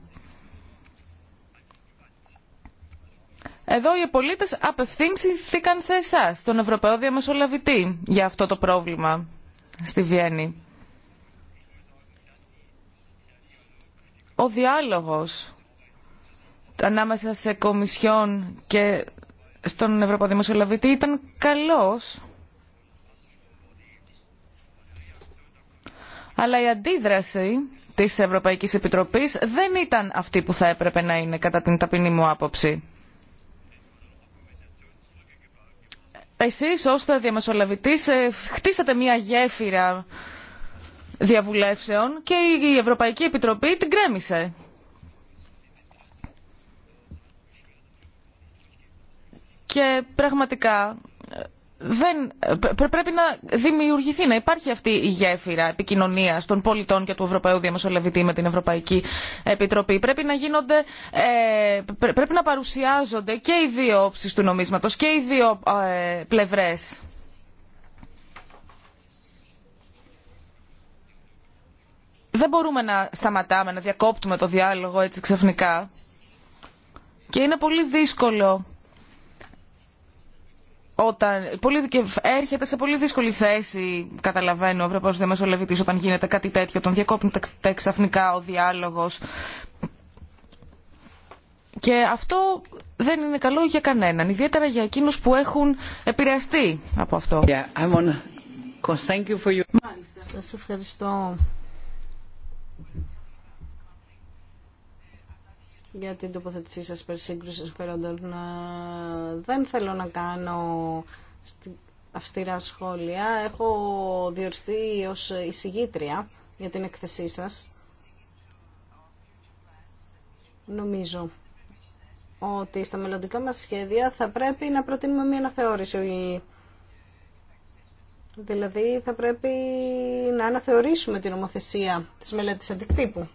Εδώ οι πολίτε απευθύνθηκαν σε εσά, τον Ευρωπαίο Διαμεσολαβητή, για αυτό το πρόβλημα στη Βιέννη. ο διάλογος ανάμεσα σε Κομισιόν και στον Ευρωπαδημοσιολαβητή ήταν καλός. Αλλά η αντίδραση της Ευρωπαϊκής Επιτροπής δεν ήταν αυτή που θα έπρεπε να είναι κατά την ταπεινή μου άποψη. Εσείς ως διαμεσολαβητής ε, χτίσατε μια γέφυρα διαβουλεύσεων και η Ευρωπαϊκή Επιτροπή την κρέμισε. Και πραγματικά ε, δεν, ε, πρέπει να δημιουργηθεί, να υπάρχει αυτή η γέφυρα επικοινωνία των πολιτών και του Ευρωπαίου Διαμεσολαβητή με την Ευρωπαϊκή Επιτροπή. Πρέπει να, γίνονται, ε, πρέπει να παρουσιάζονται και οι δύο όψεις του νομίσματος και οι δύο πλευρές. δεν μπορούμε να σταματάμε, να διακόπτουμε το διάλογο έτσι ξαφνικά. Και είναι πολύ δύσκολο όταν πολύ, έρχεται σε πολύ δύσκολη θέση, καταλαβαίνω, ο Ευρωπαίος Διαμεσολαβητής, όταν γίνεται κάτι τέτοιο, όταν διακόπτεται ξαφνικά ο διάλογος. Και αυτό δεν είναι καλό για κανέναν, ιδιαίτερα για εκείνους που έχουν επηρεαστεί από αυτό. Yeah, Σας ευχαριστώ για την τοποθέτησή σας περί σύγκρουσης συμφερόντων. Ε, δεν θέλω να κάνω αυστηρά σχόλια. Έχω διοριστεί ως εισηγήτρια για την εκθεσή σας. Νομίζω ότι στα μελλοντικά μας σχέδια θα πρέπει να προτείνουμε μια αναθεώρηση. Δηλαδή θα πρέπει να αναθεωρήσουμε την ομοθεσία της μελέτης αντικτύπου.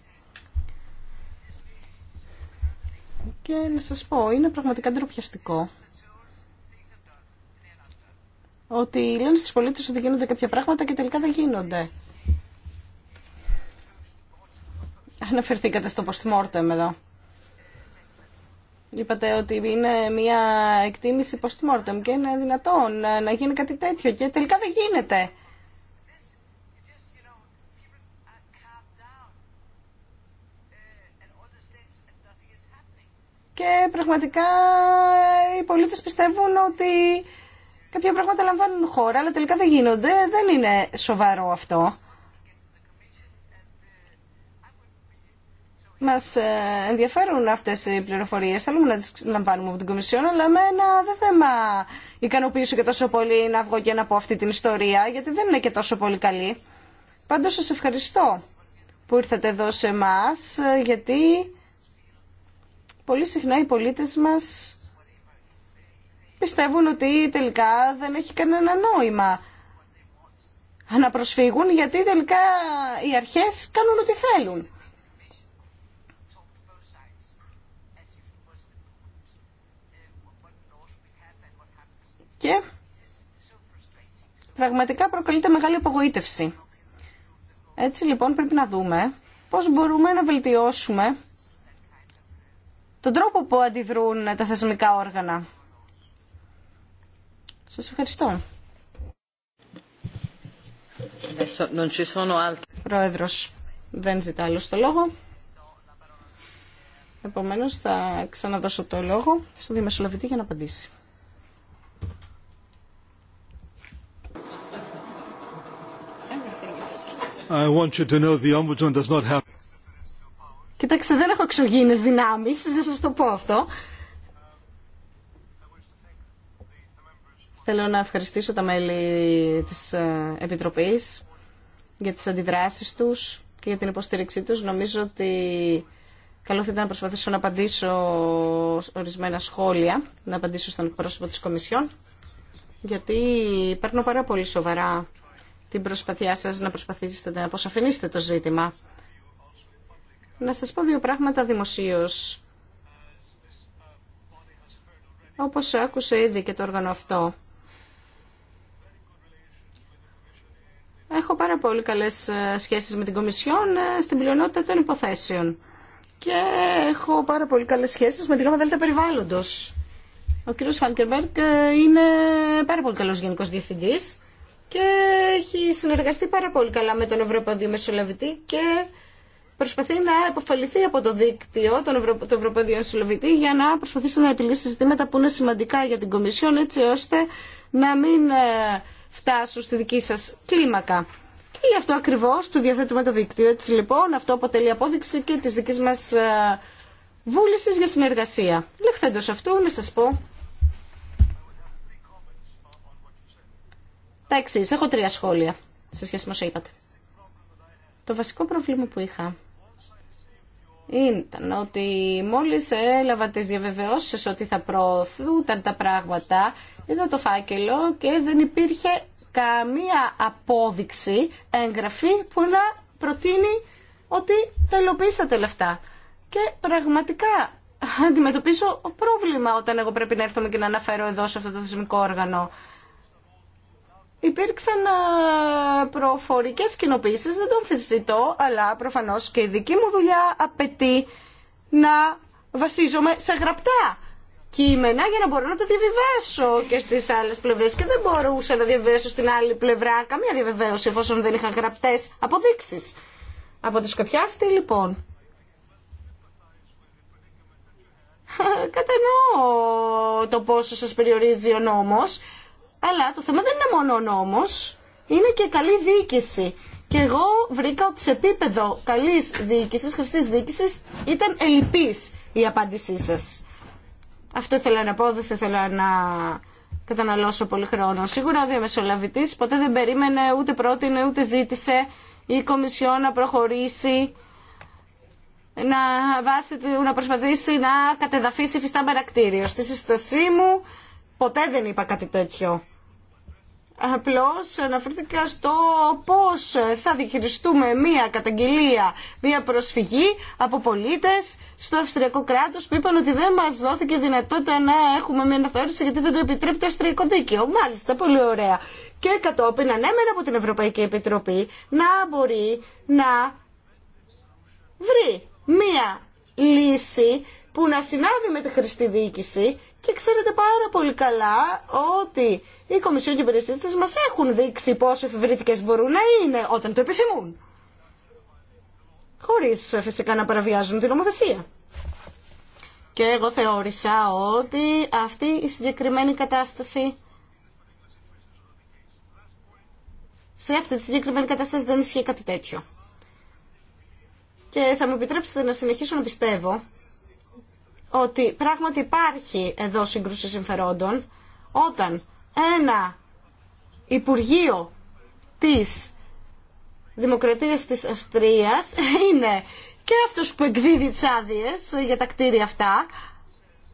Και να σας πω, είναι πραγματικά ντροπιαστικό ότι λένε στους πολίτες ότι γίνονται κάποια πράγματα και τελικά δεν γίνονται. Αναφερθήκατε στο post-mortem εδώ. Είπατε ότι είναι μια εκτίμηση post-mortem και είναι δυνατόν να γίνει κάτι τέτοιο και τελικά δεν γίνεται. και πραγματικά ε, οι πολίτες πιστεύουν ότι κάποια πράγματα λαμβάνουν χώρα, αλλά τελικά δεν γίνονται. Δεν είναι σοβαρό αυτό. Μας ε, ενδιαφέρουν αυτές οι πληροφορίες, θέλουμε να τις λαμβάνουμε από την Κομισιόν, αλλά εμένα δεν θέμα, ικανοποιήσω και τόσο πολύ να βγω και να πω αυτή την ιστορία, γιατί δεν είναι και τόσο πολύ καλή. Πάντως σας ευχαριστώ που ήρθατε εδώ σε εμά, ε, γιατί πολύ συχνά οι πολίτες μας πιστεύουν ότι τελικά δεν έχει κανένα νόημα να προσφύγουν γιατί τελικά οι αρχές κάνουν ό,τι θέλουν. Και πραγματικά προκαλείται μεγάλη απογοήτευση. Έτσι λοιπόν πρέπει να δούμε πώς μπορούμε να βελτιώσουμε τον τρόπο που αντιδρούν τα θεσμικά όργανα. Σας ευχαριστώ. Πρόεδρος, δεν ζητά άλλο το λόγο. Επομένως θα ξαναδώσω το λόγο στον Δημεσολαβητή για να απαντήσει. I want you to know the Ombudsman does Κοιτάξτε, δεν έχω εξωγήινες δυνάμεις, να σας το πω αυτό. Θέλω να ευχαριστήσω τα μέλη της ε, Επιτροπής για τις αντιδράσεις τους και για την υποστήριξή τους. Νομίζω ότι καλό θα ήταν να προσπαθήσω να απαντήσω ορισμένα σχόλια, να απαντήσω στον εκπρόσωπο της Κομισιόν, γιατί παίρνω πάρα πολύ σοβαρά την προσπαθία σας να προσπαθήσετε να αποσαφηνίσετε το ζήτημα. Να σας πω δύο πράγματα δημοσίως. Όπως άκουσε ήδη και το όργανο αυτό, έχω πάρα πολύ καλές ε, σχέσεις με την Κομισιόν ε, στην πλειονότητα των υποθέσεων. Και έχω πάρα πολύ καλές σχέσεις με την ΓΑΜΑ ΔΕΛΤΑ Περιβάλλοντος. Ο κ. Φάνκερμπερκ ε, είναι πάρα πολύ καλός γενικός διευθυντής και έχει συνεργαστεί πάρα πολύ καλά με τον Ευρωπαϊκό Μεσολαβητή και προσπαθεί να υποφεληθεί από το δίκτυο των Ευρω... του Ευρωπαϊκού Συλλοβητή για να προσπαθήσει να επιλύσει ζητήματα που είναι σημαντικά για την Κομισιόν έτσι ώστε να μην ε, φτάσουν στη δική σας κλίμακα. Και γι' αυτό ακριβώς του διαθέτουμε το δίκτυο. Έτσι λοιπόν αυτό αποτελεί απόδειξη και της δικής μας ε, βούληση για συνεργασία. Λεχθέντος αυτού να σα πω τα εξή. Έχω τρία σχόλια σε σχέση με όσα είπατε. Το βασικό πρόβλημα που είχα ήταν ότι μόλις έλαβα τις διαβεβαιώσεις ότι θα προωθούνταν τα πράγματα, είδα το φάκελο και δεν υπήρχε καμία απόδειξη, εγγραφή που να προτείνει ότι τα υλοποίησατε λεφτά. Και πραγματικά αντιμετωπίζω πρόβλημα όταν εγώ πρέπει να έρθω και να αναφέρω εδώ σε αυτό το θεσμικό όργανο Υπήρξαν προφορικές κοινοποίησεις, δεν το αμφισβητώ, αλλά προφανώς και η δική μου δουλειά απαιτεί να βασίζομαι σε γραπτά κείμενα για να μπορώ να τα διαβιβάσω και στις άλλες πλευρές και δεν μπορούσα να διαβιβάσω στην άλλη πλευρά καμία διαβεβαίωση εφόσον δεν είχα γραπτές αποδείξεις. Από τη σκοπιά αυτή λοιπόν. Κατανοώ το πόσο σας περιορίζει ο νόμος αλλά το θέμα δεν είναι μόνο ο νόμος, είναι και καλή διοίκηση. Και εγώ βρήκα ότι σε επίπεδο καλής διοίκησης, χρηστής διοίκησης, ήταν ελλειπής η απάντησή σας. Αυτό ήθελα να πω, δεν ήθελα να καταναλώσω πολύ χρόνο. Σίγουρα ο διαμεσολαβητής ποτέ δεν περίμενε, ούτε πρότεινε, ούτε ζήτησε η Κομισιό να προχωρήσει να, βάσει, να προσπαθήσει να κατεδαφίσει φυστάμενα κτίριο. Στη συστασή μου ποτέ δεν είπα κάτι τέτοιο. Απλώς αναφέρθηκα στο πώς θα διχειριστούμε μία καταγγελία, μία προσφυγή από πολίτες στο αυστριακό κράτος που είπαν ότι δεν μας δόθηκε δυνατότητα να έχουμε μία αναθεώρηση γιατί δεν το επιτρέπει το αυστριακό δίκαιο. Μάλιστα, πολύ ωραία. Και κατόπιν ανέμενα από την Ευρωπαϊκή Επιτροπή να μπορεί να βρει μία λύση που να συνάδει με τη χρηστή διοίκηση και ξέρετε πάρα πολύ καλά ότι οι Κομισιόν και οι μα έχουν δείξει πόσο εφηβρητικές μπορούν να είναι όταν το επιθυμούν. Χωρί φυσικά να παραβιάζουν την νομοθεσία. Και εγώ θεώρησα ότι αυτή η συγκεκριμένη κατάσταση σε αυτή τη συγκεκριμένη κατάσταση δεν ισχύει κάτι τέτοιο. Και θα μου επιτρέψετε να συνεχίσω να πιστεύω ότι πράγματι υπάρχει εδώ σύγκρουση συμφερόντων όταν ένα Υπουργείο της Δημοκρατίας της Αυστρίας είναι και αυτός που εκδίδει τις άδειε για τα κτίρια αυτά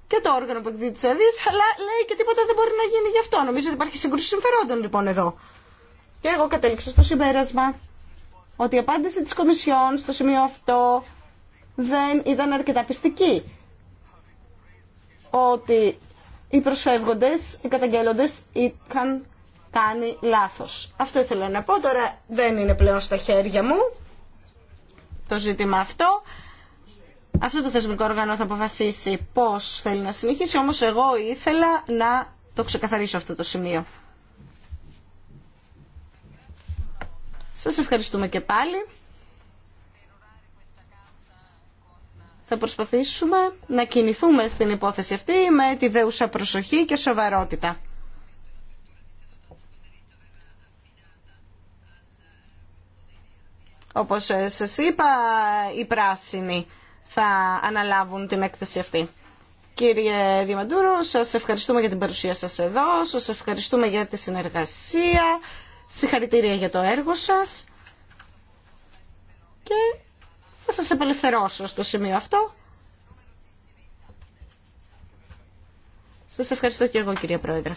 και το όργανο που εκδίδει τις άδειε, αλλά λέει και τίποτα δεν μπορεί να γίνει γι' αυτό. Νομίζω ότι υπάρχει σύγκρουση συμφερόντων λοιπόν εδώ. Και εγώ κατέληξα στο συμπέρασμα ότι η απάντηση της Κομισιόν στο σημείο αυτό δεν ήταν αρκετά πιστική ότι οι προσφεύγοντες, οι καταγγέλλοντες είχαν κάνει λάθος. Αυτό ήθελα να πω. Τώρα δεν είναι πλέον στα χέρια μου το ζήτημα αυτό. Αυτό το θεσμικό όργανο θα αποφασίσει πώς θέλει να συνεχίσει, όμως εγώ ήθελα να το ξεκαθαρίσω αυτό το σημείο. Σας ευχαριστούμε και πάλι. θα προσπαθήσουμε να κινηθούμε στην υπόθεση αυτή με τη δέουσα προσοχή και σοβαρότητα. Όπως σας είπα, οι πράσινοι θα αναλάβουν την έκθεση αυτή. Κύριε Διαμαντούρο, σας ευχαριστούμε για την παρουσία σας εδώ, σας ευχαριστούμε για τη συνεργασία, συγχαρητήρια για το έργο σας και θα σας απελευθερώσω στο σημείο αυτό. Σας ευχαριστώ και εγώ κυρία Πρόεδρε.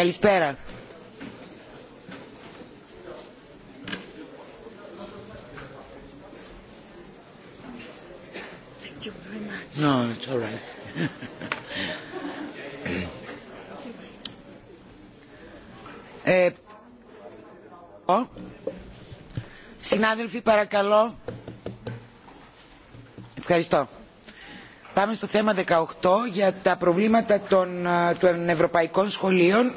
Καλησπέρα. No, all right. ο, ε, συνάδελφοι παρακαλώ. Ευχαριστώ. Πάμε στο θέμα 18 για τα προβλήματα των, ε, των ευρωπαϊκών σχολείων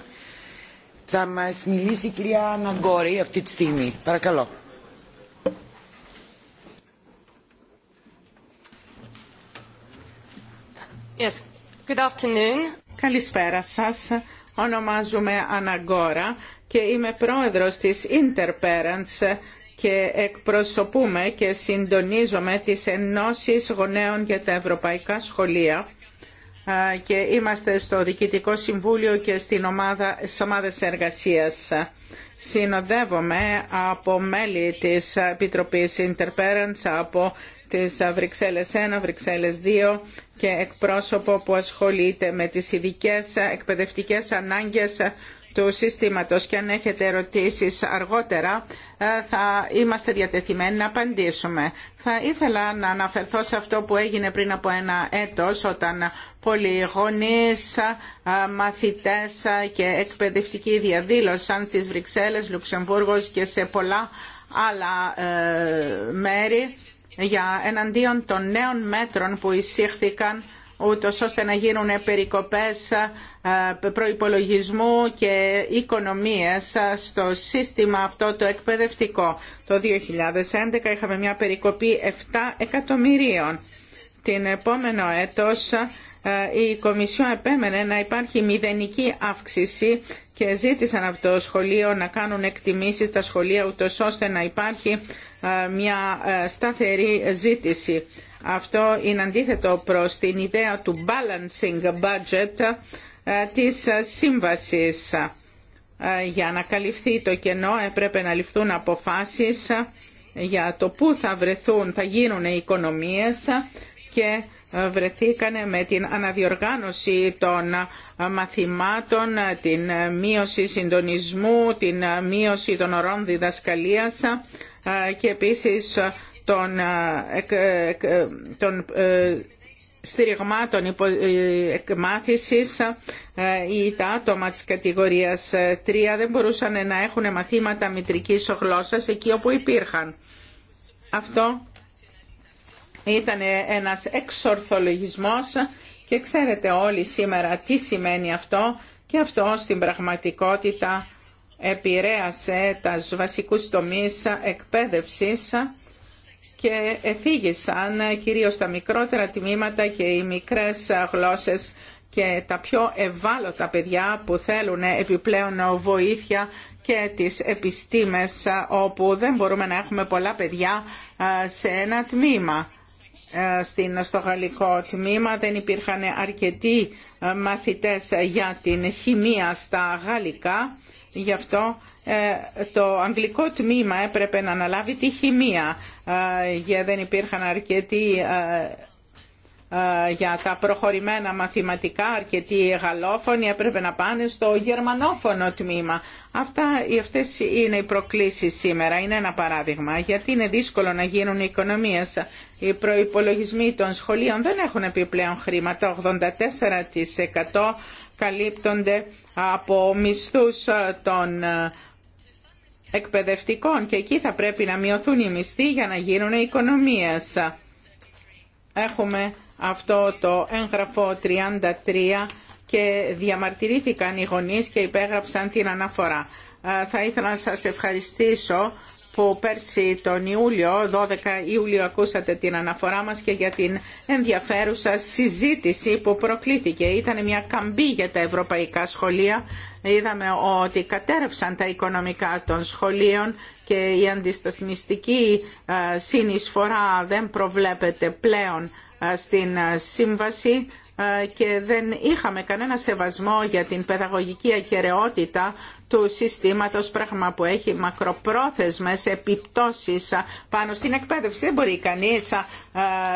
θα μας μιλήσει η κυρία Αναγκόρη αυτή τη στιγμή. Παρακαλώ. Καλησπέρα σας. Ονομάζομαι Αναγκόρα και είμαι πρόεδρος της Interparents και εκπροσωπούμε και συντονίζομαι τις ενώσεις γονέων για τα ευρωπαϊκά σχολεία και είμαστε στο Διοικητικό Συμβούλιο και στην ομάδα, στις ομάδες εργασίας. Συνοδεύομαι από μέλη της Επιτροπής Interparents, από τις Βρυξέλλες 1, Βρυξέλλες 2 και εκπρόσωπο που ασχολείται με τις ειδικέ εκπαιδευτικές ανάγκες του συστήματος και αν έχετε ερωτήσεις αργότερα ε, θα είμαστε διατεθειμένοι να απαντήσουμε. Θα ήθελα να αναφερθώ σε αυτό που έγινε πριν από ένα έτος όταν πολλοί γονείς, ε, μαθητές ε, και εκπαιδευτικοί διαδήλωσαν στις Βρυξέλλες, Λουξεμβούργος και σε πολλά άλλα μέρη για εναντίον των νέων μέτρων που εισήχθηκαν ούτως ώστε να γίνουν περικοπές ε, προϋπολογισμού και οικονομίας ε, στο σύστημα αυτό το εκπαιδευτικό. Το 2011 είχαμε μια περικοπή 7 εκατομμυρίων. Την επόμενο έτος ε, η Κομισιόν επέμενε να υπάρχει μηδενική αύξηση και ζήτησαν από το σχολείο να κάνουν εκτιμήσεις τα σχολεία ούτως ώστε να υπάρχει ε, μια ε, σταθερή ζήτηση. Αυτό είναι αντίθετο προς την ιδέα του balancing budget ε, της σύμβασης. Για να καλυφθεί το κενό έπρεπε να ληφθούν αποφάσεις για το πού θα βρεθούν, θα γίνουν οι οικονομίες και βρεθήκανε με την αναδιοργάνωση των μαθημάτων, την μείωση συντονισμού, την μείωση των ορών διδασκαλίας και επίσης των, των ε, στηριγμάτων ε, εκμάθησης ή ε, τα άτομα της κατηγορίας 3 δεν μπορούσαν να έχουν μαθήματα μητρικής γλώσσας εκεί όπου υπήρχαν. Αυτό ήταν ένας εξορθολογισμός και ξέρετε όλοι σήμερα τι σημαίνει αυτό και αυτό στην πραγματικότητα επηρέασε τα βασικούς τομείς εκπαίδευσης και εθίγησαν κυρίως τα μικρότερα τμήματα και οι μικρές γλώσσες και τα πιο ευάλωτα παιδιά που θέλουν επιπλέον βοήθεια και τις επιστήμες όπου δεν μπορούμε να έχουμε πολλά παιδιά σε ένα τμήμα. Στην, στο γαλλικό τμήμα δεν υπήρχαν αρκετοί μαθητές για την χημεία στα γαλλικά Γι' αυτό ε, το αγγλικό τμήμα έπρεπε να αναλάβει τη χημεία, ε, γιατί δεν υπήρχαν αρκετοί ε, ε, για τα προχωρημένα μαθηματικά, αρκετοί γαλλόφωνοι έπρεπε να πάνε στο γερμανόφωνο τμήμα. Αυτά, αυτές είναι οι προκλήσεις σήμερα, είναι ένα παράδειγμα, γιατί είναι δύσκολο να γίνουν οι οικονομίες. Οι προϋπολογισμοί των σχολείων δεν έχουν επιπλέον χρήματα, 84% καλύπτονται από μισθούς ε, των ε, εκπαιδευτικών και εκεί θα πρέπει να μειωθούν οι μισθοί για να γίνουν οι οικονομίες Έχουμε αυτό το έγγραφο 33 και διαμαρτυρήθηκαν οι γονείς και υπέγραψαν την αναφορά. Ε, θα ήθελα να σας ευχαριστήσω που πέρσι τον Ιούλιο, 12 Ιούλιο ακούσατε την αναφορά μας και για την ενδιαφέρουσα συζήτηση που προκλήθηκε. Ήταν μια καμπή για τα ευρωπαϊκά σχολεία είδαμε ότι κατέρευσαν τα οικονομικά των σχολείων και η αντισταθμιστική ε, συνεισφορά δεν προβλέπεται πλέον ε, στην ε, σύμβαση και δεν είχαμε κανένα σεβασμό για την παιδαγωγική ακαιρεότητα του συστήματος, πράγμα που έχει μακροπρόθεσμες επιπτώσεις πάνω στην εκπαίδευση. Δεν μπορεί κανείς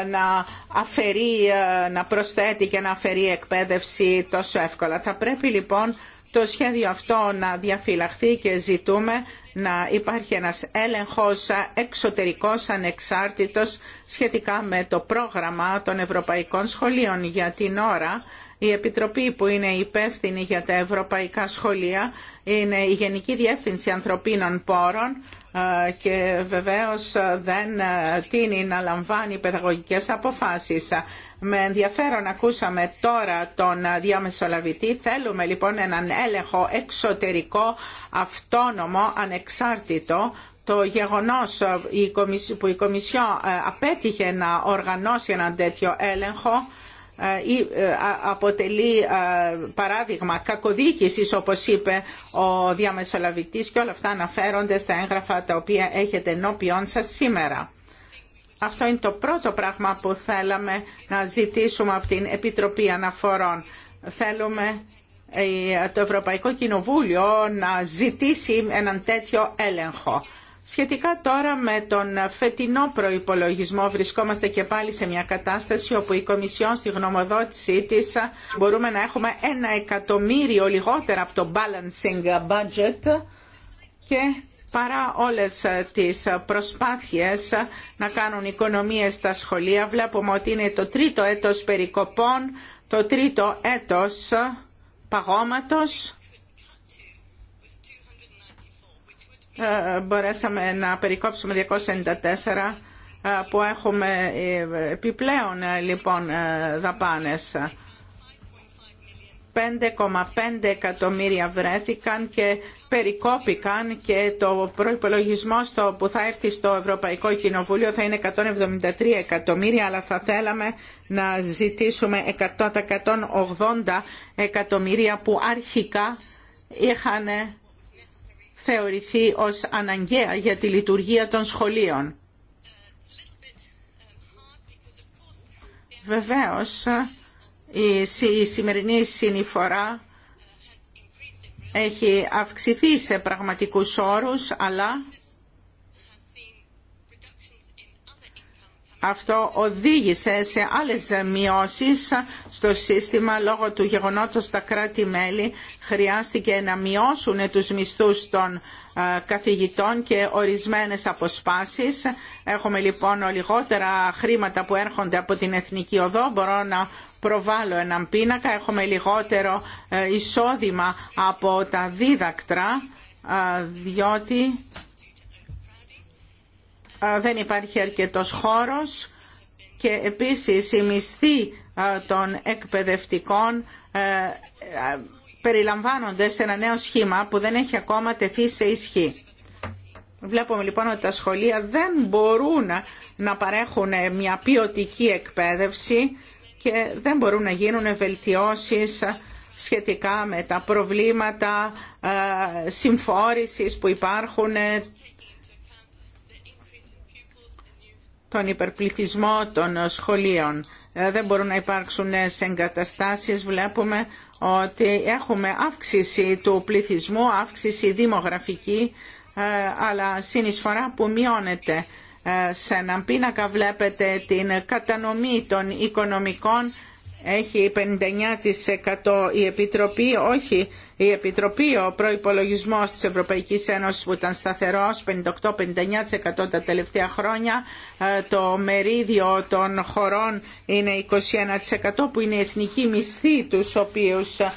να αφαιρεί, να προσθέτει και να αφαιρεί εκπαίδευση τόσο εύκολα. Θα πρέπει λοιπόν το σχέδιο αυτό να διαφυλαχθεί και ζητούμε να υπάρχει ένας έλεγχος εξωτερικός ανεξάρτητος σχετικά με το πρόγραμμα των Ευρωπαϊκών Σχολείων. Για την ώρα η Επιτροπή που είναι υπεύθυνη για τα ευρωπαϊκά σχολεία είναι η Γενική Διεύθυνση Ανθρωπίνων Πόρων ε, και βεβαίως ε, δεν ε, τίνει να λαμβάνει παιδαγωγικές αποφάσεις. Με ενδιαφέρον ακούσαμε τώρα τον διαμεσολαβητή. Θέλουμε λοιπόν έναν έλεγχο εξωτερικό, αυτόνομο, ανεξάρτητο το γεγονός που η Κομισιό απέτυχε να οργανώσει έναν τέτοιο έλεγχο ε, ε, αποτελεί ε, παράδειγμα κακοδιοίκησης όπως είπε ο διαμεσολαβητής και όλα αυτά αναφέρονται στα έγγραφα τα οποία έχετε ενώπιόν σας σήμερα. Αυτό είναι το πρώτο πράγμα που θέλαμε να ζητήσουμε από την Επιτροπή Αναφορών. Θέλουμε το Ευρωπαϊκό Κοινοβούλιο να ζητήσει έναν τέτοιο έλεγχο. Σχετικά τώρα με τον φετινό προϋπολογισμό βρισκόμαστε και πάλι σε μια κατάσταση όπου η Κομισιόν στη γνωμοδότησή της μπορούμε να έχουμε ένα εκατομμύριο λιγότερα από το balancing budget και παρά όλες τις προσπάθειες να κάνουν οικονομίες στα σχολεία βλέπουμε ότι είναι το τρίτο έτος περικοπών, το τρίτο έτος παγώματος Ε, μπορέσαμε να περικόψουμε 294 ε, που έχουμε ε, επιπλέον λοιπόν δαπάνες. 5,5 εκατομμύρια βρέθηκαν και περικόπηκαν και το προϋπολογισμό στο που θα έρθει στο Ευρωπαϊκό Κοινοβούλιο θα είναι 173 εκατομμύρια αλλά θα θέλαμε να ζητήσουμε 100-180 εκατομμύρια που αρχικά είχαν θεωρηθεί ως αναγκαία για τη λειτουργία των σχολείων. Βεβαίως, η σημερινή συνειφορά έχει αυξηθεί σε πραγματικούς όρους, αλλά Αυτό οδήγησε σε άλλες μειώσεις στο σύστημα λόγω του γεγονότος τα κράτη-μέλη χρειάστηκε να μειώσουν τους μισθούς των ε, καθηγητών και ορισμένες αποσπάσεις. Έχουμε λοιπόν λιγότερα χρήματα που έρχονται από την Εθνική Οδό. Μπορώ να προβάλλω έναν πίνακα. Έχουμε λιγότερο ε, εισόδημα από τα δίδακτρα ε, διότι δεν υπάρχει αρκετός χώρος και επίσης η μισθή των εκπαιδευτικών ε, περιλαμβάνονται σε ένα νέο σχήμα που δεν έχει ακόμα τεθεί σε ισχύ. Βλέπουμε λοιπόν ότι τα σχολεία δεν μπορούν να παρέχουν μια ποιοτική εκπαίδευση και δεν μπορούν να γίνουν βελτιώσεις σχετικά με τα προβλήματα συμφόρησης που υπάρχουν, τον υπερπληθυσμό των σχολείων. Ε, δεν μπορούν να υπάρξουν νέες εγκαταστάσεις. Βλέπουμε ότι έχουμε αύξηση του πληθυσμού, αύξηση δημογραφική, ε, αλλά συνεισφορά που μειώνεται. Ε, σε έναν πίνακα βλέπετε την κατανομή των οικονομικών έχει 59% η Επιτροπή, όχι η Επιτροπή, ο προϋπολογισμός της Ευρωπαϊκής Ένωσης που ήταν σταθερός 58-59% τα τελευταία χρόνια, ε, το μερίδιο των χωρών είναι 21% που είναι η εθνική μισθή τους οποίους ε,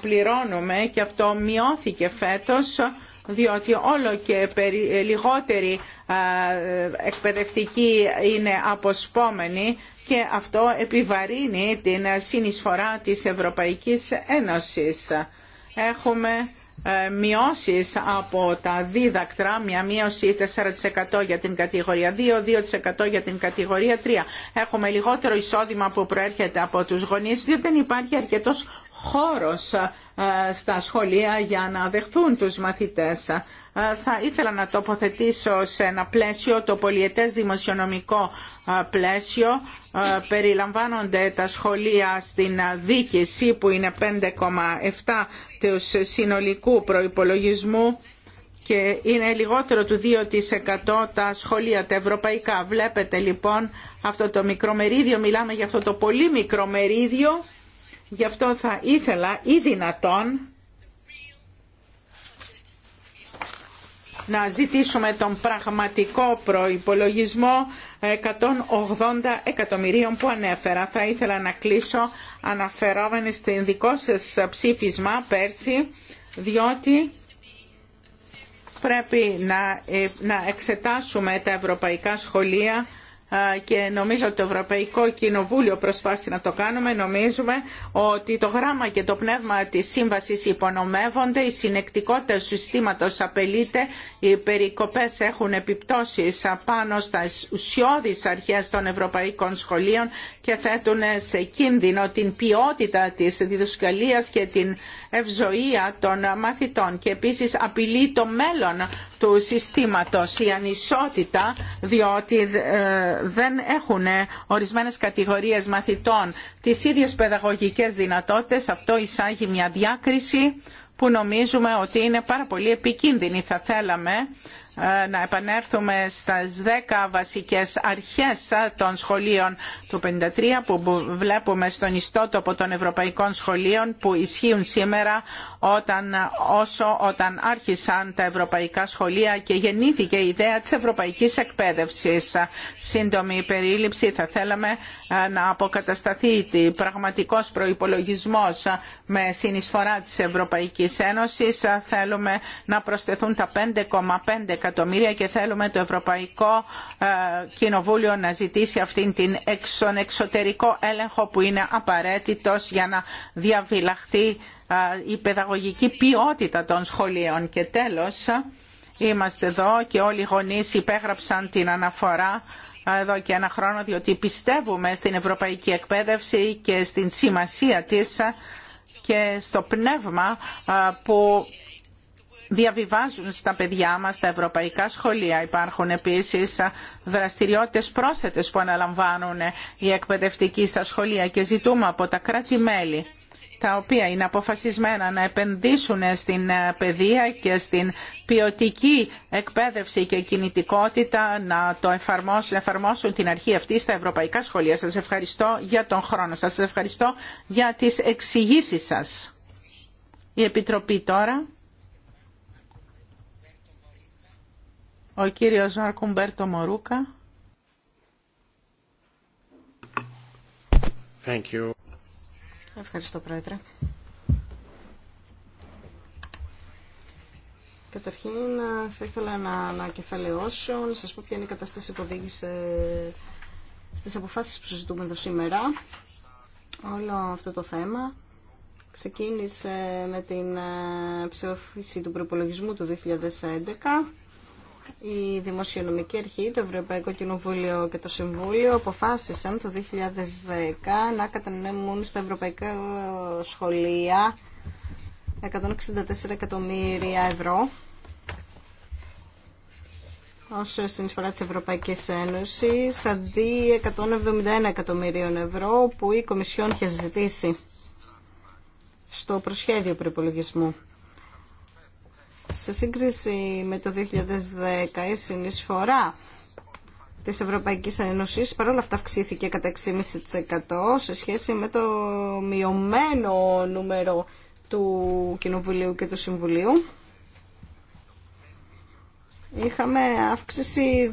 πληρώνουμε και αυτό μειώθηκε φέτος διότι όλο και ε, λιγότεροι ε, εκπαιδευτικοί είναι αποσπόμενοι και αυτό επιβαρύνει την συνεισφορά της Ευρωπαϊκής Ένωσης. Έχουμε ε, μειώσεις από τα δίδακτρα, μια μείωση 4% για την κατηγορία 2, 2% για την κατηγορία 3. Έχουμε λιγότερο εισόδημα που προέρχεται από τους γονείς, διότι δεν υπάρχει αρκετός χώρος ε, στα σχολεία για να δεχτούν τους μαθητές. Ε, θα ήθελα να τοποθετήσω σε ένα πλαίσιο, το πολιετές δημοσιονομικό ε, πλαίσιο. Περιλαμβάνονται τα σχολεία στην δίκηση που είναι 5,7 του συνολικού προϋπολογισμού και είναι λιγότερο του 2% τα σχολεία τα ευρωπαϊκά. Βλέπετε λοιπόν αυτό το μικρομερίδιο, μιλάμε για αυτό το πολύ μικρομερίδιο Γι' αυτό θα ήθελα ή δυνατόν να ζητήσουμε τον πραγματικό προϋπολογισμό 180 εκατομμυρίων που ανέφερα. Θα ήθελα να κλείσω αναφερόμενοι στην δικό σας ψήφισμα πέρσι, διότι πρέπει να, ε, να εξετάσουμε τα ευρωπαϊκά σχολεία και νομίζω ότι το Ευρωπαϊκό Κοινοβούλιο προσπάθησε να το κάνουμε. Νομίζουμε ότι το γράμμα και το πνεύμα της σύμβασης υπονομεύονται, η συνεκτικότητα του συστήματος απελείται, οι περικοπές έχουν επιπτώσεις πάνω στα ουσιώδεις αρχές των ευρωπαϊκών σχολείων και θέτουν σε κίνδυνο την ποιότητα της διδασκαλίας και την ευζοία των μαθητών και επίσης απειλεί το μέλλον του συστήματος η ανισότητα διότι ε, δεν έχουν ορισμένες κατηγορίες μαθητών τις ίδιες παιδαγωγικές δυνατότητες. Αυτό εισάγει μια διάκριση που νομίζουμε ότι είναι πάρα πολύ επικίνδυνη. Θα θέλαμε ε, να επανέλθουμε στις 10 βασικές αρχές ε, των σχολείων του 53 που βλέπουμε στον ιστότοπο των ευρωπαϊκών σχολείων που ισχύουν σήμερα όταν, ε, όσο όταν άρχισαν τα ευρωπαϊκά σχολεία και γεννήθηκε η ιδέα της ευρωπαϊκής εκπαίδευσης. Σύντομη περίληψη θα θέλαμε να αποκατασταθεί πραγματικός προϋπολογισμός με συνεισφορά της Ευρωπαϊκής Θέλουμε να προσθεθούν τα 5,5 εκατομμύρια και θέλουμε το Ευρωπαϊκό ε, Κοινοβούλιο να ζητήσει αυτήν την εξωτερικό έλεγχο που είναι απαραίτητος για να διαβιλαχθεί η παιδαγωγική ποιότητα των σχολείων. Και τέλος, είμαστε εδώ και όλοι οι γονείς υπέγραψαν την αναφορά εδώ και ένα χρόνο διότι πιστεύουμε στην ευρωπαϊκή εκπαίδευση και στην σημασία της και στο πνεύμα που διαβιβάζουν στα παιδιά μας τα ευρωπαϊκά σχολεία. Υπάρχουν επίσης δραστηριότητες πρόσθετες που αναλαμβάνουν οι εκπαιδευτικοί στα σχολεία και ζητούμε από τα κράτη-μέλη τα οποία είναι αποφασισμένα να επενδύσουν στην ε, παιδεία και στην ποιοτική εκπαίδευση και κινητικότητα να εφαρμόσουν, την αρχή αυτή στα ευρωπαϊκά σχολεία. Σας ευχαριστώ για τον χρόνο σας. Σας ευχαριστώ για τις εξηγήσεις σας. Η Επιτροπή τώρα. Ο κύριος Μαρκουμπέρτο Μορούκα. Thank you. Ευχαριστώ, Πρόεδρε. Καταρχήν, θα ήθελα να ανακεφαλαιώσω, να σας πω ποια είναι η κατάσταση που οδήγησε στις αποφάσεις που συζητούμε εδώ σήμερα. Όλο αυτό το θέμα ξεκίνησε με την ψηφίση του προπολογισμού του 2011 η Δημοσιονομική Αρχή, το Ευρωπαϊκό Κοινοβούλιο και το Συμβούλιο αποφάσισαν το 2010 να κατανέμουν στα ευρωπαϊκά σχολεία 164 εκατομμύρια ευρώ ως συνεισφορά της Ευρωπαϊκής Ένωσης αντί 171 εκατομμυρίων ευρώ που η Κομισιόν είχε ζητήσει στο προσχέδιο προπολογισμού. Σε σύγκριση με το 2010 η συνεισφορά της Ευρωπαϊκής Ένωση, παρόλα αυτά αυξήθηκε κατά 6,5% σε σχέση με το μειωμένο νούμερο του Κοινοβουλίου και του Συμβουλίου. Είχαμε αύξηση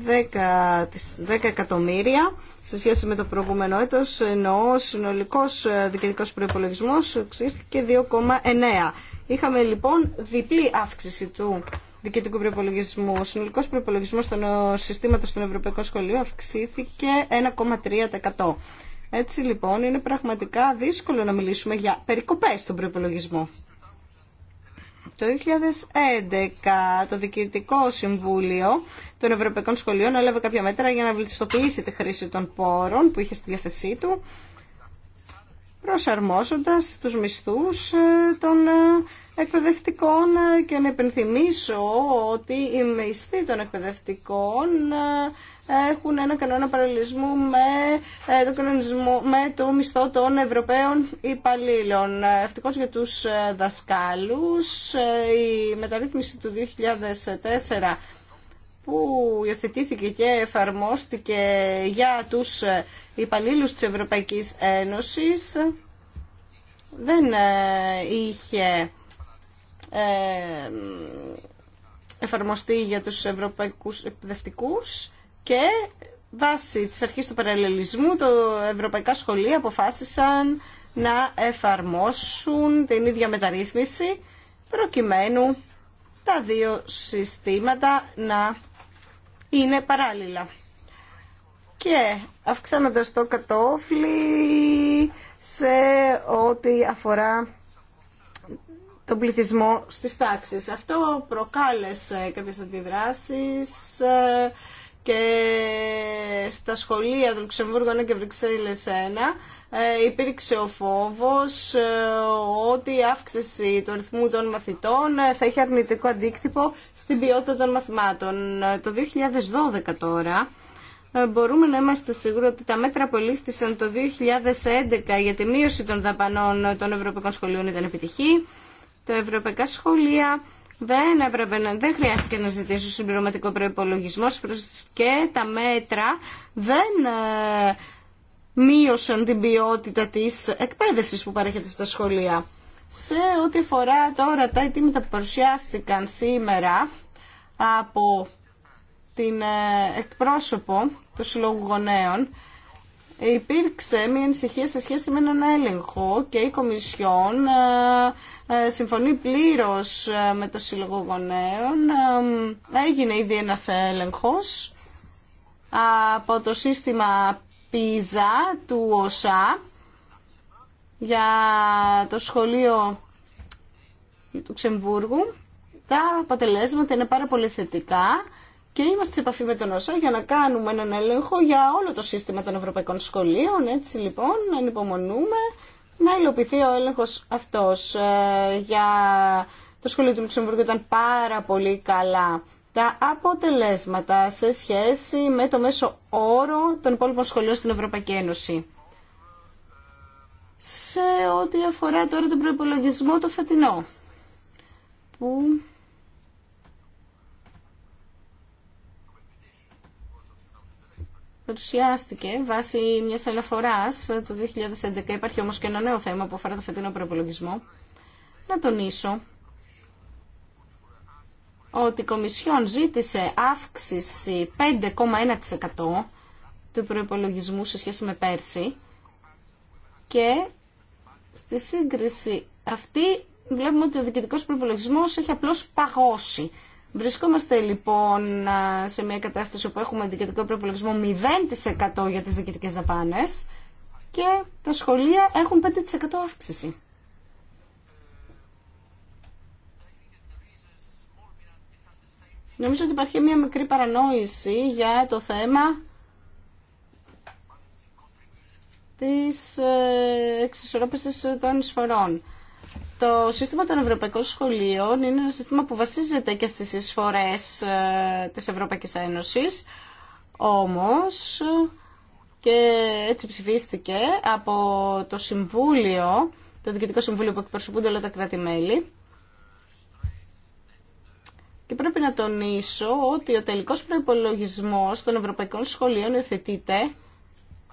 10, 10 εκατομμύρια σε σχέση με το προηγούμενο έτος, ενώ ο συνολικός δικαιωτικός προϋπολογισμός αυξήθηκε 2,9 Είχαμε λοιπόν διπλή αύξηση του διοικητικού προπολογισμού. Ο συνολικό προπολογισμό των ε, συστήματο των Ευρωπαϊκών Σχολείων αυξήθηκε 1,3%. Έτσι λοιπόν είναι πραγματικά δύσκολο να μιλήσουμε για περικοπές στον προπολογισμό. Το 2011 το Διοικητικό Συμβούλιο των Ευρωπαϊκών Σχολείων έλαβε κάποια μέτρα για να βελτιστοποιήσει τη χρήση των πόρων που είχε στη διάθεσή του προσαρμόζοντας τους μισθούς ε, των ε, εκπαιδευτικών ε, και να υπενθυμίσω ότι οι μισθοί των εκπαιδευτικών έχουν ένα κανόνα παραλληλισμού με, το κανονισμό, με το μισθό των Ευρωπαίων υπαλλήλων. Ευτυχώ για τους δασκάλους η μεταρρύθμιση του 2004 που υιοθετήθηκε και εφαρμόστηκε για τους ε, υπαλλήλους της Ευρωπαϊκής Ένωσης δεν ε, είχε ε, εφαρμοστεί για τους ευρωπαϊκούς εκπαιδευτικούς και βάσει της αρχής του παραλληλισμού τα ευρωπαϊκά σχολεία αποφάσισαν να εφαρμόσουν την ίδια μεταρρύθμιση προκειμένου τα δύο συστήματα να είναι παράλληλα. Και αυξάνοντας το κατόφλι σε ό,τι αφορά τον πληθυσμό στις τάξεις. Αυτό προκάλεσε κάποιες αντιδράσεις ε, και στα σχολεία του Λουξεμβούργου 1 και Βρυξέλλες 1 ε, υπήρξε ο φόβος ε, ότι η αύξηση του αριθμού των μαθητών ε, θα έχει αρνητικό αντίκτυπο στην ποιότητα των μαθημάτων. Το 2012 τώρα μπορούμε να είμαστε σίγουροι ότι τα μέτρα που ελήφθησαν το 2011 για τη μείωση των δαπανών των ευρωπαϊκών σχολείων ήταν επιτυχή. Τα ευρωπαϊκά σχολεία δεν, έπρεπε να, δεν χρειάστηκε να ζητήσω συμπληρωματικό προπολογισμό και τα μέτρα δεν ε, μείωσαν την ποιότητα της εκπαίδευσης που παρέχεται στα σχολεία. Σε ό,τι αφορά τώρα τα αιτήματα που παρουσιάστηκαν σήμερα από την ε, εκπρόσωπο του Συλλόγου Γονέων, υπήρξε μια ανησυχία σε σχέση με έναν έλεγχο και η Κομισιόν ε, ε, συμφωνεί πλήρως ε, με το Σύλλογο Γονέων. Έγινε ήδη ένας έλεγχος από το σύστημα PISA του ΟΣΑ για το σχολείο του Ξεμβούργου. Τα αποτελέσματα είναι πάρα πολύ θετικά και είμαστε σε επαφή με τον ΩΣΑ για να κάνουμε έναν έλεγχο για όλο το σύστημα των ευρωπαϊκών σχολείων. Έτσι λοιπόν, ανυπομονούμε να υλοποιηθεί ο έλεγχος αυτός. Ε, για το σχολείο του Λουξεμβούργου ήταν πάρα πολύ καλά τα αποτελέσματα σε σχέση με το μέσο όρο των υπόλοιπων σχολείων στην Ευρωπαϊκή Ένωση. Σε ό,τι αφορά τώρα τον προπολογισμό το φετινό, που παρουσιάστηκε βάσει μιας αναφορά του 2011. Υπάρχει όμω και ένα νέο θέμα που αφορά το φετινό προπολογισμό. Να τονίσω ότι η Κομισιόν ζήτησε αύξηση 5,1% του προϋπολογισμού σε σχέση με πέρσι και στη σύγκριση αυτή βλέπουμε ότι ο διοικητικός προϋπολογισμός έχει απλώς παγώσει Βρισκόμαστε λοιπόν σε μια κατάσταση όπου έχουμε διοικητικό προπολογισμό 0% για τις διοικητικές δαπάνες και τα σχολεία έχουν 5% αύξηση. Νομίζω ότι υπάρχει μια μικρή παρανόηση για το θέμα της ε, εξισορρόπησης των εισφορών. Το σύστημα των Ευρωπαϊκών Σχολείων είναι ένα σύστημα που βασίζεται και στις εισφορές ε, της Ευρωπαϊκής Ένωσης, όμως και έτσι ψηφίστηκε από το Συμβούλιο, το Διοικητικό Συμβούλιο που εκπροσωπούνται όλα τα κράτη-μέλη. Και πρέπει να τονίσω ότι ο τελικός προϋπολογισμός των Ευρωπαϊκών Σχολείων εθετείται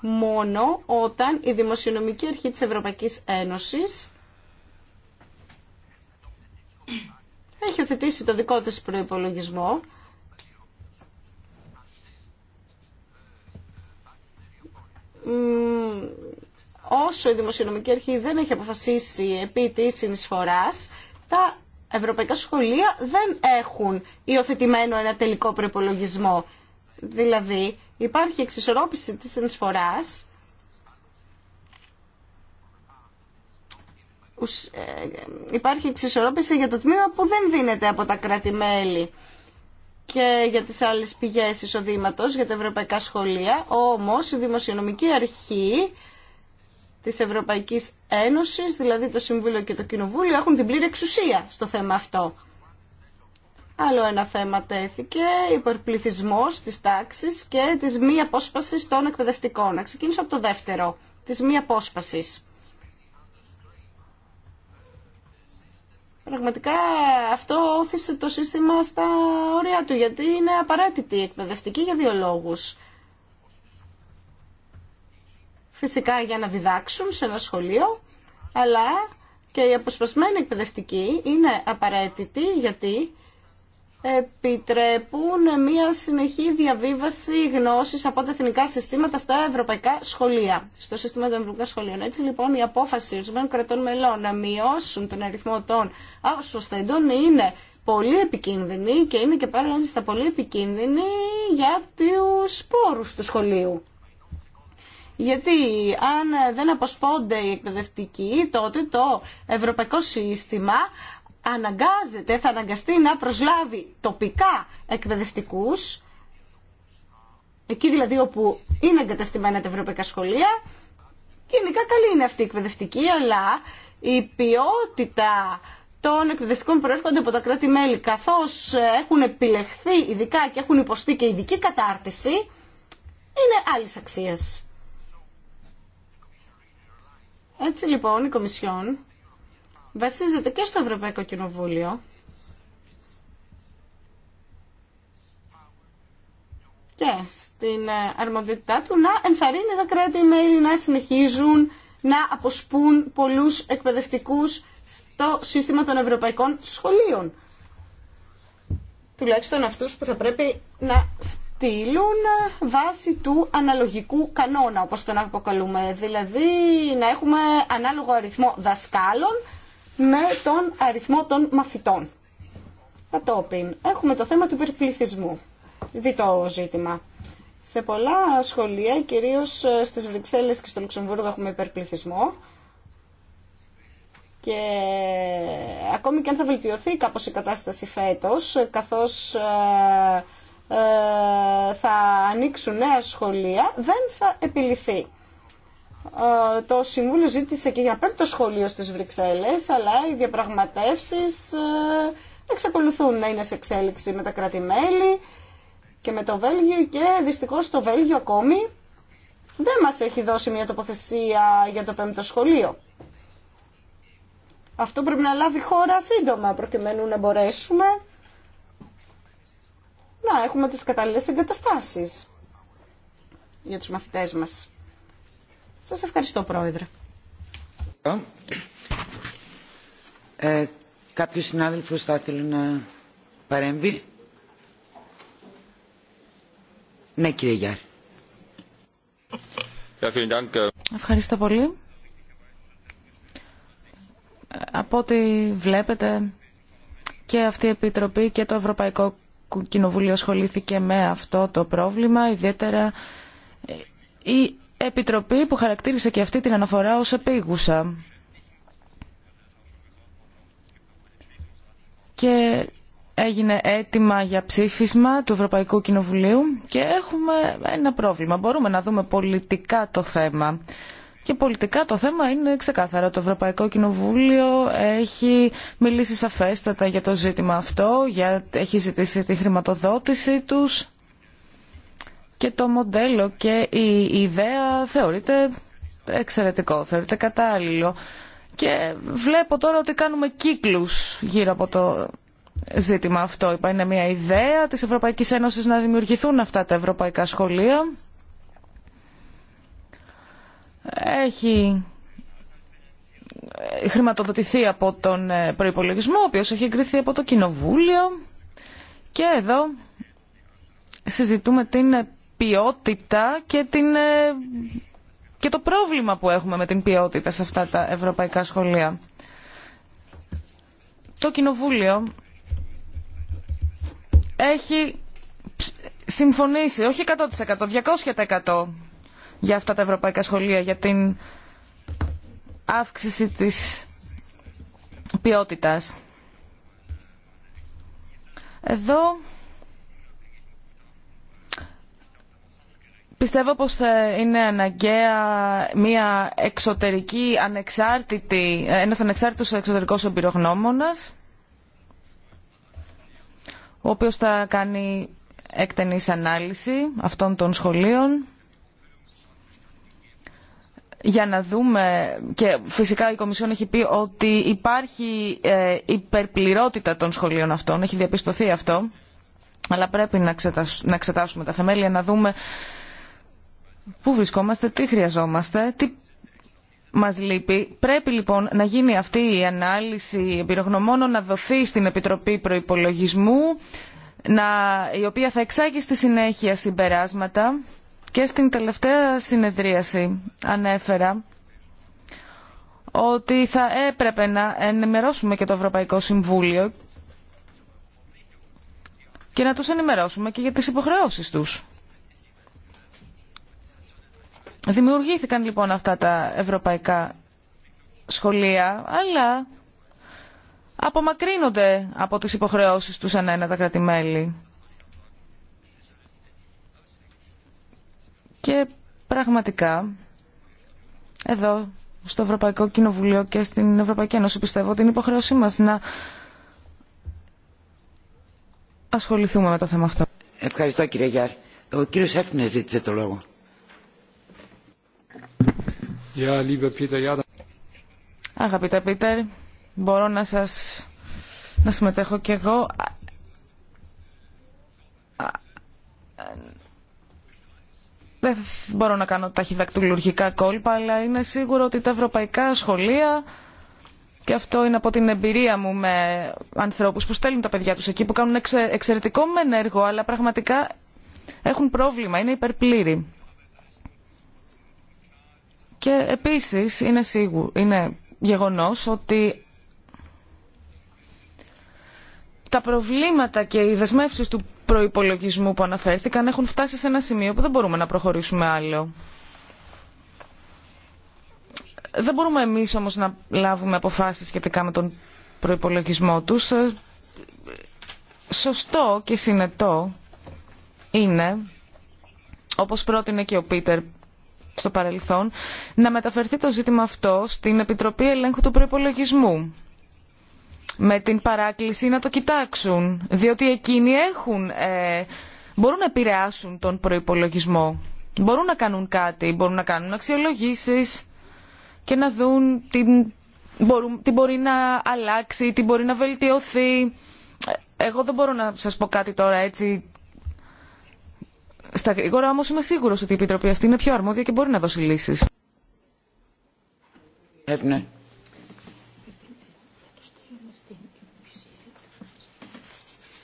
μόνο όταν η Δημοσιονομική Αρχή της Ευρωπαϊκής Ένωσης έχει οθετήσει το δικό της προϋπολογισμό όσο η Δημοσιονομική Αρχή δεν έχει αποφασίσει επί της συνεισφοράς, τα ευρωπαϊκά σχολεία δεν έχουν υιοθετημένο ένα τελικό προϋπολογισμό. Δηλαδή, υπάρχει εξισορρόπηση της συνεισφοράς Ε, υπάρχει εξισορρόπηση για το τμήμα που δεν δίνεται από τα κρατη και για τις άλλες πηγές εισοδήματος για τα ευρωπαϊκά σχολεία. Όμως η Δημοσιονομική Αρχή της Ευρωπαϊκής Ένωσης, δηλαδή το Συμβούλιο και το Κοινοβούλιο, έχουν την πλήρη εξουσία στο θέμα αυτό. Άλλο ένα θέμα τέθηκε, υπερπληθυσμός της τάξης και της μη απόσπασης των εκπαιδευτικών. Να ξεκινήσω από το δεύτερο, της μη απόσπασης. πραγματικά αυτό όθησε το σύστημα στα όρια του, γιατί είναι απαραίτητη η εκπαιδευτική για δύο λόγους. Φυσικά για να διδάξουν σε ένα σχολείο, αλλά και η αποσπασμένη εκπαιδευτική είναι απαραίτητη γιατί επιτρέπουν μια συνεχή διαβίβαση γνώσης από τα εθνικά συστήματα στα ευρωπαϊκά σχολεία, στο σύστημα των ευρωπαϊκών σχολείων. Έτσι λοιπόν η απόφαση ορισμένων κρατών μελών να μειώσουν τον αριθμό των ασφασθέντων είναι πολύ επικίνδυνη και είναι και πάρα στα πολύ επικίνδυνη για τους σπόρους του σχολείου. Γιατί αν δεν αποσπώνται οι εκπαιδευτικοί, τότε το ευρωπαϊκό σύστημα αναγκάζεται, θα αναγκαστεί να προσλάβει τοπικά εκπαιδευτικούς, εκεί δηλαδή όπου είναι εγκαταστημένα τα ευρωπαϊκά σχολεία, γενικά καλή είναι αυτή η εκπαιδευτική, αλλά η ποιότητα των εκπαιδευτικών που προέρχονται από τα κράτη-μέλη, καθώς έχουν επιλεχθεί ειδικά και έχουν υποστεί και ειδική κατάρτιση, είναι άλλης αξίας. Έτσι λοιπόν η Κομισιόν βασίζεται και στο Ευρωπαϊκό Κοινοβούλιο και στην ε, αρμοδιότητά του να ενθαρρύνει τα κράτη-μέλη να συνεχίζουν να αποσπούν πολλούς εκπαιδευτικούς στο σύστημα των ευρωπαϊκών σχολείων. Τουλάχιστον αυτούς που θα πρέπει να στείλουν ε, βάση του αναλογικού κανόνα, όπως τον αποκαλούμε. Δηλαδή να έχουμε ανάλογο αριθμό δασκάλων με τον αριθμό των μαθητών. Κατόπιν, έχουμε το θέμα του υπερπληθυσμού. το ζήτημα. Σε πολλά σχολεία, κυρίως ε, στις Βρυξέλλες και στο Λουξεμβούργο έχουμε υπερπληθυσμό και ακόμη και αν θα βελτιωθεί κάπως η κατάσταση φέτος, καθώς ε, ε, θα ανοίξουν νέα σχολεία, δεν θα επιληθεί ε, το Συμβούλιο ζήτησε και για πέμπτο σχολείο στις Βρυξέλλες, αλλά οι διαπραγματεύσεις ε, εξακολουθούν να είναι σε εξέλιξη με τα κράτη-μέλη και με το Βέλγιο και δυστυχώς το Βέλγιο ακόμη δεν μας έχει δώσει μια τοποθεσία για το πέμπτο σχολείο. Αυτό πρέπει να λάβει χώρα σύντομα προκειμένου να μπορέσουμε να έχουμε τις κατάλληλες εγκαταστάσεις για τους μαθητές μας. Σας ευχαριστώ Πρόεδρε. Ε, κάποιος συνάδελφος θα ήθελε να παρέμβει. Ναι κύριε Γιάρη. Ευχαριστώ πολύ. Από ό,τι βλέπετε και αυτή η Επιτροπή και το Ευρωπαϊκό Κοινοβούλιο ασχολήθηκε με αυτό το πρόβλημα, ιδιαίτερα η επιτροπή που χαρακτήρισε και αυτή την αναφορά ως επίγουσα. Και έγινε έτοιμα για ψήφισμα του Ευρωπαϊκού Κοινοβουλίου και έχουμε ένα πρόβλημα. Μπορούμε να δούμε πολιτικά το θέμα. Και πολιτικά το θέμα είναι ξεκάθαρο. Το Ευρωπαϊκό Κοινοβούλιο έχει μιλήσει σαφέστατα για το ζήτημα αυτό, για... έχει ζητήσει τη χρηματοδότηση τους και το μοντέλο και η ιδέα θεωρείται εξαιρετικό, θεωρείται κατάλληλο. Και βλέπω τώρα ότι κάνουμε κύκλους γύρω από το ζήτημα αυτό. Είπα είναι μια ιδέα της Ευρωπαϊκής Ένωσης να δημιουργηθούν αυτά τα ευρωπαϊκά σχολεία. Έχει χρηματοδοτηθεί από τον ε, προϋπολογισμό, ο οποίος έχει εγκριθεί από το Κοινοβούλιο. Και εδώ συζητούμε την ποιότητα και, ε, και το πρόβλημα που έχουμε με την ποιότητα σε αυτά τα ευρωπαϊκά σχολεία. Το Κοινοβούλιο έχει συμφωνήσει, όχι 100%, 200% για αυτά τα ευρωπαϊκά σχολεία, για την αύξηση της ποιότητας. Εδώ Πιστεύω πως είναι αναγκαία μια εξωτερική, ανεξάρτητη, ένας ανεξάρτητος εξωτερικός εμπειρογνώμονας, ο οποίος θα κάνει εκτενής ανάλυση αυτών των σχολείων, για να δούμε και φυσικά η Κομισιόν έχει πει ότι υπάρχει ε, υπερπληρότητα των σχολείων αυτών, έχει διαπιστωθεί αυτό, αλλά πρέπει να εξετάσουμε τα θεμέλια, να δούμε πού βρισκόμαστε, τι χρειαζόμαστε, τι μας λείπει. Πρέπει λοιπόν να γίνει αυτή η ανάλυση εμπειρογνωμόνων, να δοθεί στην Επιτροπή Προϋπολογισμού, να, η οποία θα εξάγει στη συνέχεια συμπεράσματα και στην τελευταία συνεδρίαση ανέφερα ότι θα έπρεπε να ενημερώσουμε και το Ευρωπαϊκό Συμβούλιο και να τους ενημερώσουμε και για τις υποχρεώσεις τους. Δημιουργήθηκαν λοιπόν αυτά τα ευρωπαϊκά σχολεία, αλλά απομακρύνονται από τις υποχρεώσεις τους ανά ένα τα μελη Και πραγματικά, εδώ στο Ευρωπαϊκό Κοινοβουλίο και στην Ευρωπαϊκή Ένωση πιστεύω ότι είναι υποχρεώσή μας να ασχοληθούμε με το θέμα αυτό. Ευχαριστώ κύριε Γιάρ. Ο κύριος Έφνες ζήτησε το λόγο. Αγαπητέ Πίτερ, μπορώ να σας να συμμετέχω κι εγώ. Δεν μπορώ να κάνω ταχυδακτουλουργικά κόλπα, αλλά είναι σίγουρο ότι τα ευρωπαϊκά σχολεία και αυτό είναι από την εμπειρία μου με ανθρώπους που στέλνουν τα παιδιά τους εκεί, που κάνουν εξαιρετικό μεν έργο, αλλά πραγματικά έχουν πρόβλημα, είναι υπερπλήρη. Και επίσης είναι, σίγου, είναι γεγονός ότι τα προβλήματα και οι δεσμεύσει του προϋπολογισμού που αναφέρθηκαν έχουν φτάσει σε ένα σημείο που δεν μπορούμε να προχωρήσουμε άλλο. Δεν μπορούμε εμείς όμως να λάβουμε αποφάσεις σχετικά με τον προϋπολογισμό τους. Ε, σωστό και συνετό είναι, όπως πρότεινε και ο Πίτερ στο παρελθόν, να μεταφερθεί το ζήτημα αυτό στην Επιτροπή Ελέγχου του Προϋπολογισμού. Με την παράκληση να το κοιτάξουν, διότι εκείνοι έχουν, ε, μπορούν να επηρεάσουν τον προϋπολογισμό. Μπορούν να κάνουν κάτι, μπορούν να κάνουν αξιολογήσεις και να δουν τι, μπορούν, τι μπορεί να αλλάξει, τι μπορεί να βελτιωθεί. Ε, εγώ δεν μπορώ να σας πω κάτι τώρα έτσι στα γρήγορα όμως είμαι σίγουρος ότι η Επιτροπή αυτή είναι πιο αρμόδια και μπορεί να δώσει λύσεις.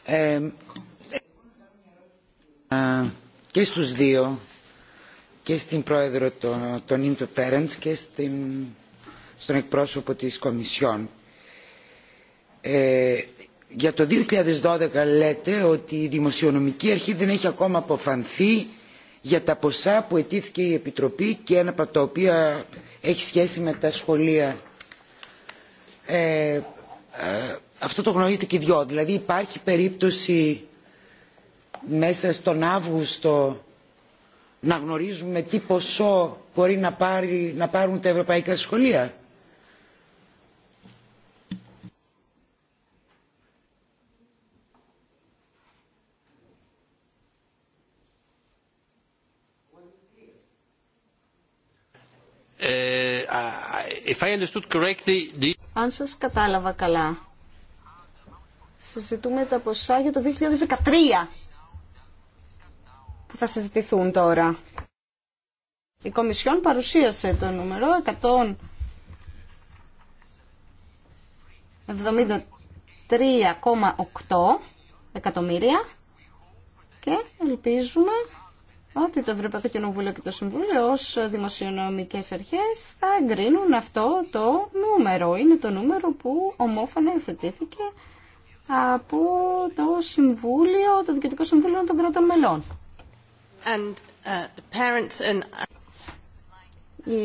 Ε, ε, και στους δύο και στην πρόεδρο των Into και στην, στον εκπρόσωπο της Κομισιόν. Ε, για το 2012 λέτε ότι η Δημοσιονομική Αρχή δεν έχει ακόμα αποφανθεί για τα ποσά που ετήθηκε η Επιτροπή και ένα από τα οποία έχει σχέση με τα σχολεία. Ε, ε, αυτό το γνωρίζετε και οι δυο. Δηλαδή υπάρχει περίπτωση μέσα στον Αύγουστο να γνωρίζουμε τι ποσό μπορεί να, πάρει, να πάρουν τα ευρωπαϊκά σχολεία. Uh, Αν σας κατάλαβα καλά, συζητούμε τα ποσά για το 2013 που θα συζητηθούν τώρα. Η Κομισιόν παρουσίασε το νούμερο 173,8 εκατομμύρια και ελπίζουμε ότι το Ευρωπαϊκό Κοινοβούλιο και το Συμβούλιο ως δημοσιονομικές αρχές θα εγκρίνουν αυτό το νούμερο. Είναι το νούμερο που ομόφωνα υιοθετήθηκε από το Συμβούλιο, το Διοικητικό Συμβούλιο των Κρατών Μελών. And, uh, Οι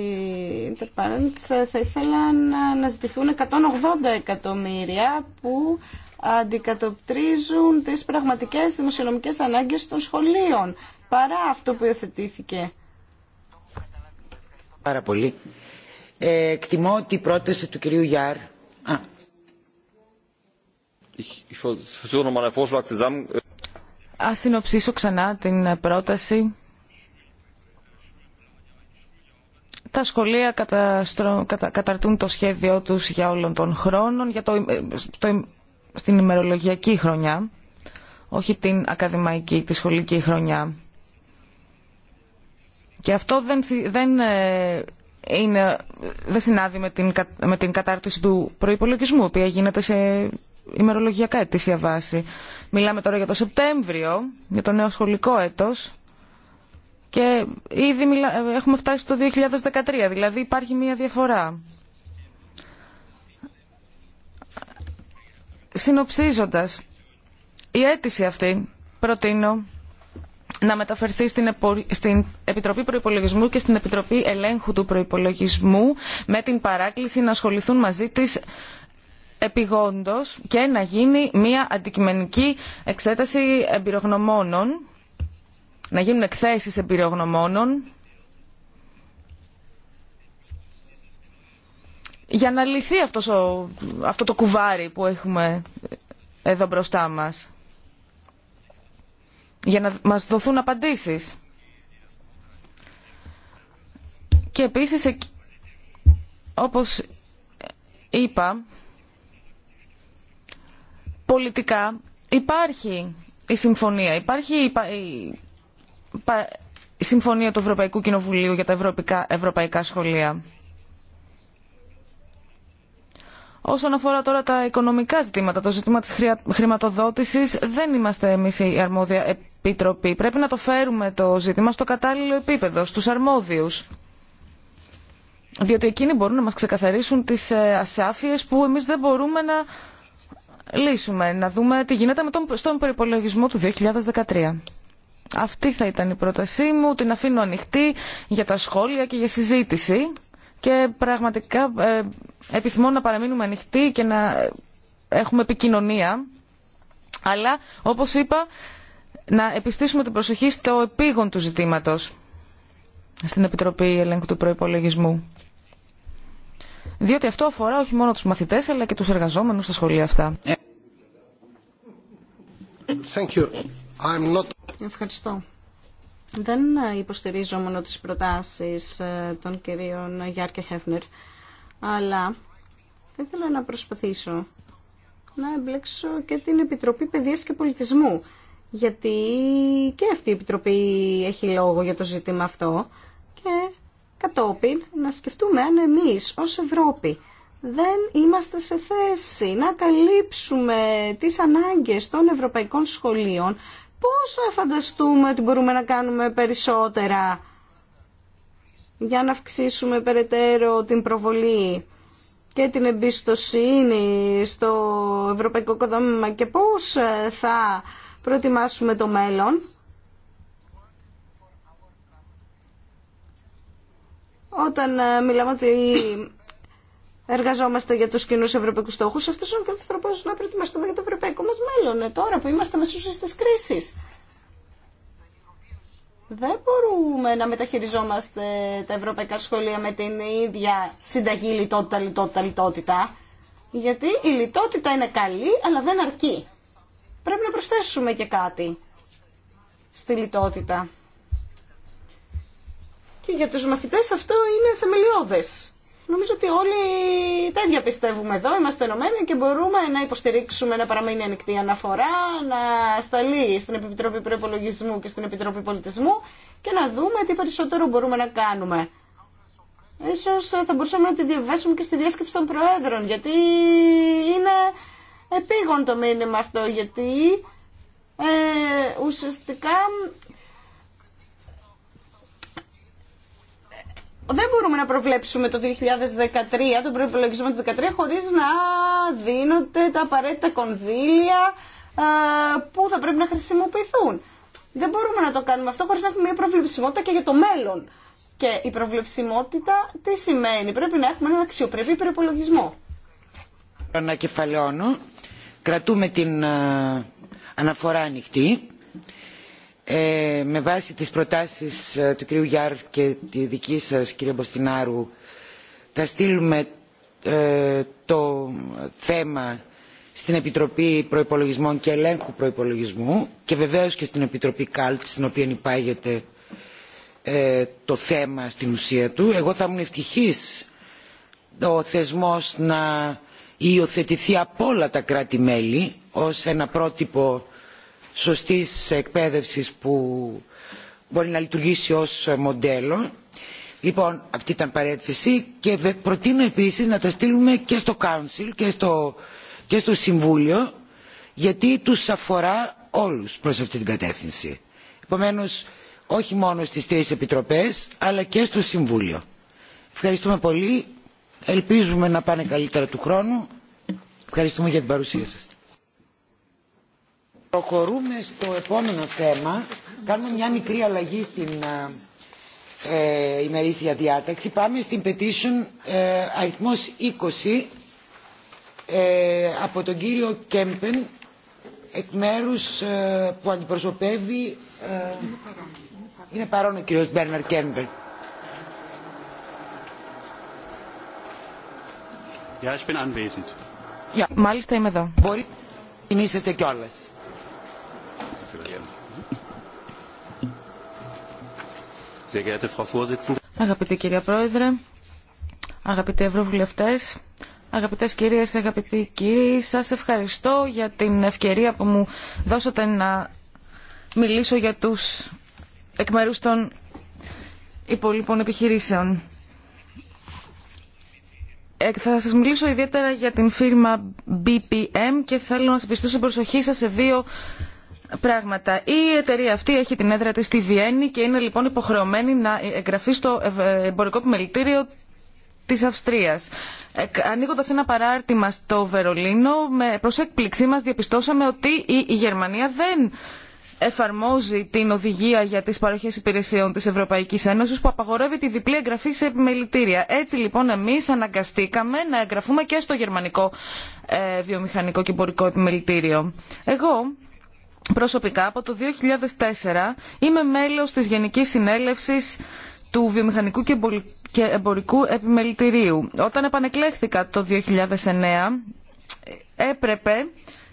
interparents ε, θα ήθελαν να ζητηθούν 180 εκατομμύρια που αντικατοπτρίζουν τις πραγματικές δημοσιονομικές ανάγκες των σχολείων παρά αυτό που υιοθετήθηκε. Πάρα πολύ. Ε, εκτιμώ η πρόταση του κυρίου Γιάρ. Α. Ας συνοψίσω ξανά την πρόταση. Τα σχολεία καταστρο... καταρτούν το σχέδιό τους για όλων των χρόνων, για το... το στην ημερολογιακή χρονιά, όχι την ακαδημαϊκή, τη σχολική χρονιά. Και αυτό δεν, δεν, ε, είναι, δεν συνάδει με την, με την κατάρτιση του προϋπολογισμού, η οποία γίνεται σε ημερολογιακά ετήσια βάση. Μιλάμε τώρα για το Σεπτέμβριο, για το νέο σχολικό έτος, και ήδη έχουμε φτάσει στο 2013, δηλαδή υπάρχει μία διαφορά. Συνοψίζοντας, η αίτηση αυτή προτείνω να μεταφερθεί στην Επιτροπή Προϋπολογισμού και στην Επιτροπή Ελέγχου του Προϋπολογισμού με την παράκληση να ασχοληθούν μαζί της επιγόντως και να γίνει μια αντικειμενική εξέταση εμπειρογνωμόνων, να γίνουν εκθέσεις εμπειρογνωμόνων για να λυθεί αυτός αυτό το κουβάρι που έχουμε εδώ μπροστά μας. Για να μας δοθούν απαντήσεις. Και επίσης, όπως είπα, πολιτικά υπάρχει η συμφωνία. Υπάρχει η, συμφωνία του Ευρωπαϊκού Κοινοβουλίου για τα ευρωπαϊκά, ευρωπαϊκά σχολεία. Όσον αφορά τώρα τα οικονομικά ζητήματα, το ζήτημα της χρηματοδότησης, δεν είμαστε εμείς η αρμόδια επιτροπή. Πρέπει να το φέρουμε το ζήτημα στο κατάλληλο επίπεδο, στους αρμόδιους. Διότι εκείνοι μπορούν να μας ξεκαθαρίσουν τις ε, ασάφειες που εμείς δεν μπορούμε να λύσουμε. Να δούμε τι γίνεται με τον, στον περιπολογισμό του 2013. Αυτή θα ήταν η πρότασή μου, την αφήνω ανοιχτή για τα σχόλια και για συζήτηση και πραγματικά ε, επιθυμώ να παραμείνουμε ανοιχτοί και να ε, έχουμε επικοινωνία αλλά όπως είπα να επιστήσουμε την προσοχή στο επίγον του ζητήματος στην Επιτροπή Ελέγχου του Προϋπολογισμού. Διότι αυτό αφορά όχι μόνο τους μαθητές αλλά και τους εργαζόμενους στα σχολεία αυτά. Ευχαριστώ. Δεν υποστηρίζω μόνο τις προτάσεις ε, των κυρίων Γιάρ και Χέφνερ, αλλά θα ήθελα να προσπαθήσω να εμπλέξω και την Επιτροπή Παιδείας και Πολιτισμού, γιατί και αυτή η Επιτροπή έχει λόγο για το ζήτημα αυτό και κατόπιν να σκεφτούμε αν εμείς ως Ευρώπη δεν είμαστε σε θέση να καλύψουμε τις ανάγκες των ευρωπαϊκών σχολείων πώς θα φανταστούμε ότι μπορούμε να κάνουμε περισσότερα για να αυξήσουμε περαιτέρω την προβολή και την εμπιστοσύνη στο ευρωπαϊκό Κοδόμημα και πώς ε, θα προετοιμάσουμε το μέλλον. Όταν ε, μιλάμε ότι εργαζόμαστε για του κοινού ευρωπαϊκού στόχου αυτό είναι και ο τρόπο να προετοιμαστούμε για το ευρωπαϊκό μα μέλλον, ε, τώρα που είμαστε μεσούσες της κρίσης. Δεν μπορούμε να μεταχειριζόμαστε τα ευρωπαϊκά σχολεία με την ίδια συνταγή λιτότητα, λιτότητα, λιτότητα. Γιατί η λιτότητα είναι καλή, αλλά δεν αρκεί. Πρέπει να προσθέσουμε και κάτι στη λιτότητα. Και για τους μαθητές αυτό είναι θεμελιώδες. Νομίζω ότι όλοι τα ίδια πιστεύουμε εδώ, είμαστε ενωμένοι και μπορούμε να υποστηρίξουμε να παραμείνει ανοιχτή η αναφορά, να σταλεί στην Επιτροπή Προπολογισμού και στην Επιτροπή Πολιτισμού και να δούμε τι περισσότερο μπορούμε να κάνουμε. Ίσως θα μπορούσαμε να τη διαβάσουμε και στη διάσκεψη των Προέδρων, γιατί είναι επίγον το μήνυμα αυτό, γιατί ε, ουσιαστικά δεν μπορούμε να προβλέψουμε το 2013, τον προπολογισμό του 2013, χωρί να δίνονται τα απαραίτητα κονδύλια ε, που θα πρέπει να χρησιμοποιηθούν. Δεν μπορούμε να το κάνουμε αυτό χωρί να έχουμε μια προβλεψιμότητα και για το μέλλον. Και η προβλεψιμότητα τι σημαίνει. Πρέπει να έχουμε έναν αξιοπρεπή προπολογισμό. Ανακεφαλαιώνω. Κρατούμε την ε, αναφορά ανοιχτή ε, με βάση τις προτάσεις ε, του κ. Γιάρ και τη δική σας κ. Μποστινάρου θα στείλουμε ε, το θέμα στην Επιτροπή Προϋπολογισμών και Ελέγχου Προϋπολογισμού και βεβαίως και στην Επιτροπή ΚΑΛΤ στην οποία υπάγεται το θέμα στην ουσία του. Εγώ θα ήμουν ευτυχής ο θεσμός να υιοθετηθεί από όλα τα κράτη-μέλη ως ένα πρότυπο σωστής εκπαίδευσης που μπορεί να λειτουργήσει ως μοντέλο. Λοιπόν, αυτή ήταν παρέτηση και προτείνω επίσης να τα στείλουμε και στο Council και στο, και στο Συμβούλιο γιατί τους αφορά όλους προς αυτή την κατεύθυνση. Επομένως, όχι μόνο στις τρεις επιτροπές αλλά και στο Συμβούλιο. Ευχαριστούμε πολύ. Ελπίζουμε να πάνε καλύτερα του χρόνου. Ευχαριστούμε για την παρουσία σας. Προχωρούμε στο επόμενο θέμα. Κάνουμε μια μικρή αλλαγή στην ε, ε ημερήσια διάταξη. Πάμε στην petition ε, αριθμός 20 ε, από τον κύριο Κέμπεν εκ μέρους ε, που αντιπροσωπεύει... Ε, είναι παρόν ο κύριος Μπέρναρ Κέμπεν. Ja ich bin anwesend. Μάλιστα είμαι εδώ. μπορεί να κινήσετε κιόλας. Αγαπητή κυρία Πρόεδρε, αγαπητοί Ευρωβουλευτές, Αγαπητές κυρίες, αγαπητοί κύριοι, σας ευχαριστώ για την ευκαιρία που μου δώσατε να μιλήσω για τους εκ των υπολείπων επιχειρήσεων. Ε, θα σας μιλήσω ιδιαίτερα για την φίρμα BPM και θέλω να σας στην προσοχή σας σε δύο πράγματα. Η εταιρεία αυτή έχει την έδρα της στη Βιέννη και είναι λοιπόν υποχρεωμένη να εγγραφεί στο ε, εμπορικό επιμελητήριο της Αυστρίας. Ανοίγοντα ένα παράρτημα στο Βερολίνο, με προς έκπληξή μας διαπιστώσαμε ότι η Γερμανία δεν εφαρμόζει την οδηγία για τις παροχές υπηρεσιών της Ευρωπαϊκής Ένωσης που απαγορεύει τη διπλή εγγραφή σε επιμελητήρια. Έτσι λοιπόν εμείς αναγκαστήκαμε να εγγραφούμε και στο γερμανικό ε, βιομηχανικό και εμπορικό επιμελητήριο. Εγώ Προσωπικά από το 2004 είμαι μέλος της Γενικής Συνέλευσης του Βιομηχανικού και Εμπορικού Επιμελητηρίου. Όταν επανεκλέχθηκα το 2009 έπρεπε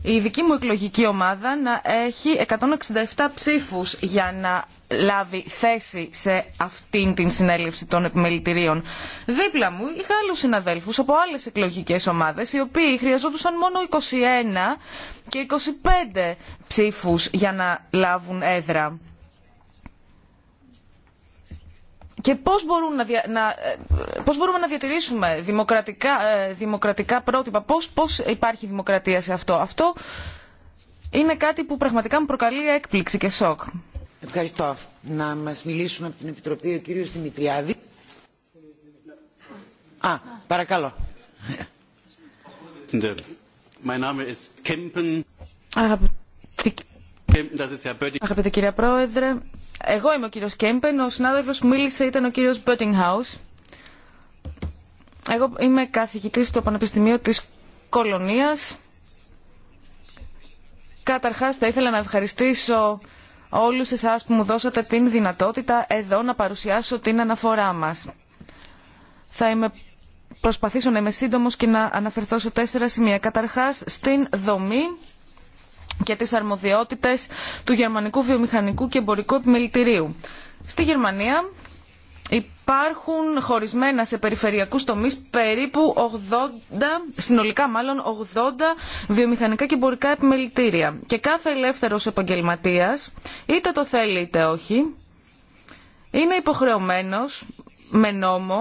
η δική μου εκλογική ομάδα να έχει 167 ψήφους για να λάβει θέση σε αυτήν την συνέλευση των επιμελητηρίων. Δίπλα μου είχα άλλους συναδέλφους από άλλες εκλογικές ομάδες οι οποίοι χρειαζόντουσαν μόνο 21 και 25 ψήφους για να λάβουν έδρα. και πώς, μπορούν να δια, να, ε, πώς μπορούμε να διατηρήσουμε δημοκρατικά, ε, δημοκρατικά πρότυπα, πώς, πώς υπάρχει δημοκρατία σε αυτό. Αυτό είναι κάτι που πραγματικά μου προκαλεί έκπληξη και σοκ. Ευχαριστώ. Να μας μιλήσουν από την Επιτροπή ο κύριος Δημητριάδη. Α, παρακαλώ. Αγαπητοί Αγαπητέ κύριε Πρόεδρε, εγώ είμαι ο κύριος Κέμπεν, ο συνάδελφος που μίλησε ήταν ο κύριος Μπέτιγχάους. Εγώ είμαι καθηγητής στο Πανεπιστημίο της Κολονίας. Καταρχάς θα ήθελα να ευχαριστήσω όλους εσάς που μου δώσατε την δυνατότητα εδώ να παρουσιάσω την αναφορά μας. Θα είμαι, προσπαθήσω να είμαι σύντομος και να αναφερθώ σε τέσσερα σημεία. Καταρχάς στην δομή και τις αρμοδιότητες του Γερμανικού Βιομηχανικού και Εμπορικού Επιμελητηρίου. Στη Γερμανία υπάρχουν χωρισμένα σε περιφερειακούς τομείς περίπου 80, συνολικά μάλλον 80 βιομηχανικά και εμπορικά επιμελητήρια. Και κάθε ελεύθερος επαγγελματίας, είτε το θέλει είτε όχι, είναι υποχρεωμένος με νόμο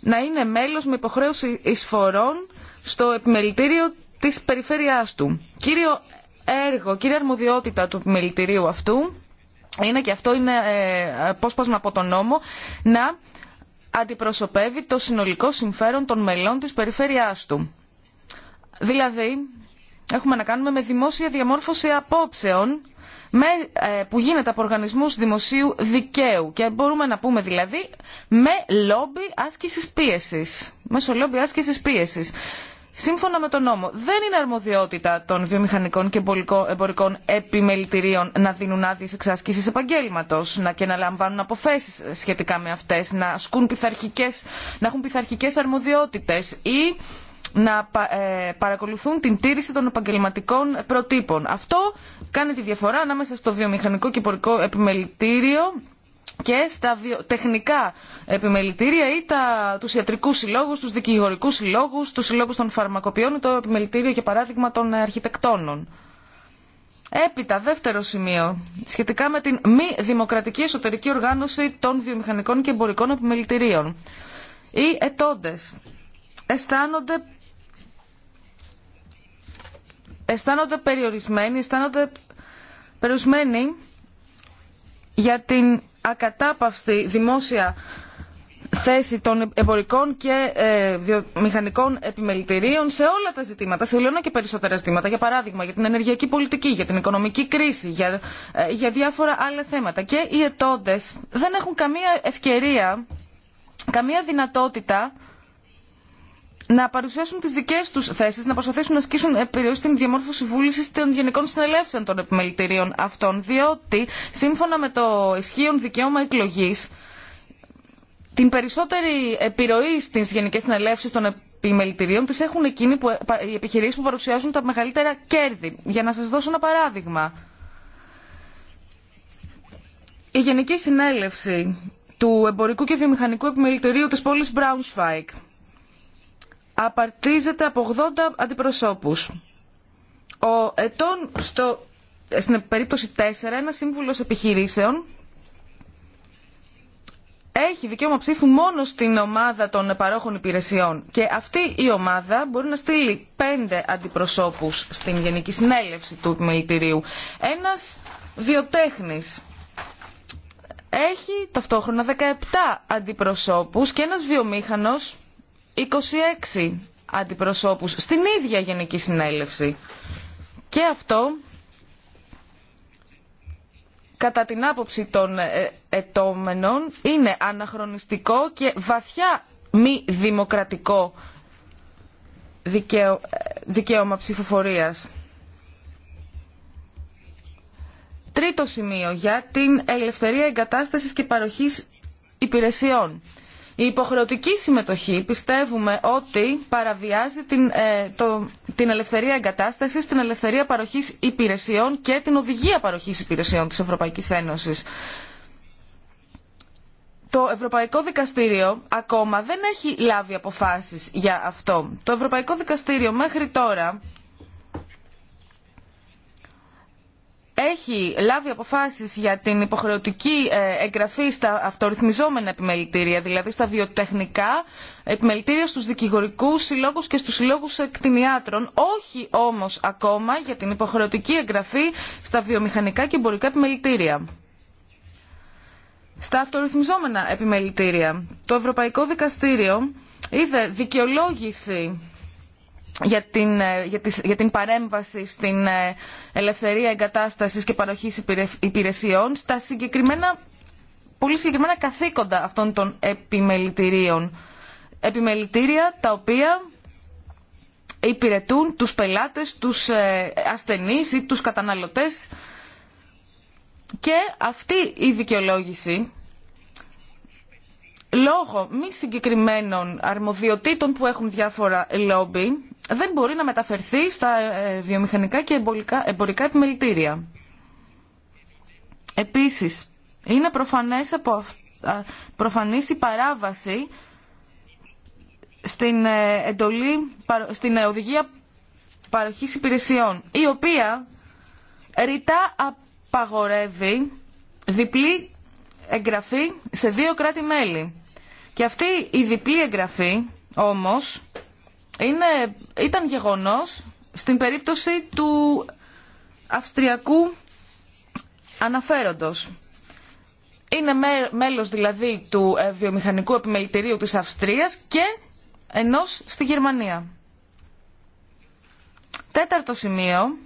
να είναι μέλος με υποχρέωση εισφορών στο επιμελητήριο της περιφέρειάς του. Κύριο έργο, κύρια αρμοδιότητα του μελητηρίου αυτού είναι και αυτό είναι ε, απόσπασμα από τον νόμο να αντιπροσωπεύει το συνολικό συμφέρον των μελών της περιφέρειάς του. Δηλαδή, έχουμε να κάνουμε με δημόσια διαμόρφωση απόψεων με, ε, που γίνεται από οργανισμούς δημοσίου δικαίου και μπορούμε να πούμε δηλαδή με λόμπι άσκησης πίεσης, μέσω λόμπι άσκησης πίεσης σύμφωνα με τον νόμο δεν είναι αρμοδιότητα των βιομηχανικών και εμπορικών επιμελητηρίων να δίνουν άδειε εξάσκηση επαγγέλματο και να λαμβάνουν αποφάσει σχετικά με αυτέ, να, να έχουν πειθαρχικέ αρμοδιότητε ή να ε, παρακολουθούν την τήρηση των επαγγελματικών προτύπων. Αυτό κάνει τη διαφορά ανάμεσα στο βιομηχανικό και εμπορικό επιμελητήριο και στα τεχνικά επιμελητήρια ή τα... τους ιατρικούς συλλόγους, τους δικηγορικούς συλλόγους, τους συλλόγους των φαρμακοποιών ή το επιμελητήριο για παράδειγμα των αρχιτεκτόνων. Έπειτα, δεύτερο σημείο, σχετικά με την μη δημοκρατική εσωτερική οργάνωση των βιομηχανικών και εμπορικών επιμελητηρίων. Οι ετώντες περιορισμένοι, αισθάνονται περιορισμένοι για την ακατάπαυστη δημόσια θέση των εμπορικών και ε, βιομηχανικών επιμελητηρίων σε όλα τα ζητήματα, σε όλα και περισσότερα ζητήματα. Για παράδειγμα, για την ενεργειακή πολιτική, για την οικονομική κρίση, για, ε, για διάφορα άλλα θέματα. Και οι ετώντε δεν έχουν καμία ευκαιρία, καμία δυνατότητα να παρουσιάσουν τι δικέ του θέσει, να προσπαθήσουν να ασκήσουν επιρροή στην διαμόρφωση βούληση των γενικών συνελεύσεων των επιμελητηρίων αυτών, διότι σύμφωνα με το ισχύον δικαίωμα εκλογής, την περισσότερη επιρροή στις γενικές συνελεύσεις των επιμελητηρίων τις έχουν εκείνοι που, οι επιχειρήσει που παρουσιάζουν τα μεγαλύτερα κέρδη. Για να σα δώσω ένα παράδειγμα. Η Γενική Συνέλευση του Εμπορικού και Βιομηχανικού Επιμελητηρίου της πόλης Braunschweig απαρτίζεται από 80 αντιπροσώπους. Ο ετών στο, στην περίπτωση 4, ένα σύμβουλος επιχειρήσεων έχει δικαίωμα ψήφου μόνο στην ομάδα των παρόχων υπηρεσιών και αυτή η ομάδα μπορεί να στείλει 5 αντιπροσώπους στην Γενική Συνέλευση του Μελητηρίου. Ένας βιοτέχνης έχει ταυτόχρονα 17 αντιπροσώπους και ένας βιομήχανος 26 αντιπροσώπους στην ίδια Γενική Συνέλευση. Και αυτό, κατά την άποψη των ε, ετώμενων, είναι αναχρονιστικό και βαθιά μη δημοκρατικό δικαίωμα ψηφοφορίας. Τρίτο σημείο για την ελευθερία εγκατάστασης και παροχής υπηρεσιών. Η υποχρεωτική συμμετοχή πιστεύουμε ότι παραβιάζει την, ε, την ελευθερία εγκατάστασης, την ελευθερία παροχής υπηρεσιών και την οδηγία παροχής υπηρεσιών της Ευρωπαϊκής Ένωσης. Το Ευρωπαϊκό Δικαστήριο ακόμα δεν έχει λάβει αποφάσεις για αυτό. Το Ευρωπαϊκό Δικαστήριο μέχρι τώρα έχει λάβει αποφάσεις για την υποχρεωτική ε, εγγραφή στα αυτορυθμιζόμενα επιμελητήρια, δηλαδή στα βιοτεχνικά επιμελητήρια, στους δικηγορικούς συλλόγους και στους συλλόγους εκτινιάτρων, όχι όμως ακόμα για την υποχρεωτική εγγραφή στα βιομηχανικά και εμπορικά επιμελητήρια. Στα αυτορυθμιζόμενα επιμελητήρια, το Ευρωπαϊκό Δικαστήριο είδε δικαιολόγηση ε, για την, παρέμβαση στην ε, ελευθερία εγκατάστασης και παροχής υπηρεσιών στα συγκεκριμένα, πολύ συγκεκριμένα καθήκοντα αυτών των επιμελητηρίων. Επιμελητήρια τα οποία υπηρετούν τους πελάτες, τους ε, ασθενείς ή τους καταναλωτές και αυτή η δικαιολόγηση λόγω μη συγκεκριμένων αρμοδιοτήτων που έχουν διάφορα λόμπι δεν μπορεί να μεταφερθεί στα ε, βιομηχανικά και εμπορικά επιμελητήρια. Επίσης, είναι προφανές προφανής η παράβαση στην, ε, εντολή, στην οδηγία παροχής υπηρεσιών, η οποία ρητά απαγορεύει διπλή εγγραφή σε δύο κράτη-μέλη. Και αυτή η διπλή εγγραφή όμως είναι, ήταν γεγονός στην περίπτωση του αυστριακού αναφέροντος. Είναι μέλος δηλαδή του ε, βιομηχανικού επιμελητηρίου της Αυστρίας και ενός στη Γερμανία. Τέταρτο σημείο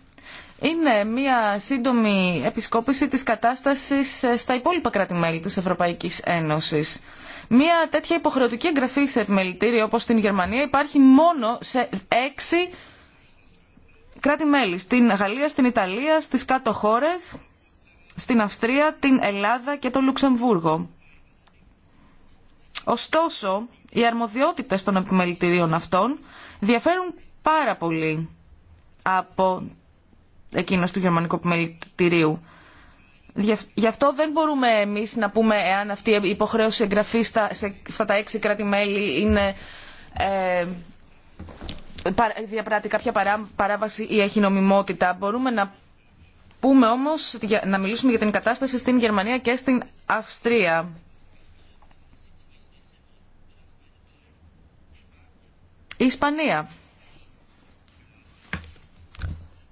είναι μια σύντομη επισκόπηση της κατάστασης ε, στα υπόλοιπα κράτη-μέλη της Ευρωπαϊκής Ένωσης. Μια τέτοια υποχρεωτική εγγραφή σε επιμελητήριο όπως στην Γερμανία υπάρχει μόνο σε έξι κράτη-μέλη. Στην Γαλλία, στην Ιταλία, στις κάτω χώρες, στην Αυστρία, την Ελλάδα και το Λουξεμβούργο. Ωστόσο, οι αρμοδιότητες των επιμελητηρίων αυτών διαφέρουν πάρα πολύ από εκείνος του γερμανικού επιμελητηρίου. Γι' αυτό δεν μπορούμε εμείς να πούμε εάν αυτή η υποχρέωση εγγραφή σε αυτά τα έξι κράτη-μέλη είναι... Ε, διαπράττει κάποια παράβαση ή έχει νομιμότητα. Μπορούμε να πούμε όμως, να μιλήσουμε για την κατάσταση στην Γερμανία και στην Αυστρία. Η Ισπανία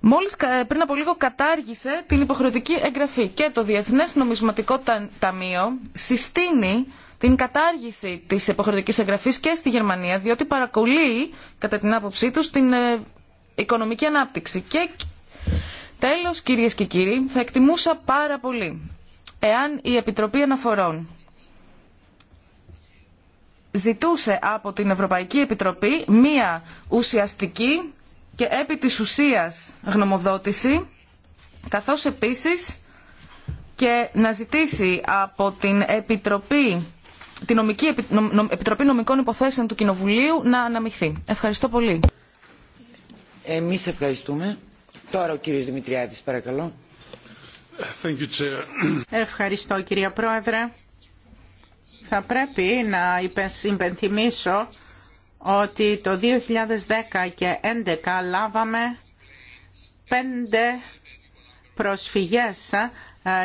μόλις ε, πριν από λίγο κατάργησε την υποχρεωτική εγγραφή και το Διεθνές Νομισματικό Ταμείο συστήνει την κατάργηση της υποχρεωτικής εγγραφής και στη Γερμανία διότι παρακολύει κατά την άποψή τους την ε, οικονομική ανάπτυξη. Και τέλος κυρίες και κύριοι θα εκτιμούσα πάρα πολύ εάν η Επιτροπή Αναφορών ζητούσε από την Ευρωπαϊκή Επιτροπή μία ουσιαστική και επί της ουσίας γνωμοδότηση, καθώς επίσης και να ζητήσει από την Επιτροπή, την Νομική Επιτροπή Νομικών Υποθέσεων του Κοινοβουλίου να αναμειχθεί. Ευχαριστώ πολύ. Εμείς ευχαριστούμε. Τώρα ο κύριος Δημητριάδης, παρακαλώ. Thank you, Chair. Ευχαριστώ κυρία Πρόεδρε. Θα πρέπει να υπενθυμίσω ότι το 2010 και 2011 λάβαμε πέντε προσφυγές ε,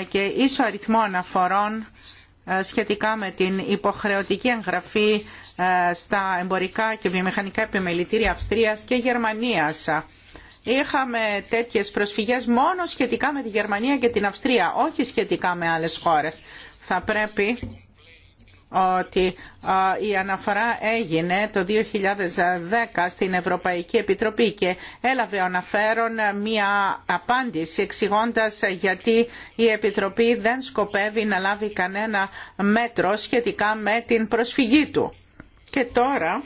και ίσο αριθμό αναφορών ε, σχετικά με την υποχρεωτική εγγραφή ε, στα εμπορικά και βιομηχανικά επιμελητήρια Αυστρίας και Γερμανίας. Είχαμε τέτοιες προσφυγές μόνο σχετικά με τη Γερμανία και την Αυστρία, όχι σχετικά με άλλες χώρες. Θα πρέπει ότι η αναφορά έγινε το 2010 στην Ευρωπαϊκή Επιτροπή και έλαβε ο αναφέρον μία απάντηση εξηγώντας γιατί η Επιτροπή δεν σκοπεύει να λάβει κανένα μέτρο σχετικά με την προσφυγή του. Και τώρα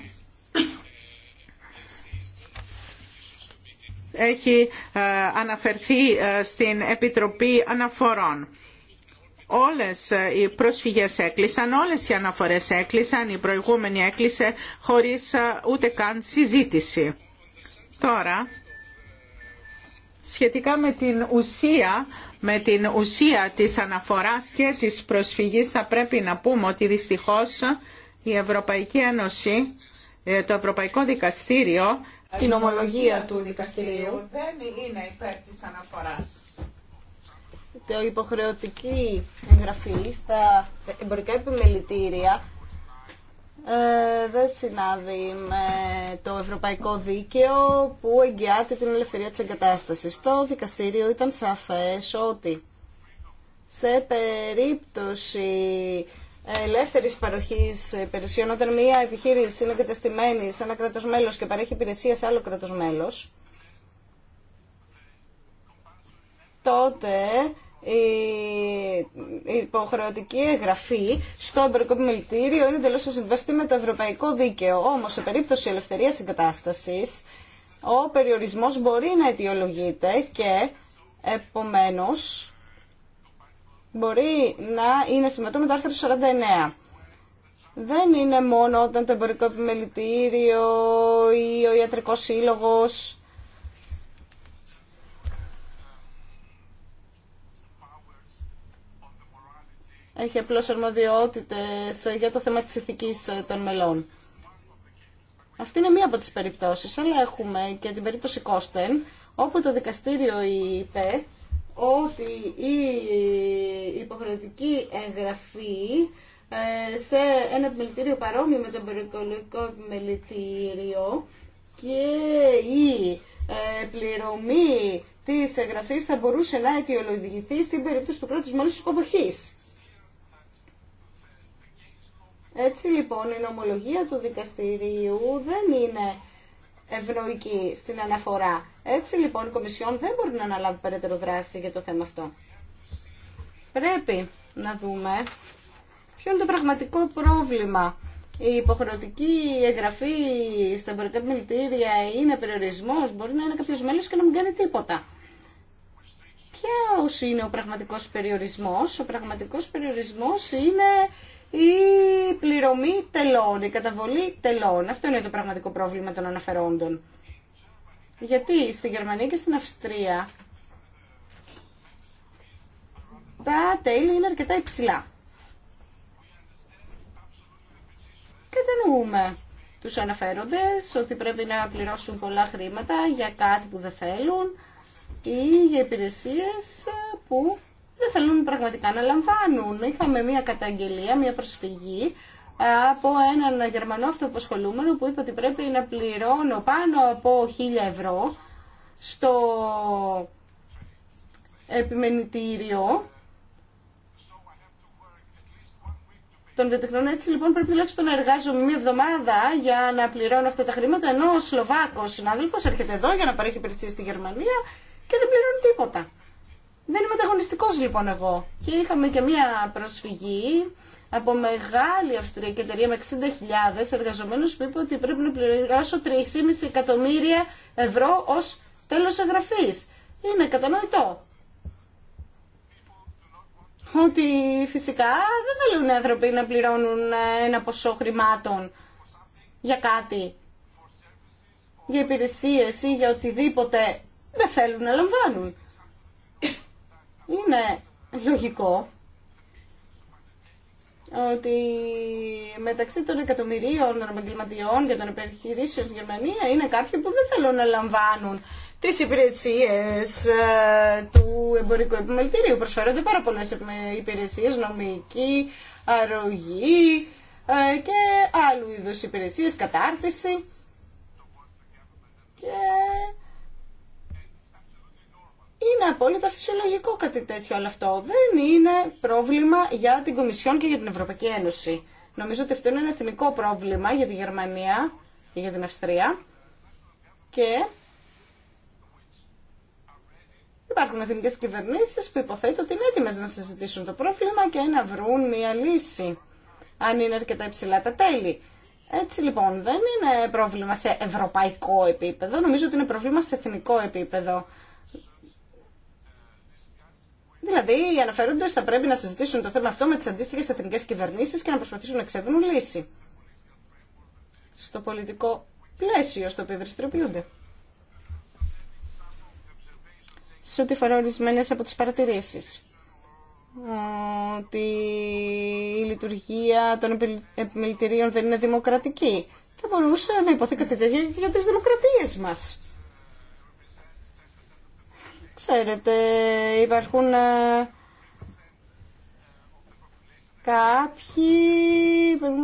έχει ε, αναφερθεί ε, στην Επιτροπή Αναφορών όλες οι προσφυγές έκλεισαν, όλες οι αναφορές έκλεισαν, η προηγούμενη έκλεισε χωρίς ούτε καν συζήτηση. Τώρα, σχετικά με την ουσία, με την ουσία της αναφοράς και της προσφυγής θα πρέπει να πούμε ότι δυστυχώς η Ευρωπαϊκή Ένωση, ε, το Ευρωπαϊκό Δικαστήριο, την ομολογία του δικαστηρίου δεν είναι υπέρ της αναφοράς. Η υποχρεωτική εγγραφή στα εμπορικά επιμελητήρια ε, δεν συνάδει με το ευρωπαϊκό δίκαιο που εγγυάται την ελευθερία της εγκατάστασης. Το δικαστήριο ήταν σαφές ότι σε περίπτωση ελεύθερης παροχής υπηρεσιών όταν μια επιχείρηση είναι κατεστημένη σε ένα κράτος μέλος και παρέχει υπηρεσία σε άλλο κράτος μέλος τότε η υποχρεωτική εγγραφή στο εμπορικό επιμελητήριο είναι τελείως ασυμβαστή με το ευρωπαϊκό δίκαιο. Όμως, σε περίπτωση ελευθερίας εγκατάστασης, ο περιορισμός μπορεί να αιτιολογείται και, επομένω μπορεί να είναι συμμετό με το άρθρο 49. Δεν είναι μόνο όταν το εμπορικό επιμελητήριο ή ο ιατρικός σύλλογος έχει απλώς αρμοδιότητες για το θέμα της ηθικής ε, των μελών. Αυτή είναι μία από τις περιπτώσεις, αλλά έχουμε και την περίπτωση Κώστεν, όπου το δικαστήριο είπε ότι η υποχρεωτική εγγραφή ε, σε ένα επιμελητήριο παρόμοιο με το περιοικολογικό επιμελητήριο και η ε, πληρωμή της εγγραφής θα μπορούσε να αιτιολογηθεί στην περίπτωση του κράτους μόνης υποδοχής. Έτσι λοιπόν η νομολογία του δικαστηρίου δεν είναι ευνοϊκή στην αναφορά. Έτσι λοιπόν η Κομισιόν δεν μπορεί να αναλάβει περαιτέρω δράση για το θέμα αυτό. Πρέπει να δούμε ποιο είναι το πραγματικό πρόβλημα. Η υποχρεωτική εγγραφή στα εμπορικά επιμελητήρια είναι περιορισμός, μπορεί να είναι κάποιο μέλο και να μην κάνει τίποτα. Ποιο είναι ο πραγματικό περιορισμός. Ο πραγματικό περιορισμός είναι η πληρωμή τελών, η καταβολή τελών. Αυτό είναι το πραγματικό πρόβλημα των αναφερόντων. Γιατί στη Γερμανία και στην Αυστρία τα τέλη είναι αρκετά υψηλά. Κατανοούμε τους αναφέροντες ότι πρέπει να πληρώσουν πολλά χρήματα για κάτι που δεν θέλουν ή για υπηρεσίες που δεν θέλουν πραγματικά να λαμβάνουν. Είχαμε μια καταγγελία, μια προσφυγή ε, από έναν Γερμανό αυτοαποσχολούμενο που είπε ότι πρέπει να πληρώνω πάνω από 1000 ευρώ στο επιμενητήριο Τον βιοτεχνών. Έτσι λοιπόν πρέπει τουλάχιστον να εργάζομαι μία εβδομάδα για να πληρώνω αυτά τα χρήματα, ενώ ο Σλοβάκο συνάδελφο έρχεται εδώ για να παρέχει υπηρεσία στη Γερμανία και δεν πληρώνει τίποτα. Δεν είμαι ανταγωνιστικό λοιπόν εγώ. Και είχαμε και μία προσφυγή από μεγάλη αυστριακή εταιρεία με 60.000 εργαζομένους που είπε ότι πρέπει να πληρώσω 3,5 εκατομμύρια ευρώ ως τέλος εγγραφή. Είναι κατανοητό. Ότι φυσικά δεν θέλουν οι άνθρωποι να πληρώνουν ένα ποσό χρημάτων για κάτι. Για υπηρεσίες ή για οτιδήποτε δεν θέλουν να λαμβάνουν. Είναι λογικό ότι μεταξύ των εκατομμυρίων των επαγγελματιών και των επιχειρήσεων στην Γερμανία είναι κάποιοι που δεν θέλουν να λαμβάνουν τις υπηρεσίες ε, του εμπορικού επιμελητηρίου. Προσφέρονται πάρα πολλές υπηρεσίες, νομική, αρρωγή ε, και άλλου είδους υπηρεσίες, κατάρτιση. Και είναι απόλυτα φυσιολογικό κάτι τέτοιο, αλλά αυτό δεν είναι πρόβλημα για την Κομισιόν και για την Ευρωπαϊκή Ένωση. Νομίζω ότι αυτό είναι ένα εθνικό πρόβλημα για τη Γερμανία και για την Αυστρία. Και υπάρχουν εθνικές κυβερνήσεις που υποθέτω ότι είναι έτοιμες να συζητήσουν το πρόβλημα και να βρουν μια λύση, αν είναι αρκετά υψηλά τα τέλη. Έτσι λοιπόν δεν είναι πρόβλημα σε ευρωπαϊκό επίπεδο, νομίζω ότι είναι πρόβλημα σε εθνικό επίπεδο. Δηλαδή, οι αναφέροντε θα πρέπει να συζητήσουν το θέμα αυτό με τι αντίστοιχε εθνικέ κυβερνήσει και να προσπαθήσουν να εξεύρουν λύση. Στο πολιτικό πλαίσιο στο οποίο δραστηριοποιούνται. Σε ό,τι αφορά ορισμένε από τι παρατηρήσει. Ότι η λειτουργία των επιμελητηρίων δεν είναι δημοκρατική. Θα μπορούσε να υποθεί κάτι τέτοιο για τι δημοκρατίε μα. Ξέρετε, υπάρχουν ε, κάποιοι,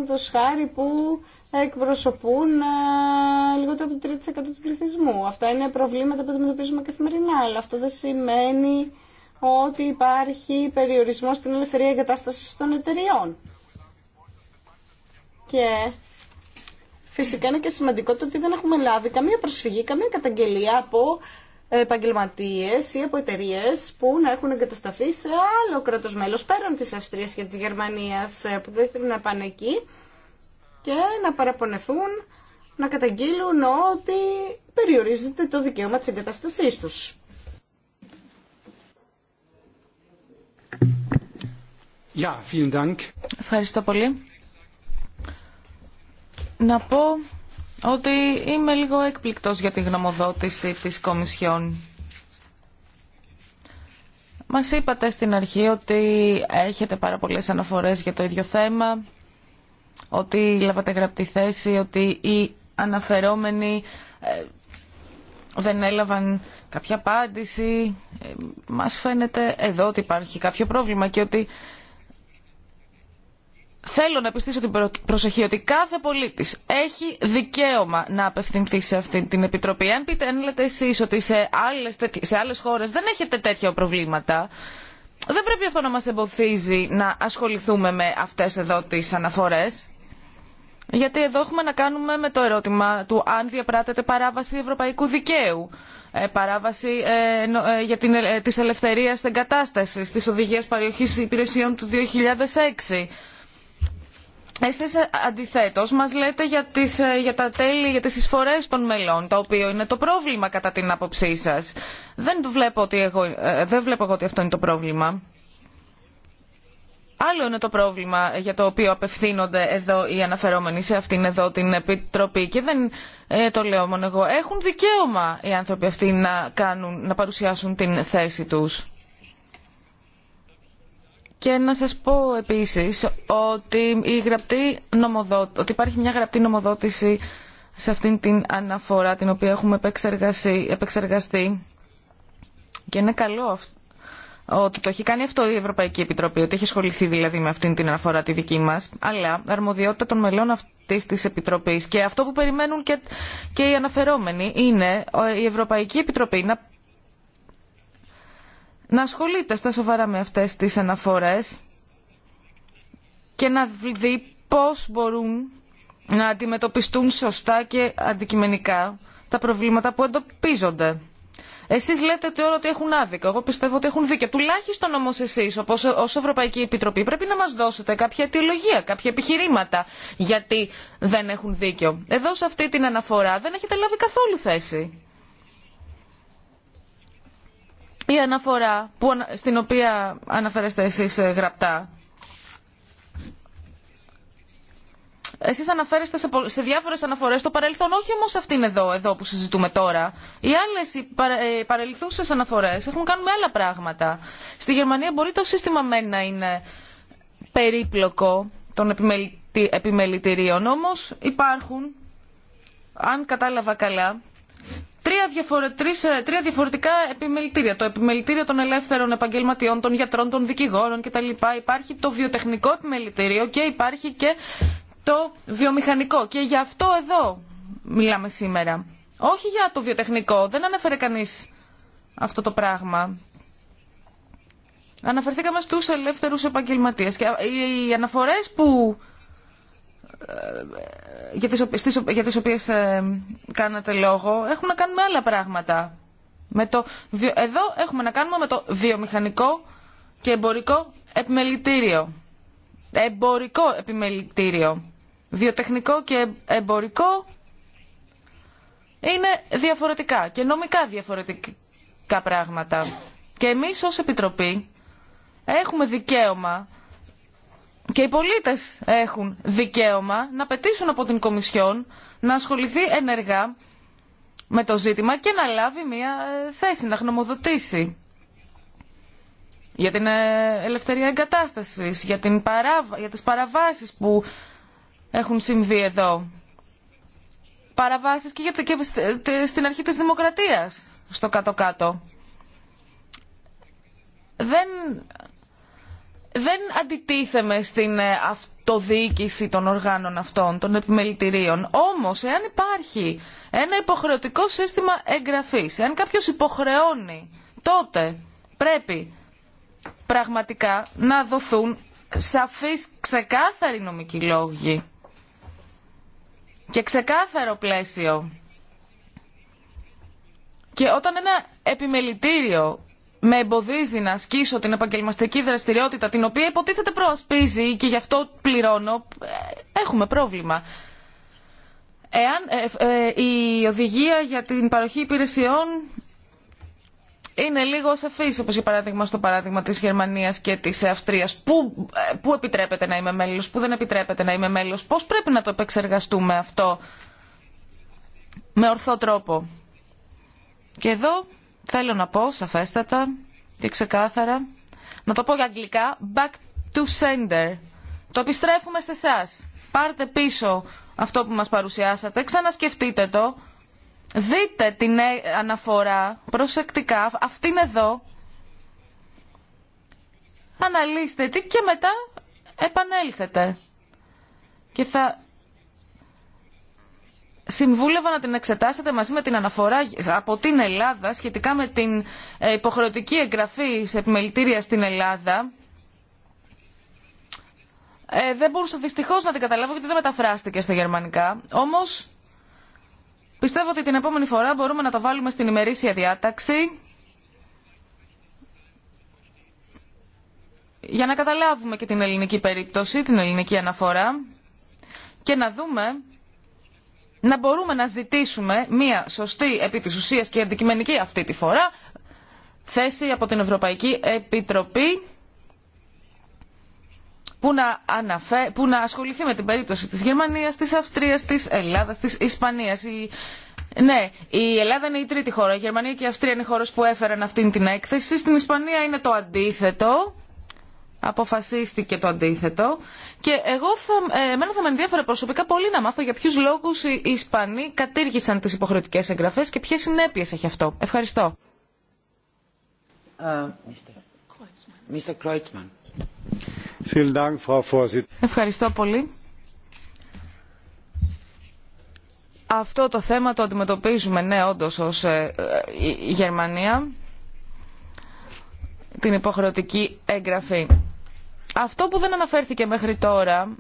το σχάρι, που εκπροσωπούν ε, λιγότερο από το 3% του πληθυσμού. Αυτά είναι προβλήματα που αντιμετωπίζουμε καθημερινά, αλλά αυτό δεν σημαίνει ότι υπάρχει περιορισμό στην ελευθερία εγκατάσταση των εταιριών. Και φυσικά είναι και σημαντικό το ότι δεν έχουμε λάβει καμία προσφυγή, καμία καταγγελία από επαγγελματίε ή από εταιρείε που να έχουν εγκατασταθεί σε άλλο κράτο μέλο πέραν τη Αυστρία και τη Γερμανία ε, που δεν θέλουν να πάνε εκεί και να παραπονεθούν, να καταγγείλουν ότι περιορίζεται το δικαίωμα της εγκαταστασής τους. vielen Dank. Ευχαριστώ πολύ. Να πω ότι είμαι λίγο έκπληκτος για τη γνωμοδότηση της Κομισιόν. Μας είπατε στην αρχή ότι έχετε πάρα πολλές αναφορές για το ίδιο θέμα, ότι λάβατε γραπτή θέση, ότι οι αναφερόμενοι ε, δεν έλαβαν κάποια απάντηση. Ε, μας φαίνεται εδώ ότι υπάρχει κάποιο πρόβλημα και ότι θέλω να πιστήσω την προσοχή ότι κάθε πολίτη έχει δικαίωμα να απευθυνθεί σε αυτή την επιτροπή. Αν πείτε, αν λέτε εσεί ότι σε άλλε σε χώρες δεν έχετε τέτοια προβλήματα, δεν πρέπει αυτό να μα εμποδίζει να ασχοληθούμε με αυτέ εδώ τι αναφορέ. Γιατί εδώ έχουμε να κάνουμε με το ερώτημα του αν διαπράτεται παράβαση ευρωπαϊκού δικαίου, ε, παράβαση ε, νο, ε, για την, ε, της ελευθερίας εγκατάστασης, της οδηγίας παροχής υπηρεσιών του 2006 εσείς αντιθέτως μας λέτε για, τις, ε, για τα τέλη, για τις εισφορές των μελών, το οποίο είναι το πρόβλημα κατά την άποψή σας. Δεν βλέπω, ότι εγώ, ε, δεν βλέπω εγώ ότι αυτό είναι το πρόβλημα. Άλλο είναι το πρόβλημα για το οποίο απευθύνονται εδώ οι αναφερόμενοι σε αυτήν εδώ την Επιτροπή και δεν ε, το λέω μόνο εγώ. Έχουν δικαίωμα οι άνθρωποι αυτοί να, κάνουν, να παρουσιάσουν την θέση τους. Και να σας πω επίσης ότι, η γραπτή ότι υπάρχει μια γραπτή νομοδότηση σε αυτήν την αναφορά την οποία έχουμε επεξεργαστεί και είναι καλό ότι το έχει κάνει αυτό η Ευρωπαϊκή Επιτροπή, ότι έχει ασχοληθεί δηλαδή με αυτήν την αναφορά τη δική μας, αλλά αρμοδιότητα των μελών αυτή τη Επιτροπής και αυτό που περιμένουν και, και οι αναφερόμενοι είναι η Ευρωπαϊκή Επιτροπή να να ασχολείται στα σοβαρά με αυτές τις αναφορές και να δει πώς μπορούν να αντιμετωπιστούν σωστά και αντικειμενικά τα προβλήματα που εντοπίζονται. Εσείς λέτε τώρα ότι έχουν άδικο. Εγώ πιστεύω ότι έχουν δίκιο. Τουλάχιστον όμως εσείς ως Ευρωπαϊκή Επιτροπή πρέπει να μας δώσετε κάποια αιτιολογία, κάποια επιχειρήματα γιατί δεν έχουν δίκιο. Εδώ σε αυτή την αναφορά δεν έχετε λάβει καθόλου θέση η αναφορά που, στην οποία αναφέρεστε εσείς ε, γραπτά. Εσείς αναφέρεστε σε, σε διάφορες αναφορές στο παρελθόν, όχι όμως αυτήν εδώ, εδώ που συζητούμε τώρα. Οι άλλες οι ε, παρελθούσες αναφορές έχουν κάνει με άλλα πράγματα. Στη Γερμανία μπορεί το σύστημα μένει να είναι περίπλοκο των επιμελητηρίων, όμως υπάρχουν, αν κατάλαβα καλά, ε, τρία, διαφορετικά επιμελητήρια. Το επιμελητήριο των ελεύθερων επαγγελματιών, των γιατρών, των δικηγόρων κτλ. Υπάρχει το βιοτεχνικό επιμελητήριο και υπάρχει και το βιομηχανικό. Και γι' αυτό εδώ μιλάμε σήμερα. Όχι για το βιοτεχνικό. Δεν ανέφερε κανείς αυτό το πράγμα. Αναφερθήκαμε στους ελεύθερους επαγγελματίες. Και οι αναφορές που ε, για τις, στις, για οποίες ε, κάνατε λόγο έχουν να κάνουν άλλα πράγματα. Με το, εδώ έχουμε να κάνουμε με το βιομηχανικό και εμπορικό επιμελητήριο. Εμπορικό επιμελητήριο. Βιοτεχνικό και εμπορικό είναι διαφορετικά και νομικά διαφορετικά πράγματα. Και εμείς ως Επιτροπή έχουμε δικαίωμα και οι πολίτες έχουν δικαίωμα να πετήσουν από την Κομισιόν να ασχοληθεί ενεργά με το ζήτημα και να λάβει μια ε, θέση, να γνωμοδοτήσει για την ε, ελευθερία εγκατάστασης, για, την για τις παραβάσεις που έχουν συμβεί εδώ. Παραβάσεις και, για, ε, στην αρχή της δημοκρατίας, στο κάτω-κάτω. Δεν δεν αντιτίθεμαι στην ε, αυτοδιοίκηση των οργάνων αυτών, των επιμελητηρίων. Όμως, εάν υπάρχει ένα υποχρεωτικό σύστημα εγγραφής, εάν κάποιος υποχρεώνει, τότε πρέπει πραγματικά να δοθούν σαφείς, ξεκάθαροι νομικοί λόγοι και ξεκάθαρο πλαίσιο. Και όταν ένα επιμελητήριο με εμποδίζει να ασκήσω την επαγγελματική δραστηριότητα την οποία υποτίθεται προασπίζει και γι' αυτό πληρώνω, ε, έχουμε πρόβλημα. Εάν ε, ε, η οδηγία για την παροχή υπηρεσιών είναι λίγο σαφής, όπως για παράδειγμα στο παράδειγμα της Γερμανίας και της Αυστρίας, που, που επιτρέπεται να είμαι μέλος, που δεν επιτρέπεται να είμαι μέλος, πώς πρέπει να το επεξεργαστούμε αυτό με ορθό τρόπο. Και εδώ θέλω να πω σαφέστατα και ξεκάθαρα, να το πω για αγγλικά, back to sender. Το επιστρέφουμε σε εσά. Πάρτε πίσω αυτό που μας παρουσιάσατε, ξανασκεφτείτε το, δείτε την ε, αναφορά προσεκτικά, αυτήν εδώ, αναλύστε τι και μετά επανέλθετε. Και θα συμβούλευα να την εξετάσετε μαζί με την αναφορά από την Ελλάδα σχετικά με την ε, υποχρεωτική εγγραφή σε επιμελητήρια στην Ελλάδα. Ε, δεν μπορούσα δυστυχώς να την καταλάβω γιατί δεν μεταφράστηκε στα γερμανικά. Όμως πιστεύω ότι την επόμενη φορά μπορούμε να το βάλουμε στην ημερήσια διάταξη για να καταλάβουμε και την ελληνική περίπτωση, την ελληνική αναφορά και να δούμε να μπορούμε να ζητήσουμε μια σωστή επί της ουσίας και αντικειμενική αυτή τη φορά θέση από την Ευρωπαϊκή Επιτροπή που να, ασχοληθεί με την περίπτωση της Γερμανίας, της Αυστρίας, της Ελλάδας, της Ισπανίας. Η... Ναι, η Ελλάδα είναι η τρίτη χώρα. Η Γερμανία και η Αυστρία είναι οι χώρες που έφεραν αυτήν την έκθεση. Στην Ισπανία είναι το αντίθετο αποφασίστηκε το αντίθετο και εγώ θα, ε, εμένα θα με ενδιαφέρε προσωπικά πολύ να μάθω για ποιου λόγους οι Ισπανοί κατήργησαν τις υποχρεωτικές εγγραφές και ποιε συνέπειε έχει αυτό. Ευχαριστώ. Ε, Ευχαριστώ πολύ. Αυτό το θέμα το αντιμετωπίζουμε, ναι, όντως, ως ε, η Γερμανία, την υποχρεωτική έγγραφη. Αυτό που δεν αναφέρθηκε μέχρι τώρα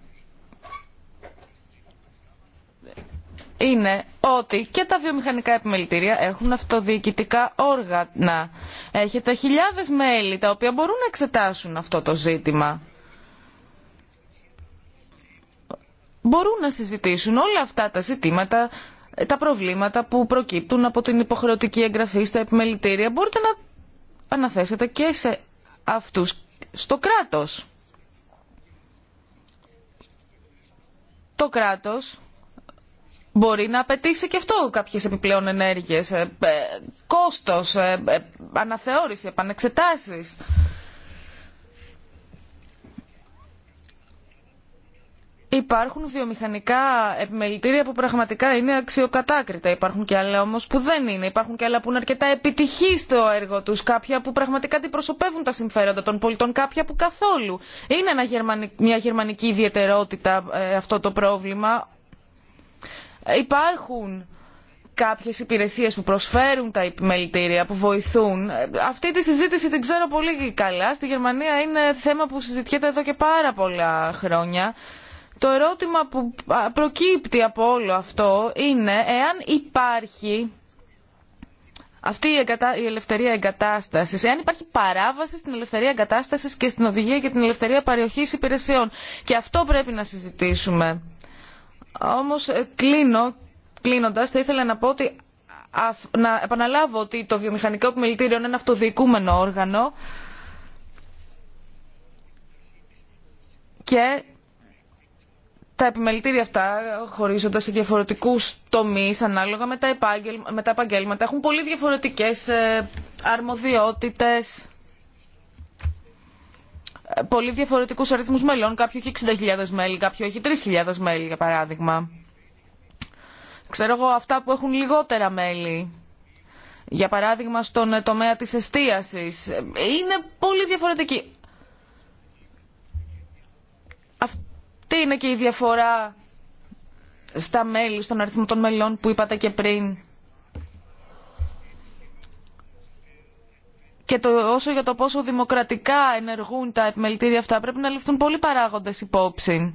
είναι ότι και τα βιομηχανικά επιμελητήρια έχουν αυτοδιοικητικά όργανα. Έχετε χιλιάδες μέλη τα οποία μπορούν να εξετάσουν αυτό το ζήτημα. Μπορούν να συζητήσουν όλα αυτά τα ζητήματα, τα προβλήματα που προκύπτουν από την υποχρεωτική εγγραφή στα επιμελητήρια. Μπορείτε να αναθέσετε και σε αυτούς στο κράτος. το κράτος μπορεί να απαιτήσει και αυτό κάποιες επιπλέον ενέργειες, ε, ε, κόστος, ε, αναθεώρηση, επανεξετάσεις. Υπάρχουν βιομηχανικά επιμελητήρια που πραγματικά είναι αξιοκατάκριτα. Υπάρχουν και άλλα όμω που δεν είναι. Υπάρχουν και άλλα που είναι αρκετά επιτυχή στο έργο του. Κάποια που πραγματικά αντιπροσωπεύουν τα συμφέροντα των πολιτών. Κάποια που καθόλου. Είναι μια γερμανική ιδιαιτερότητα ε, αυτό το πρόβλημα. Υπάρχουν κάποιες υπηρεσίες που προσφέρουν τα επιμελητήρια, που βοηθούν. Ε, αυτή τη συζήτηση την ξέρω πολύ καλά. Στη Γερμανία είναι θέμα που συζητιέται εδώ και πάρα πολλά χρόνια. Το ερώτημα που προκύπτει από όλο αυτό είναι εάν υπάρχει αυτή η ελευθερία εγκατάστασης, εάν υπάρχει παράβαση στην ελευθερία εγκατάστασης και στην οδηγία για την ελευθερία παροχής υπηρεσιών. Και αυτό πρέπει να συζητήσουμε. Όμως ε, κλείνω, κλείνοντας, θα ήθελα να πω ότι να επαναλάβω ότι το βιομηχανικό επιμελητήριο είναι ένα αυτοδιοικούμενο όργανο και τα επιμελητήρια αυτά χωρίζονται σε διαφορετικούς τομείς ανάλογα με τα, επαγγέλματα. Έχουν πολύ διαφορετικές ε, αρμοδιότητες, ε, πολύ διαφορετικούς αριθμού μελών. Κάποιο έχει 60.000 μέλη, κάποιο έχει 3.000 μέλη για παράδειγμα. Ξέρω εγώ αυτά που έχουν λιγότερα μέλη. Για παράδειγμα στον ε, τομέα της εστίασης. Είναι πολύ διαφορετική. Τι είναι και η διαφορά στα μέλη, στον αριθμό των μελών που είπατε και πριν. Και το, όσο για το πόσο δημοκρατικά ενεργούν τα επιμελητήρια αυτά, πρέπει να ληφθούν πολλοί παράγοντες υπόψη.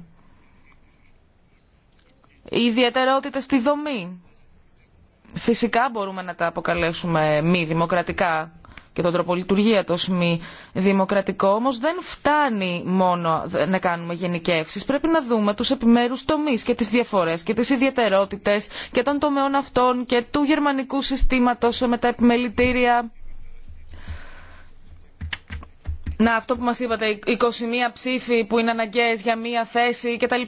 Οι ιδιαιτερότητες στη δομή. Φυσικά μπορούμε να τα αποκαλέσουμε μη δημοκρατικά και τον τρόπο λειτουργία το ΣΜΗ δημοκρατικό, όμω δεν φτάνει μόνο να κάνουμε γενικεύσεις. Πρέπει να δούμε τους επιμέρους τομεί και τις διαφορές και τις ιδιαίτερότητε και των τομέων αυτών και του γερμανικού συστήματο με τα επιμελητήρια. Να, αυτό που μας είπατε, 21 ψήφοι που είναι αναγκαίες για μία θέση κτλ.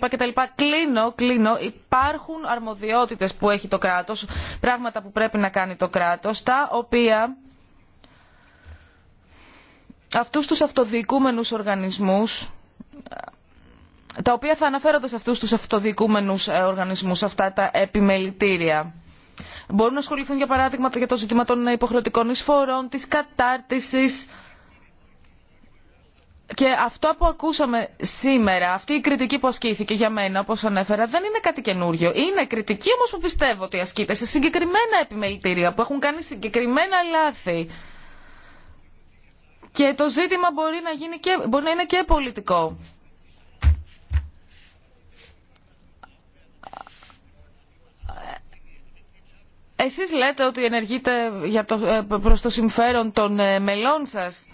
Κλείνω, κλείνω. Υπάρχουν αρμοδιότητες που έχει το κράτος, πράγματα που πρέπει να κάνει το κράτος, τα οποία αυτούς τους αυτοδιοικούμενους οργανισμούς, τα οποία θα αναφέρονται σε αυτούς τους αυτοδιοικούμενους ε, οργανισμούς, αυτά τα επιμελητήρια. Μπορούν να ασχοληθούν για παράδειγμα για το ζήτημα των υποχρεωτικών εισφορών, της κατάρτισης. Και αυτό που ακούσαμε σήμερα, αυτή η κριτική που ασκήθηκε για μένα, όπως ανέφερα, δεν είναι κάτι καινούριο. Είναι κριτική όμως που πιστεύω ότι ασκείται σε συγκεκριμένα επιμελητήρια που έχουν κάνει συγκεκριμένα λάθη. Και το ζήτημα μπορεί να, γίνει και, μπορεί να είναι και πολιτικό. Εσείς λέτε ότι ενεργείτε για το, ε, προς το συμφέρον των ε, μελών σας.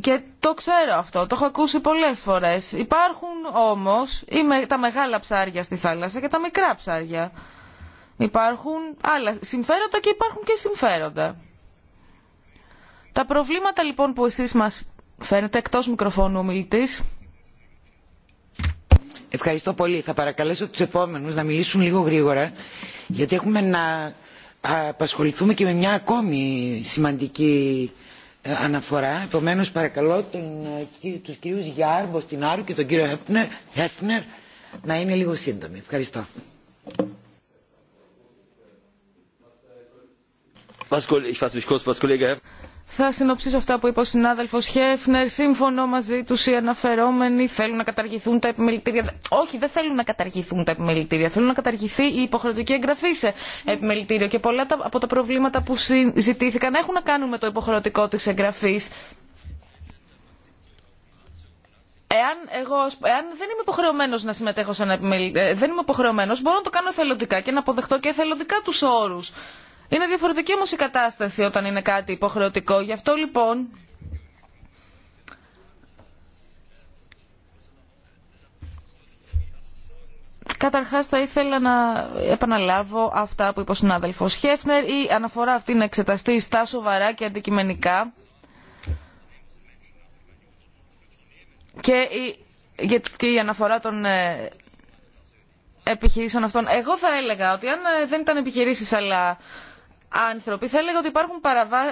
Και το ξέρω αυτό, το έχω ακούσει πολλές φορές. Υπάρχουν όμως τα μεγάλα ψάρια στη θάλασσα και τα μικρά ψάρια. Υπάρχουν άλλα συμφέροντα και υπάρχουν και συμφέροντα. Τα προβλήματα λοιπόν που εσείς μας φαίνεται εκτός μικροφώνου ομιλητής. Ευχαριστώ πολύ. Θα παρακαλέσω τους επόμενους να μιλήσουν λίγο γρήγορα γιατί έχουμε να απασχοληθούμε και με μια ακόμη σημαντική ε, αναφορά. Επομένως παρακαλώ τον, ε, τους κυρίους στην Άρου και τον κύριο Χέφνερ να είναι λίγο σύντομοι. Ευχαριστώ. Θα συνοψίσω αυτά που είπε ο συνάδελφο Χέφνερ. Σύμφωνο μαζί του οι αναφερόμενοι θέλουν να καταργηθούν τα επιμελητήρια. Όχι, δεν θέλουν να καταργηθούν τα επιμελητήρια. Θέλουν να καταργηθεί η υποχρεωτική εγγραφή σε επιμελητήριο. Και πολλά από τα προβλήματα που συζητήθηκαν έχουν να κάνουν με το υποχρεωτικό τη εγγραφή. Εάν, εγώ, δεν είμαι υποχρεωμένο να συμμετέχω σε ένα επιμελητήριο, ε, δεν είμαι υποχρεωμένο, μπορώ να το κάνω εθελοντικά και να αποδεχτώ και εθελοντικά του όρου είναι διαφορετική όμως η κατάσταση όταν είναι κάτι υποχρεωτικό. Γι' αυτό λοιπόν Καταρχά θα ήθελα να επαναλάβω αυτά που είπε ο συνάδελφος Χέφνερ. Η αναφορά αυτή να εξεταστεί στα σοβαρά και αντικειμενικά. Και η, και η αναφορά των ε, επιχειρήσεων αυτών. Εγώ θα έλεγα ότι αν ε, δεν ήταν επιχειρήσεις αλλά άνθρωποι θα έλεγα ότι υπάρχουν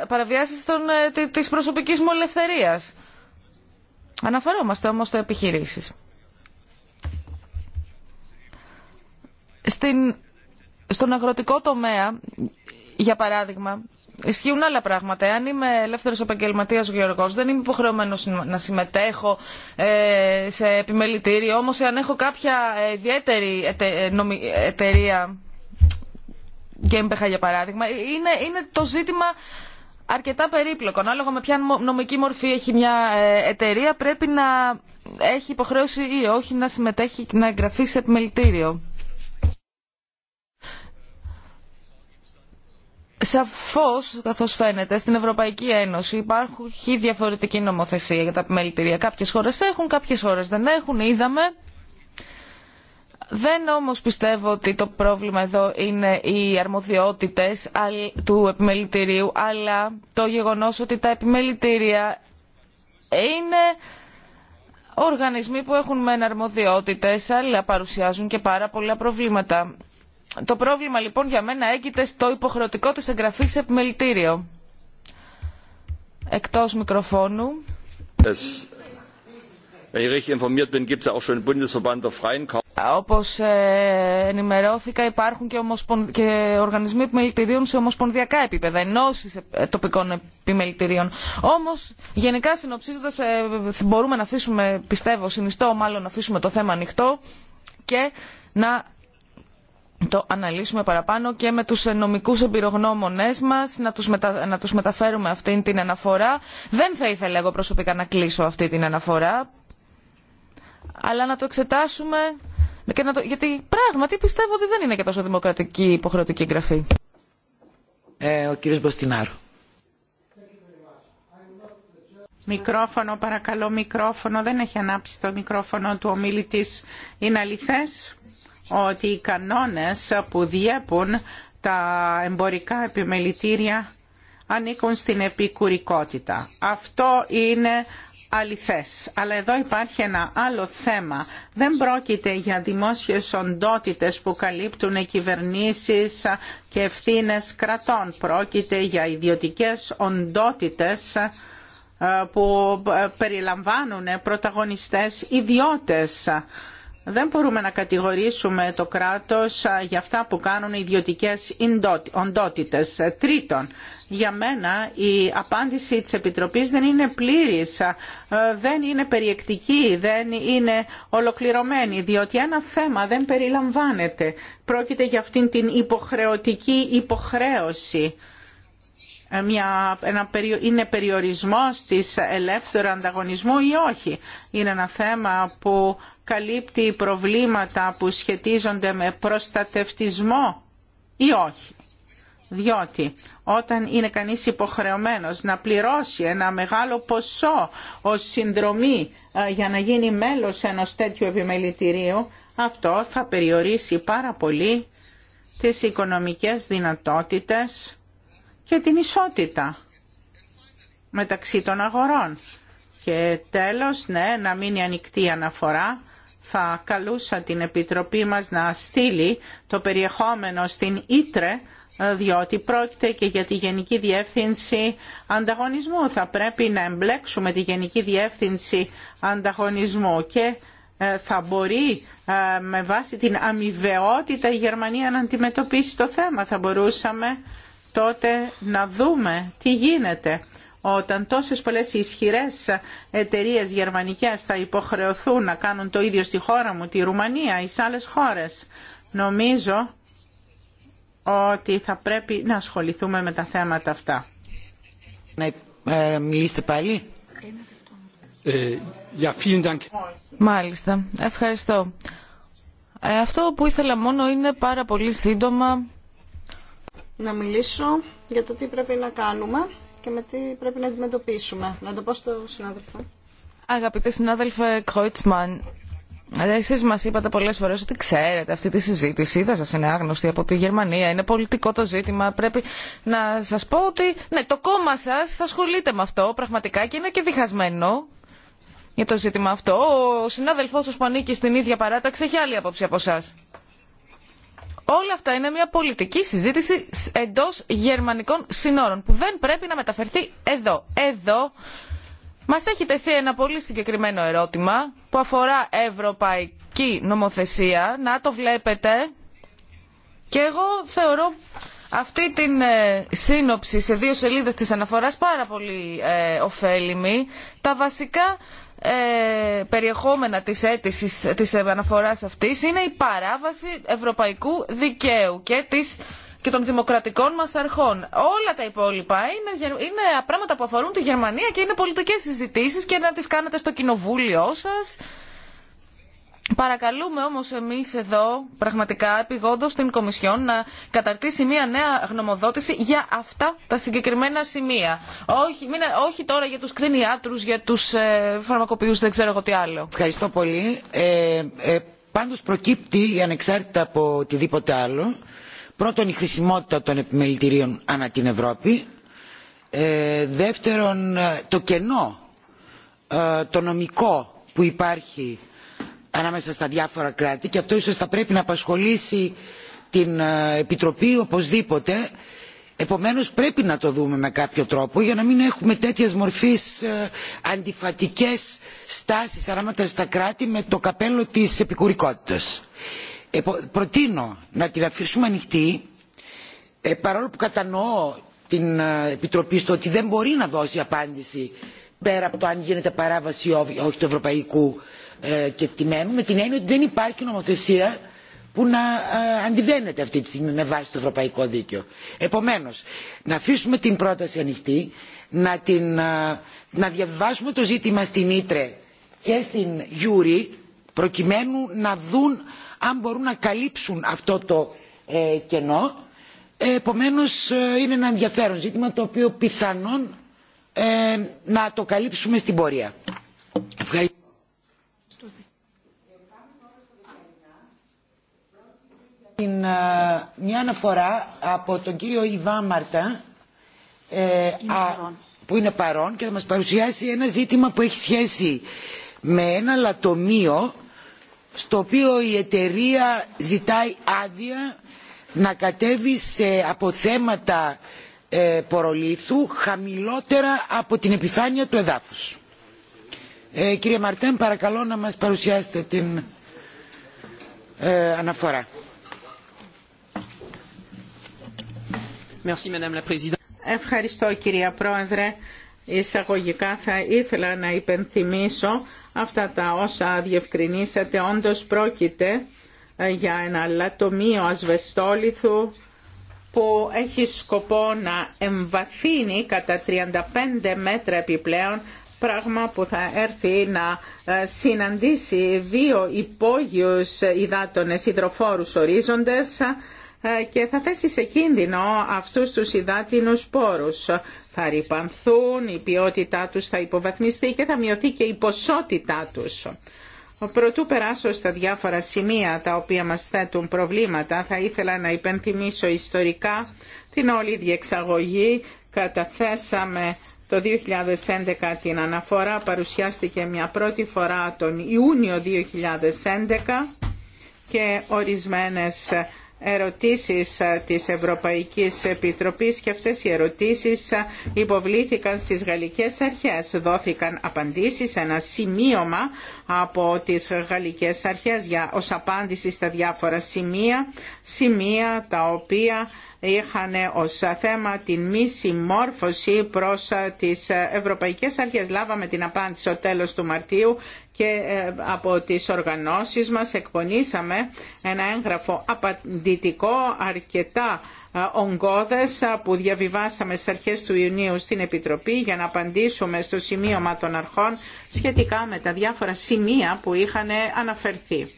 παραβιάσεις των, ε, της προσωπικής μου ελευθερίας. Αναφερόμαστε όμως τα επιχειρήσει. Στην, στον αγροτικό τομέα, για παράδειγμα, ισχύουν άλλα πράγματα. Αν είμαι ελεύθερος επαγγελματίας γεωργός, δεν είμαι υποχρεωμένος να συμμετέχω ε, σε επιμελητήριο, όμως αν έχω κάποια ε, ιδιαίτερη εταιρεία Γκέμπεχα για παράδειγμα, είναι, είναι το ζήτημα αρκετά περίπλοκο. Ανάλογα με ποια νομική μορφή έχει μια ε, εταιρεία πρέπει να έχει υποχρέωση ή όχι να συμμετέχει να εγγραφεί σε επιμελητήριο. Σαφώ, καθώ φαίνεται, στην Ευρωπαϊκή Ένωση υπάρχει διαφορετική νομοθεσία για τα επιμελητήρια. Κάποιε χώρε έχουν, κάποιε χώρε δεν έχουν, είδαμε. Δεν όμως πιστεύω ότι το πρόβλημα εδώ είναι οι αρμοδιότητες του επιμελητηρίου, αλλά το γεγονός ότι τα επιμελητήρια είναι οργανισμοί που έχουν μεν αρμοδιότητες, αλλά παρουσιάζουν και πάρα πολλά προβλήματα. Το πρόβλημα λοιπόν για μένα έγκυται στο υποχρεωτικό της εγγραφής σε επιμελητήριο. Εκτός μικροφώνου. Wenn Όπως ενημερώθηκα υπάρχουν και, οργανισμοί επιμελητηρίων σε ομοσπονδιακά επίπεδα, ενώσει ε, τοπικών επιμελητηρίων. Όμως γενικά συνοψίζοντας ε, μπορούμε να αφήσουμε, πιστεύω, συνιστώ μάλλον να αφήσουμε το θέμα ανοιχτό και να το αναλύσουμε παραπάνω και με τους νομικούς εμπειρογνώμονές μας να τους, να τους μεταφέρουμε αυτή την αναφορά. Δεν θα ήθελα εγώ προσωπικά να κλείσω αυτή την αναφορά αλλά να το εξετάσουμε και να το... γιατί πράγματι πιστεύω ότι δεν είναι και τόσο δημοκρατική η υποχρεωτική εγγραφή. Ε, ο κύριος Μποστινάρου. Μικρόφωνο, παρακαλώ, μικρόφωνο. Δεν έχει ανάψει το μικρόφωνο του ομιλητής. Είναι αληθές ότι οι κανόνες που διέπουν τα εμπορικά επιμελητήρια ανήκουν στην επικουρικότητα. Αυτό είναι αληθές. Αλλά εδώ υπάρχει ένα άλλο θέμα. Δεν πρόκειται για δημόσιες οντότητες που καλύπτουν κυβερνήσεις και ευθύνες κρατών. Πρόκειται για ιδιωτικές οντότητες ε, που ε, περιλαμβάνουν πρωταγωνιστές ιδιώτες δεν μπορούμε να κατηγορήσουμε το κράτος για αυτά που κάνουν οι ιδιωτικές οντότητες. Ε, τρίτον, για μένα η απάντηση της Επιτροπής δεν είναι πλήρης, ε, δεν είναι περιεκτική, δεν είναι ολοκληρωμένη, διότι ένα θέμα δεν περιλαμβάνεται. Πρόκειται για αυτήν την υποχρεωτική υποχρέωση. Ε, μια, είναι περιορισμός της ελεύθερου ανταγωνισμού ή όχι. Είναι ένα θέμα που καλύπτει προβλήματα που σχετίζονται με προστατευτισμό ή όχι. Διότι όταν είναι κανείς υποχρεωμένος να πληρώσει ένα μεγάλο ποσό ως συνδρομή ε, για να γίνει μέλος ενός τέτοιου επιμελητηρίου, αυτό θα περιορίσει πάρα πολύ τις οικονομικές δυνατότητες και την ισότητα μεταξύ των αγορών. Και τέλος, ναι, να μείνει ανοιχτή η αναφορά θα καλούσα την Επιτροπή μας να στείλει το περιεχόμενο στην Ήτρε ε, διότι πρόκειται και για τη Γενική Διεύθυνση Ανταγωνισμού. Θα πρέπει να εμπλέξουμε τη Γενική Διεύθυνση Ανταγωνισμού και ε, θα μπορεί ε, με βάση την αμοιβαιότητα η Γερμανία να αντιμετωπίσει το θέμα. Θα μπορούσαμε τότε να δούμε τι γίνεται όταν τόσες πολλές ισχυρές εταιρείες γερμανικές θα υποχρεωθούν να κάνουν το ίδιο στη χώρα μου, τη Ρουμανία ή σε άλλες χώρες. Νομίζω ότι θα πρέπει να ασχοληθούμε με τα θέματα αυτά. Να ε, ε, μιλήσετε πάλι. Ε, Μάλιστα. Ευχαριστώ. Ε, αυτό που ήθελα μόνο είναι πάρα πολύ σύντομα να μιλήσω για το τι πρέπει να κάνουμε και με τι πρέπει να αντιμετωπίσουμε. Να το πω στο συνάδελφο. Αγαπητέ συνάδελφε Κοίτσμαν, Εσεί μα είπατε πολλέ φορέ ότι ξέρετε αυτή τη συζήτηση, Είδα σα είναι άγνωστη από τη Γερμανία, είναι πολιτικό το ζήτημα. Πρέπει να σα πω ότι ναι, το κόμμα σα ασχολείται με αυτό πραγματικά και είναι και διχασμένο για το ζήτημα αυτό. Ο συνάδελφό σα που ανήκει στην ίδια παράταξη έχει άλλη άποψη από εσά. Όλα αυτά είναι μια πολιτική συζήτηση εντό γερμανικών συνόρων που δεν πρέπει να μεταφερθεί εδώ. Εδώ μας έχει τεθεί ένα πολύ συγκεκριμένο ερώτημα που αφορά ευρωπαϊκή νομοθεσία. Να το βλέπετε. Και εγώ θεωρώ αυτή την ε, σύνοψη σε δύο σελίδες της αναφοράς πάρα πολύ ε, ωφέλιμη. Τα βασικά ε, περιεχόμενα της αίτησης της αναφοράς αυτής είναι η παράβαση ευρωπαϊκού δικαίου και, της, και των δημοκρατικών μας αρχών. Όλα τα υπόλοιπα είναι, είναι πράγματα που αφορούν τη Γερμανία και είναι πολιτικές συζητήσεις και να τις κάνετε στο κοινοβούλιο σας Παρακαλούμε όμως εμεί εδώ πραγματικά επιγόντω την Κομισιόν να καταρτήσει μια νέα γνωμοδότηση για αυτά τα συγκεκριμένα σημεία. Όχι, μην, όχι τώρα για τους κτηνιάτρους, για τους ε, φαρμακοποιούς, δεν ξέρω εγώ τι άλλο. Ευχαριστώ πολύ. Ε, ε πάντως προκύπτει, ανεξάρτητα από οτιδήποτε άλλο, πρώτον η χρησιμότητα των επιμελητηρίων ανά την Ευρώπη, ε, δεύτερον ε, το κενό, ε, το νομικό που υπάρχει ανάμεσα στα διάφορα κράτη και αυτό ίσως θα πρέπει να απασχολήσει την ε, Επιτροπή οπωσδήποτε. Επομένως πρέπει να το δούμε με κάποιο τρόπο για να μην έχουμε τέτοιες μορφής ε, αντιφατικές στάσεις ανάμεσα στα κράτη με το καπέλο της επικουρικότητας. Προτείνω να την αφήσουμε ανοιχτή ε, παρόλο που κατανοώ την Επιτροπή στο ότι δεν μπορεί να δώσει απάντηση πέρα από το αν γίνεται παράβαση ή όχι του ευρωπαϊκού ε, τιμένου με την έννοια ότι δεν υπάρχει νομοθεσία που να ε, αντιβαίνεται αυτή τη στιγμή με βάση το ευρωπαϊκό δίκαιο. Επομένως, να αφήσουμε την πρόταση ανοιχτή, να, την, ε, να διαβιβάσουμε το ζήτημα στην Ήτρε και στην Γιούρη, προκειμένου να δουν αν μπορούν να καλύψουν αυτό το κενό. Επομένως, είναι ένα ενδιαφέρον ζήτημα το οποίο πιθανόν να το καλύψουμε στην πορεία. Ευχαριστώ. Ε, μια αναφορά από τον κύριο Ιβά Μαρτά ε, που είναι παρόν και θα μας παρουσιάσει ένα ζήτημα που έχει σχέση με ένα λατομείο στο οποίο η εταιρεία ζητάει άδεια να κατέβει σε αποθέματα ε, πορολίθου χαμηλότερα από την επιφάνεια του εδάφους. κύριε Μαρτέν, παρακαλώ να μας παρουσιάσετε την αναφορά. Ευχαριστώ κυρία Πρόεδρε. Εισαγωγικά θα ήθελα να υπενθυμίσω αυτά τα όσα διευκρινίσατε. Όντως πρόκειται ε, για ένα λατομείο ασβεστόλιθου που έχει σκοπό να εμβαθύνει κατά 35 μέτρα επιπλέον πράγμα που θα έρθει να ε, συναντήσει δύο υπόγειους υδάτονες υδροφόρους ορίζοντες ε, και θα θέσει σε κίνδυνο αυτούς τους υδάτινους πόρους. Θα ρηπανθούν, η ποιότητά τους θα υποβαθμιστεί και θα μειωθεί και η ποσότητά τους. Προτού περάσω στα διάφορα σημεία τα οποία μας θέτουν προβλήματα, θα ήθελα να υπενθυμίσω ιστορικά την όλη διεξαγωγή. Καταθέσαμε το 2011 την αναφορά, παρουσιάστηκε μια πρώτη φορά τον Ιούνιο 2011 και ορισμένες ερωτήσεις ε, της Ευρωπαϊκής Επιτροπής και αυτές οι ερωτήσεις ε, υποβλήθηκαν στις γαλλικές αρχές. Δόθηκαν απαντήσεις, ένα σημείωμα από τις γαλλικές αρχές για, ως απάντηση στα διάφορα σημεία, σημεία τα οποία είχαν ως θέμα την μη συμμόρφωση προς τις ευρωπαϊκές αρχές. Λάβαμε την απάντηση στο τέλος του Μαρτίου και ε, από τις οργανώσεις μας εκπονήσαμε ένα έγγραφο απαντητικό αρκετά ε, ογκώδες ε, που διαβιβάσαμε στις αρχές του Ιουνίου στην Επιτροπή για να απαντήσουμε στο σημείωμα των αρχών σχετικά με τα διάφορα σημεία που είχαν αναφερθεί.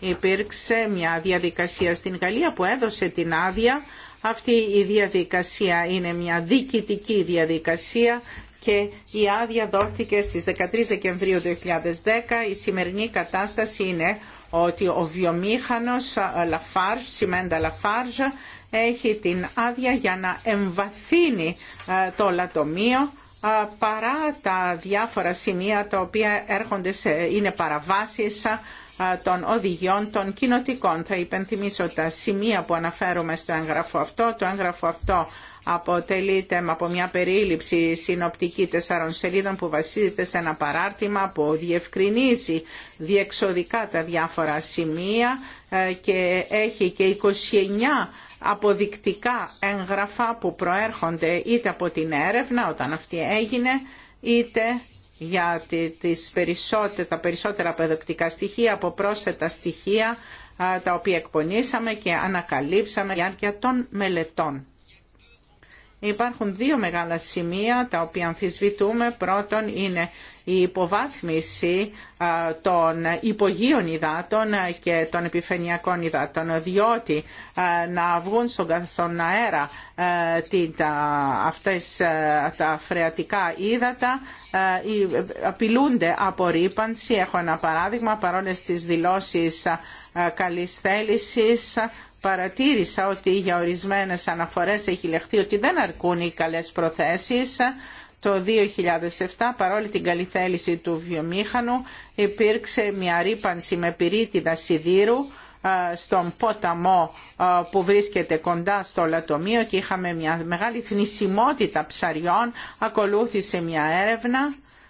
Υπήρξε μια διαδικασία στην Γαλλία που έδωσε την άδεια αυτή η διαδικασία είναι μια διοικητική διαδικασία και η άδεια δόθηκε στις 13 Δεκεμβρίου 2010. Η σημερινή κατάσταση είναι ότι ο βιομήχανος Λαφάρ, Σιμέντα Λαφάρζ έχει την άδεια για να εμβαθύνει ε, το λατομείο ε, παρά τα διάφορα σημεία τα οποία έρχονται είναι παραβάσεις ε, των οδηγιών των κοινοτικών. Θα υπενθυμίσω τα σημεία που αναφέρομαι στο έγγραφο αυτό. Το έγγραφο αυτό αποτελείται από μια περίληψη συνοπτική τεσσάρων σελίδων που βασίζεται σε ένα παράρτημα που διευκρινίζει διεξοδικά τα διάφορα σημεία ε, και έχει και 29 αποδεικτικά έγγραφα που προέρχονται είτε από την έρευνα όταν αυτή έγινε είτε για τις περισσότερα, τα περισσότερα παιδοκτικά στοιχεία από πρόσθετα στοιχεία τα οποία εκπονήσαμε και ανακαλύψαμε διάρκεια των μελετών. Υπάρχουν δύο μεγάλα σημεία τα οποία αμφισβητούμε. Πρώτον είναι η υποβάθμιση των υπογείων υδάτων και των επιφανειακών υδάτων, διότι να βγουν στον αέρα αυτές τα φρεατικά ύδατα απειλούνται από ρήπανση. Έχω ένα παράδειγμα, παρόλες τις δηλώσεις καλής θέλησης, παρατήρησα ότι για ορισμένες αναφορές έχει λεχθεί ότι δεν αρκούν οι καλές προθέσεις. Το 2007, παρόλη την καλή θέληση του βιομήχανου, υπήρξε μια ρήπανση με πυρίτιδα σιδήρου στον ποταμό που βρίσκεται κοντά στο λατομείο και είχαμε μια μεγάλη θνησιμότητα ψαριών. Ακολούθησε μια έρευνα.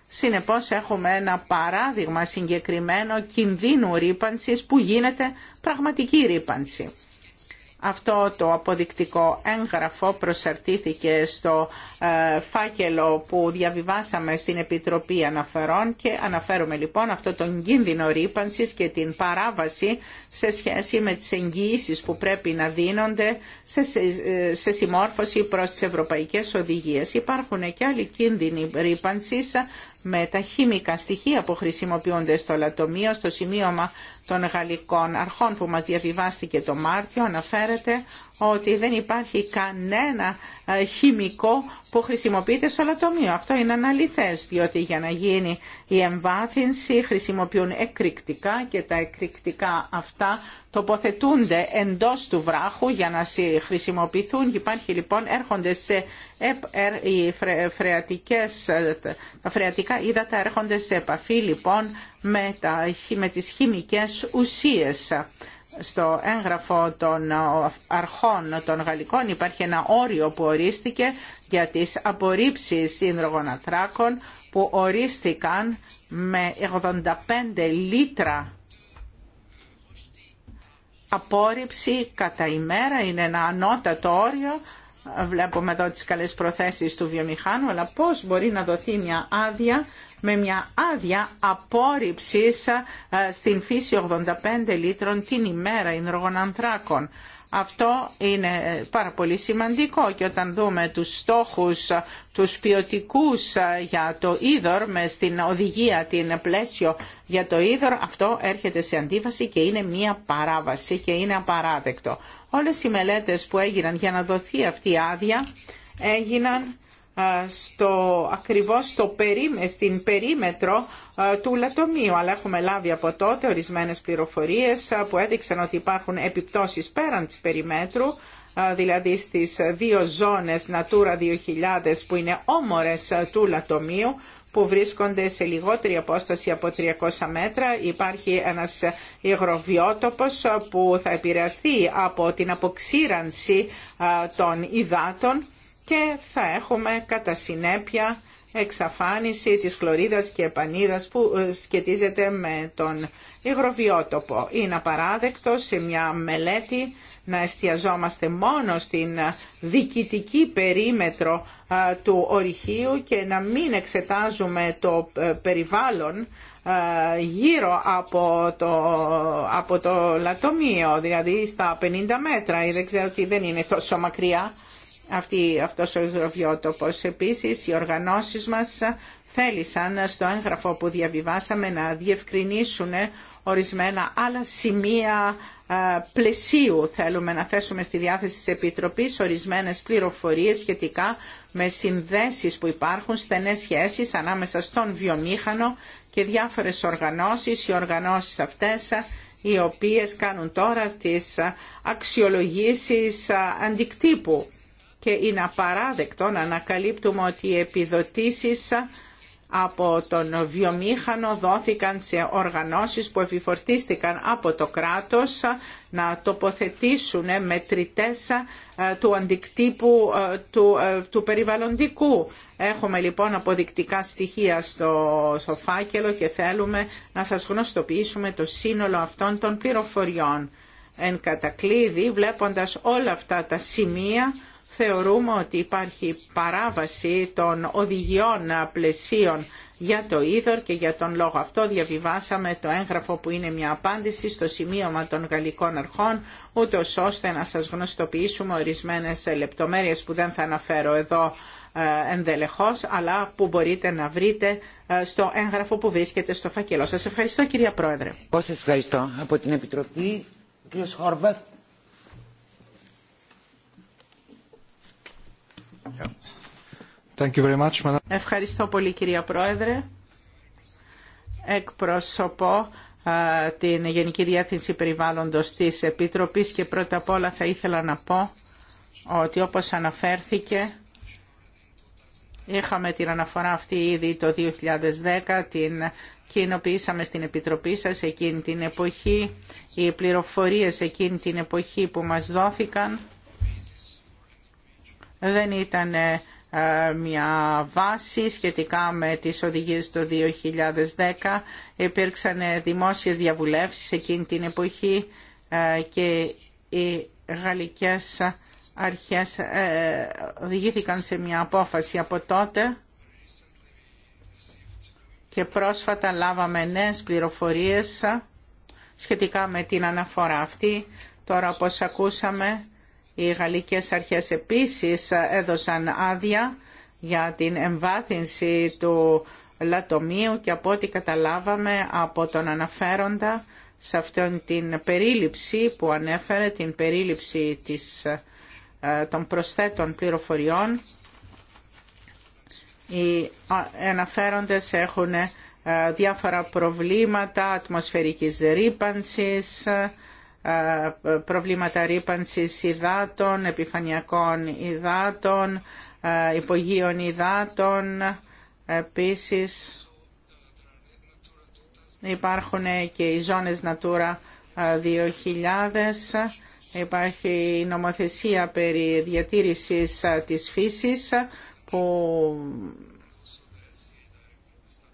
Συνεπώς έχουμε ένα παράδειγμα συγκεκριμένο κινδύνου ρήπανσης που γίνεται πραγματική ρήπανση. Αυτό το αποδεικτικό έγγραφο προσαρτήθηκε στο ε, φάκελο που διαβιβάσαμε στην Επιτροπή Αναφερών και αναφέρουμε λοιπόν αυτό τον κίνδυνο ρήπανση και την παράβαση σε σχέση με τις εγγυήσεις που πρέπει να δίνονται σε συμμόρφωση προς τις ευρωπαϊκές οδηγίες. Υπάρχουν και άλλοι κίνδυνοι ρήπανση με τα χημικά στοιχεία που χρησιμοποιούνται στο λατομείο, στο σημείωμα των γαλλικών αρχών που μας διαβιβάστηκε το Μάρτιο, αναφέρεται ότι δεν υπάρχει κανένα ε, χημικό που χρησιμοποιείται στο λατομείο. Αυτό είναι αναλυθές, διότι για να γίνει η εμβάθυνση χρησιμοποιούν εκρηκτικά και τα εκρηκτικά αυτά τοποθετούνται εντός του βράχου για να χρησιμοποιηθούν. Υπάρχει λοιπόν, έρχονται σε ε, οι φρεατικές, ε, τα φρεατικά ύδατα έρχονται σε επαφή λοιπόν με, τα, με τις χημικές ουσίες στο έγγραφο των αρχών των γαλλικών υπάρχει ένα όριο που ορίστηκε για τις απορρίψεις ατράκων που ορίστηκαν με 85 λίτρα απόρριψη κατά ημέρα, είναι ένα ανώτατο όριο βλέπουμε εδώ τις καλές προθέσεις του βιομηχάνου, αλλά πώς μπορεί να δοθεί μια άδεια με μια άδεια απόρριψης ε, στην φύση 85 λίτρων την ημέρα υδρογονανθράκων. Αυτό είναι ε, πάρα πολύ σημαντικό και όταν δούμε τους στόχους, ε, τους ποιοτικού ε, για το είδωρ με στην οδηγία, την πλαίσιο για το είδωρ, αυτό έρχεται σε αντίφαση και είναι μία παράβαση και είναι απαράδεκτο. Όλες οι μελέτες που έγιναν για να δοθεί αυτή η άδεια έγιναν στο, ακριβώς στο στην περίμετρο του λατομείου. Αλλά έχουμε λάβει από τότε ορισμένες πληροφορίες που έδειξαν ότι υπάρχουν επιπτώσεις πέραν της περιμέτρου, δηλαδή στις δύο ζώνες Natura 2000 που είναι όμορες του λατομείου, που βρίσκονται σε λιγότερη απόσταση από 300 μέτρα. Υπάρχει ένας υγροβιότοπος που θα επηρεαστεί από την αποξήρανση των υδάτων και θα έχουμε κατά συνέπεια εξαφάνιση της χλωρίδας και επανίδας που ε, σχετίζεται με τον υγροβιότοπο. Είναι απαράδεκτο σε μια μελέτη να εστιαζόμαστε μόνο στην δικητική περίμετρο του ορυχείου και να μην εξετάζουμε το ε, περιβάλλον γύρω από το, από το λατομείο, δηλαδή στα 50 μέτρα. Δεν ξέρω ότι δεν είναι τόσο μακριά αυτή, αυτός ο υδροβιότοπος. Επίσης, οι οργανώσεις μας θέλησαν στο έγγραφο που διαβιβάσαμε να διευκρινίσουν ορισμένα άλλα σημεία πλαισίου. Θέλουμε να θέσουμε στη διάθεση της Επιτροπής ορισμένες πληροφορίες σχετικά με συνδέσεις που υπάρχουν, στενές σχέσεις ανάμεσα στον βιομήχανο και διάφορες οργανώσεις. Οι οργανώσεις αυτές οι οποίες κάνουν τώρα τις αξιολογήσεις αντικτύπου και είναι απαράδεκτο να ανακαλύπτουμε ότι οι επιδοτήσεις από τον βιομήχανο δόθηκαν σε οργανώσεις που επιφορτίστηκαν από το κράτος να τοποθετήσουν μετρητές ε, του αντικτύπου ε, ε, του, περιβαλλοντικού. Έχουμε λοιπόν αποδεικτικά στοιχεία στο, στο φάκελο και θέλουμε να σας γνωστοποιήσουμε το σύνολο αυτών των πληροφοριών. Εν κατακλείδη, βλέποντας όλα αυτά τα σημεία, θεωρούμε ότι υπάρχει παράβαση των οδηγιών πλαισίων για το είδωρ και για τον λόγο αυτό διαβιβάσαμε το έγγραφο που είναι μια απάντηση στο σημείωμα των γαλλικών αρχών ούτω ώστε να σας γνωστοποιήσουμε ορισμένες λεπτομέρειες που δεν θα αναφέρω εδώ ε, ενδελεχώς αλλά που μπορείτε να βρείτε ε, στο έγγραφο που βρίσκεται στο φακελό. Σας ευχαριστώ κυρία Πρόεδρε. σας ευχαριστώ από την Επιτροπή. Ευχαριστώ πολύ κυρία Πρόεδρε. Εκπροσωπώ την Γενική Διεύθυνση Περιβάλλοντος της Επιτροπής και πρώτα απ' όλα θα ήθελα να πω ότι όπως αναφέρθηκε είχαμε την αναφορά αυτή ήδη το 2010, την κοινοποιήσαμε στην Επιτροπή σας εκείνη την εποχή, οι πληροφορίες εκείνη την εποχή που μας δόθηκαν δεν ήταν ε, ε, μια βάση σχετικά με τις οδηγίες το 2010. Υπήρξαν δημόσιες διαβουλεύσεις εκείνη την εποχή ε, και οι γαλλικές αρχές ε, οδηγήθηκαν σε μια απόφαση από τότε και πρόσφατα λάβαμε νέες πληροφορίες σχετικά με την αναφορά αυτή. Τώρα, όπως ακούσαμε, οι γαλλικές αρχές επίσης έδωσαν άδεια για την εμβάθυνση του λατομείου και από ό,τι καταλάβαμε από τον αναφέροντα σε αυτήν την περίληψη που ανέφερε, την περίληψη της, ε, των προσθέτων πληροφοριών, οι αναφέροντες έχουν ε, διάφορα προβλήματα ατμοσφαιρικής ρήπανσης, ε, προβλήματα ρήπανσης υδάτων, επιφανειακών υδάτων, ε, υπογείων υδάτων. Επίσης υπάρχουν και οι ζώνες Natura 2000. Ε, Υπάρχει η νομοθεσία περί διατήρησης της φύσης που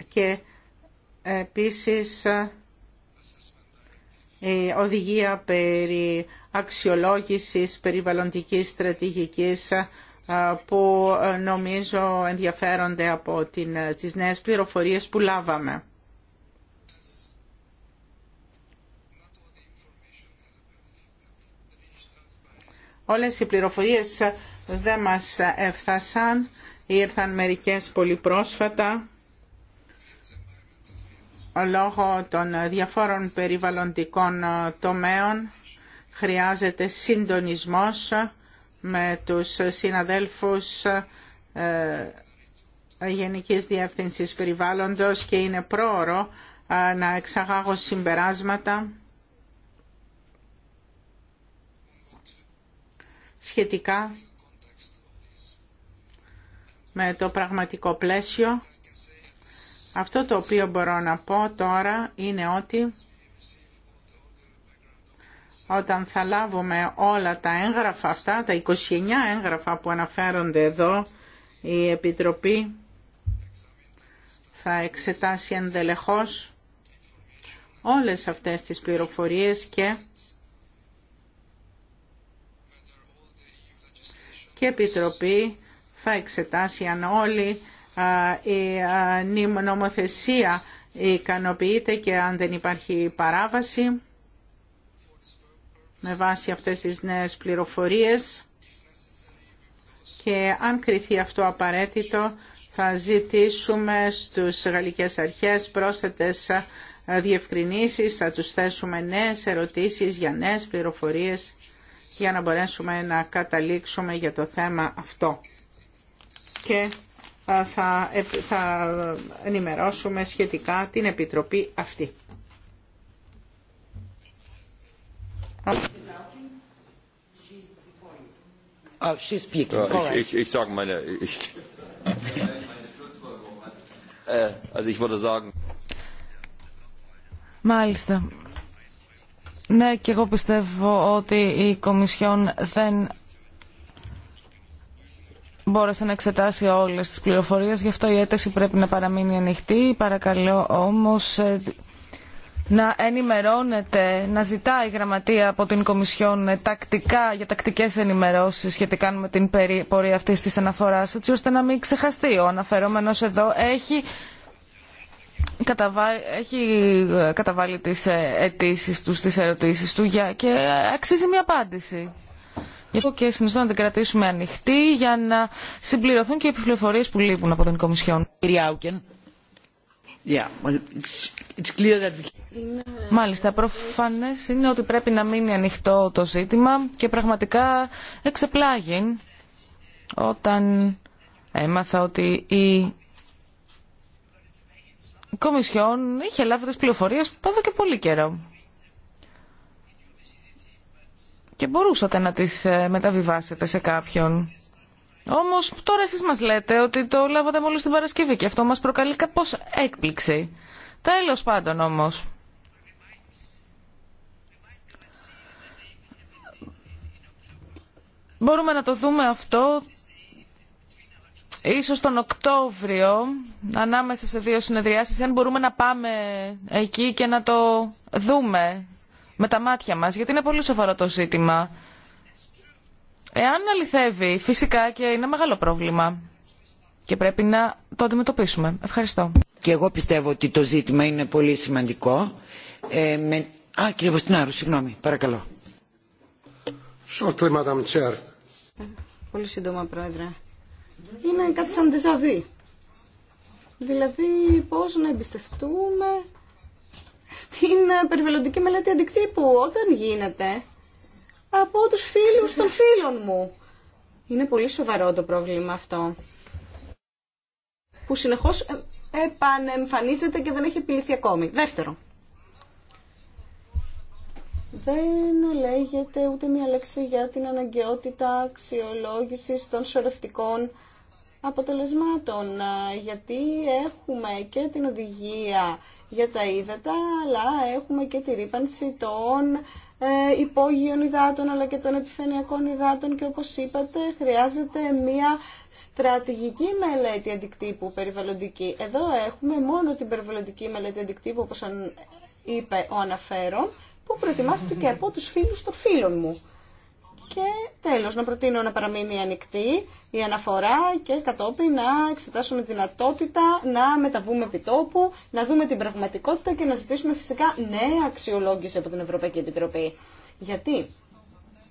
και επίσης ε, οδηγία περί αξιολόγησης περιβαλλοντικής στρατηγικής ε, που ε, νομίζω ενδιαφέρονται από την, τις νέες πληροφορίες που λάβαμε. Όλες οι πληροφορίες δεν μας έφτασαν, ήρθαν μερικές πολύ πρόσφατα λόγω των διαφόρων περιβαλλοντικών ε, τομέων χρειάζεται συντονισμός ε, με τους συναδέλφους ε, Γενικής Διεύθυνσης Περιβάλλοντος και είναι πρόωρο να εξαγάγω συμπεράσματα σχετικά με το πραγματικό πλαίσιο αυτό το οποίο μπορώ να πω τώρα είναι ότι όταν θα λάβουμε όλα τα έγγραφα αυτά, τα 29 έγγραφα που αναφέρονται εδώ, η Επιτροπή θα εξετάσει εντελεχώς όλες αυτές τις πληροφορίες και και η Επιτροπή θα εξετάσει αν όλοι η νομοθεσία ικανοποιείται και αν δεν υπάρχει παράβαση με βάση αυτές τις νέες πληροφορίες και αν κριθεί αυτό απαραίτητο θα ζητήσουμε στους γαλλικές αρχές πρόσθετες διευκρινήσεις, θα τους θέσουμε νέες ερωτήσεις για νέες πληροφορίες για να μπορέσουμε να καταλήξουμε για το θέμα αυτό. Και θα, θα ενημερώσουμε σχετικά την Επιτροπή αυτή. she's speaking. ich, sage meine, ich, äh, also ich sagen. Μάλιστα. Ναι, και εγώ πιστεύω ότι η Κομισιόν δεν μπόρεσε να εξετάσει όλες τις πληροφορίες, γι' αυτό η αίτηση πρέπει να παραμείνει ανοιχτή. Παρακαλώ όμως ε, να ενημερώνεται, να ζητάει η Γραμματεία από την Κομισιόν ε, τακτικά για τακτικές ενημερώσεις σχετικά με την πορεία αυτής της αναφοράς, έτσι ώστε να μην ξεχαστεί. Ο αναφερόμενος εδώ έχει έχει ε, καταβάλει τις αιτήσει του, τις ερωτήσεις του για... και αξίζει μια απάντηση. Γι' αυτό και συνιστώ να την κρατήσουμε ανοιχτή για να συμπληρωθούν και οι πληροφορίε που λείπουν από την Κομισιόν. Μάλιστα, προφανέ είναι ότι πρέπει να μείνει ανοιχτό το ζήτημα και πραγματικά εξεπλάγει όταν έμαθα ότι η Κομισιόν είχε λάβει τις πληροφορίες εδώ και πολύ καιρό. και μπορούσατε να τις ε, μεταβιβάσετε σε κάποιον. Όμως τώρα εσείς μας λέτε ότι το λάβατε μόλις την Παρασκευή και αυτό μας προκαλεί κάπως έκπληξη. Τέλος πάντων όμως. Μπορούμε να το δούμε αυτό ίσως τον Οκτώβριο ανάμεσα σε δύο συνεδριάσεις αν μπορούμε να πάμε εκεί και να το δούμε με τα μάτια μας, γιατί είναι πολύ σοβαρό το ζήτημα. Εάν αληθεύει, φυσικά και είναι μεγάλο πρόβλημα και πρέπει να το αντιμετωπίσουμε. Ευχαριστώ. Και εγώ πιστεύω ότι το ζήτημα είναι πολύ σημαντικό. Ε, Α, κύριε Βοστινάρου, συγγνώμη, παρακαλώ. Πολύ σύντομα, Πρόεδρε. Είναι κάτι σαν τεζαβή. Δηλαδή, πώς να εμπιστευτούμε στην ε, περιβαλλοντική μελέτη αντικτύπου όταν γίνεται από τους φίλους των φίλων μου. Είναι πολύ σοβαρό το πρόβλημα αυτό που συνεχώς ε, επανεμφανίζεται και δεν έχει επιληθεί ακόμη. Δεύτερο. Δεν λέγεται ούτε μία λέξη για την αναγκαιότητα αξιολόγησης των σωρευτικών αποτελεσμάτων, ε, γιατί έχουμε και την οδηγία για τα ύδατα, αλλά έχουμε και τη ρήπανση των ε, υπόγειων υδάτων αλλά και των επιφανειακών υδάτων και όπως είπατε χρειάζεται μια στρατηγική μελέτη αντικτύπου περιβαλλοντική. Εδώ έχουμε μόνο την περιβαλλοντική μελέτη αντικτύπου όπως είπε ο αναφέρον που προετοιμάστηκε από τους φίλους των φίλων μου. Και τέλος, να προτείνω να παραμείνει ανοιχτή η αναφορά και κατόπιν να εξετάσουμε τη δυνατότητα να μεταβούμε επιτόπου, να δούμε την πραγματικότητα και να ζητήσουμε φυσικά νέα αξιολόγηση από την Ευρωπαϊκή Επιτροπή. Γιατί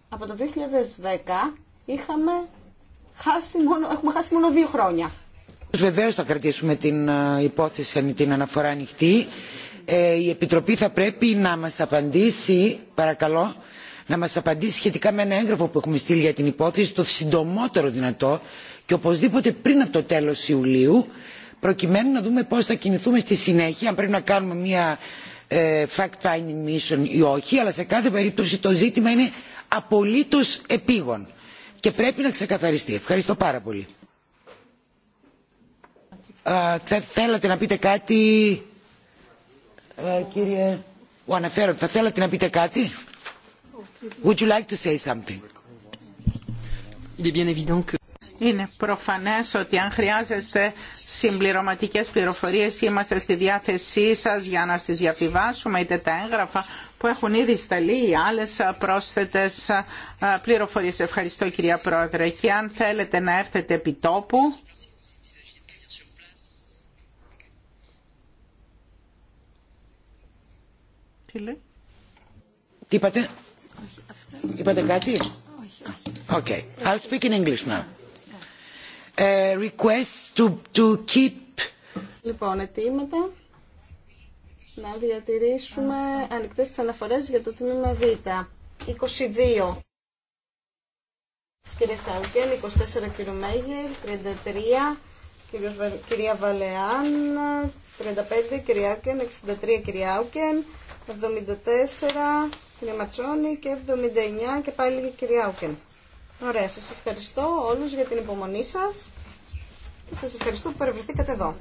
από το 2010 είχαμε χάσει μόνο, έχουμε χάσει μόνο δύο χρόνια. Βεβαίω θα κρατήσουμε την ε, υπόθεση, την αναφορά ανοιχτή. Ε, η Επιτροπή θα πρέπει να μας απαντήσει, παρακαλώ, να μας απαντήσει σχετικά με ένα έγγραφο που έχουμε στείλει για την υπόθεση το συντομότερο δυνατό και οπωσδήποτε πριν από το τέλος Ιουλίου προκειμένου να δούμε πώς θα κινηθούμε στη συνέχεια αν πρέπει να κάνουμε μια ε, fact finding mission ή όχι αλλά σε κάθε περίπτωση το ζήτημα είναι απολύτως επίγον και πρέπει να ξεκαθαριστεί. Ευχαριστώ πάρα πολύ. Ε, θα θέλατε να πείτε κάτι, κύριε, ο θα θέλατε να πείτε κάτι. Είναι προφανέ ότι αν χρειάζεστε συμπληρωματικέ πληροφορίε, είμαστε στη διάθεσή σα για να τι διαβιβάσουμε είτε τα έγγραφα που έχουν ήδη σταλεί ή άλλε πρόσθετε πληροφορίε. Ευχαριστώ κυρία Πρόεδρε. Και αν θέλετε να έρθετε επί τόπου... Τι Είπατε κάτι? Okay. I'll speak English now. Uh, to, to keep... Λοιπόν, αιτήματα να διατηρήσουμε ανοιχτές τις αναφορές για το τμήμα Β. 22 της κυρίας 24 κύριο 33 κυρία Βαλεάν, 35 κυρία Άουκεν, 63 κυρία Άουκεν, 74 κυρία Ματσόνη και 79 και πάλι η κυρία Άουκεν. Ωραία, σας ευχαριστώ όλους για την υπομονή σας και σας ευχαριστώ που παρευρεθήκατε εδώ.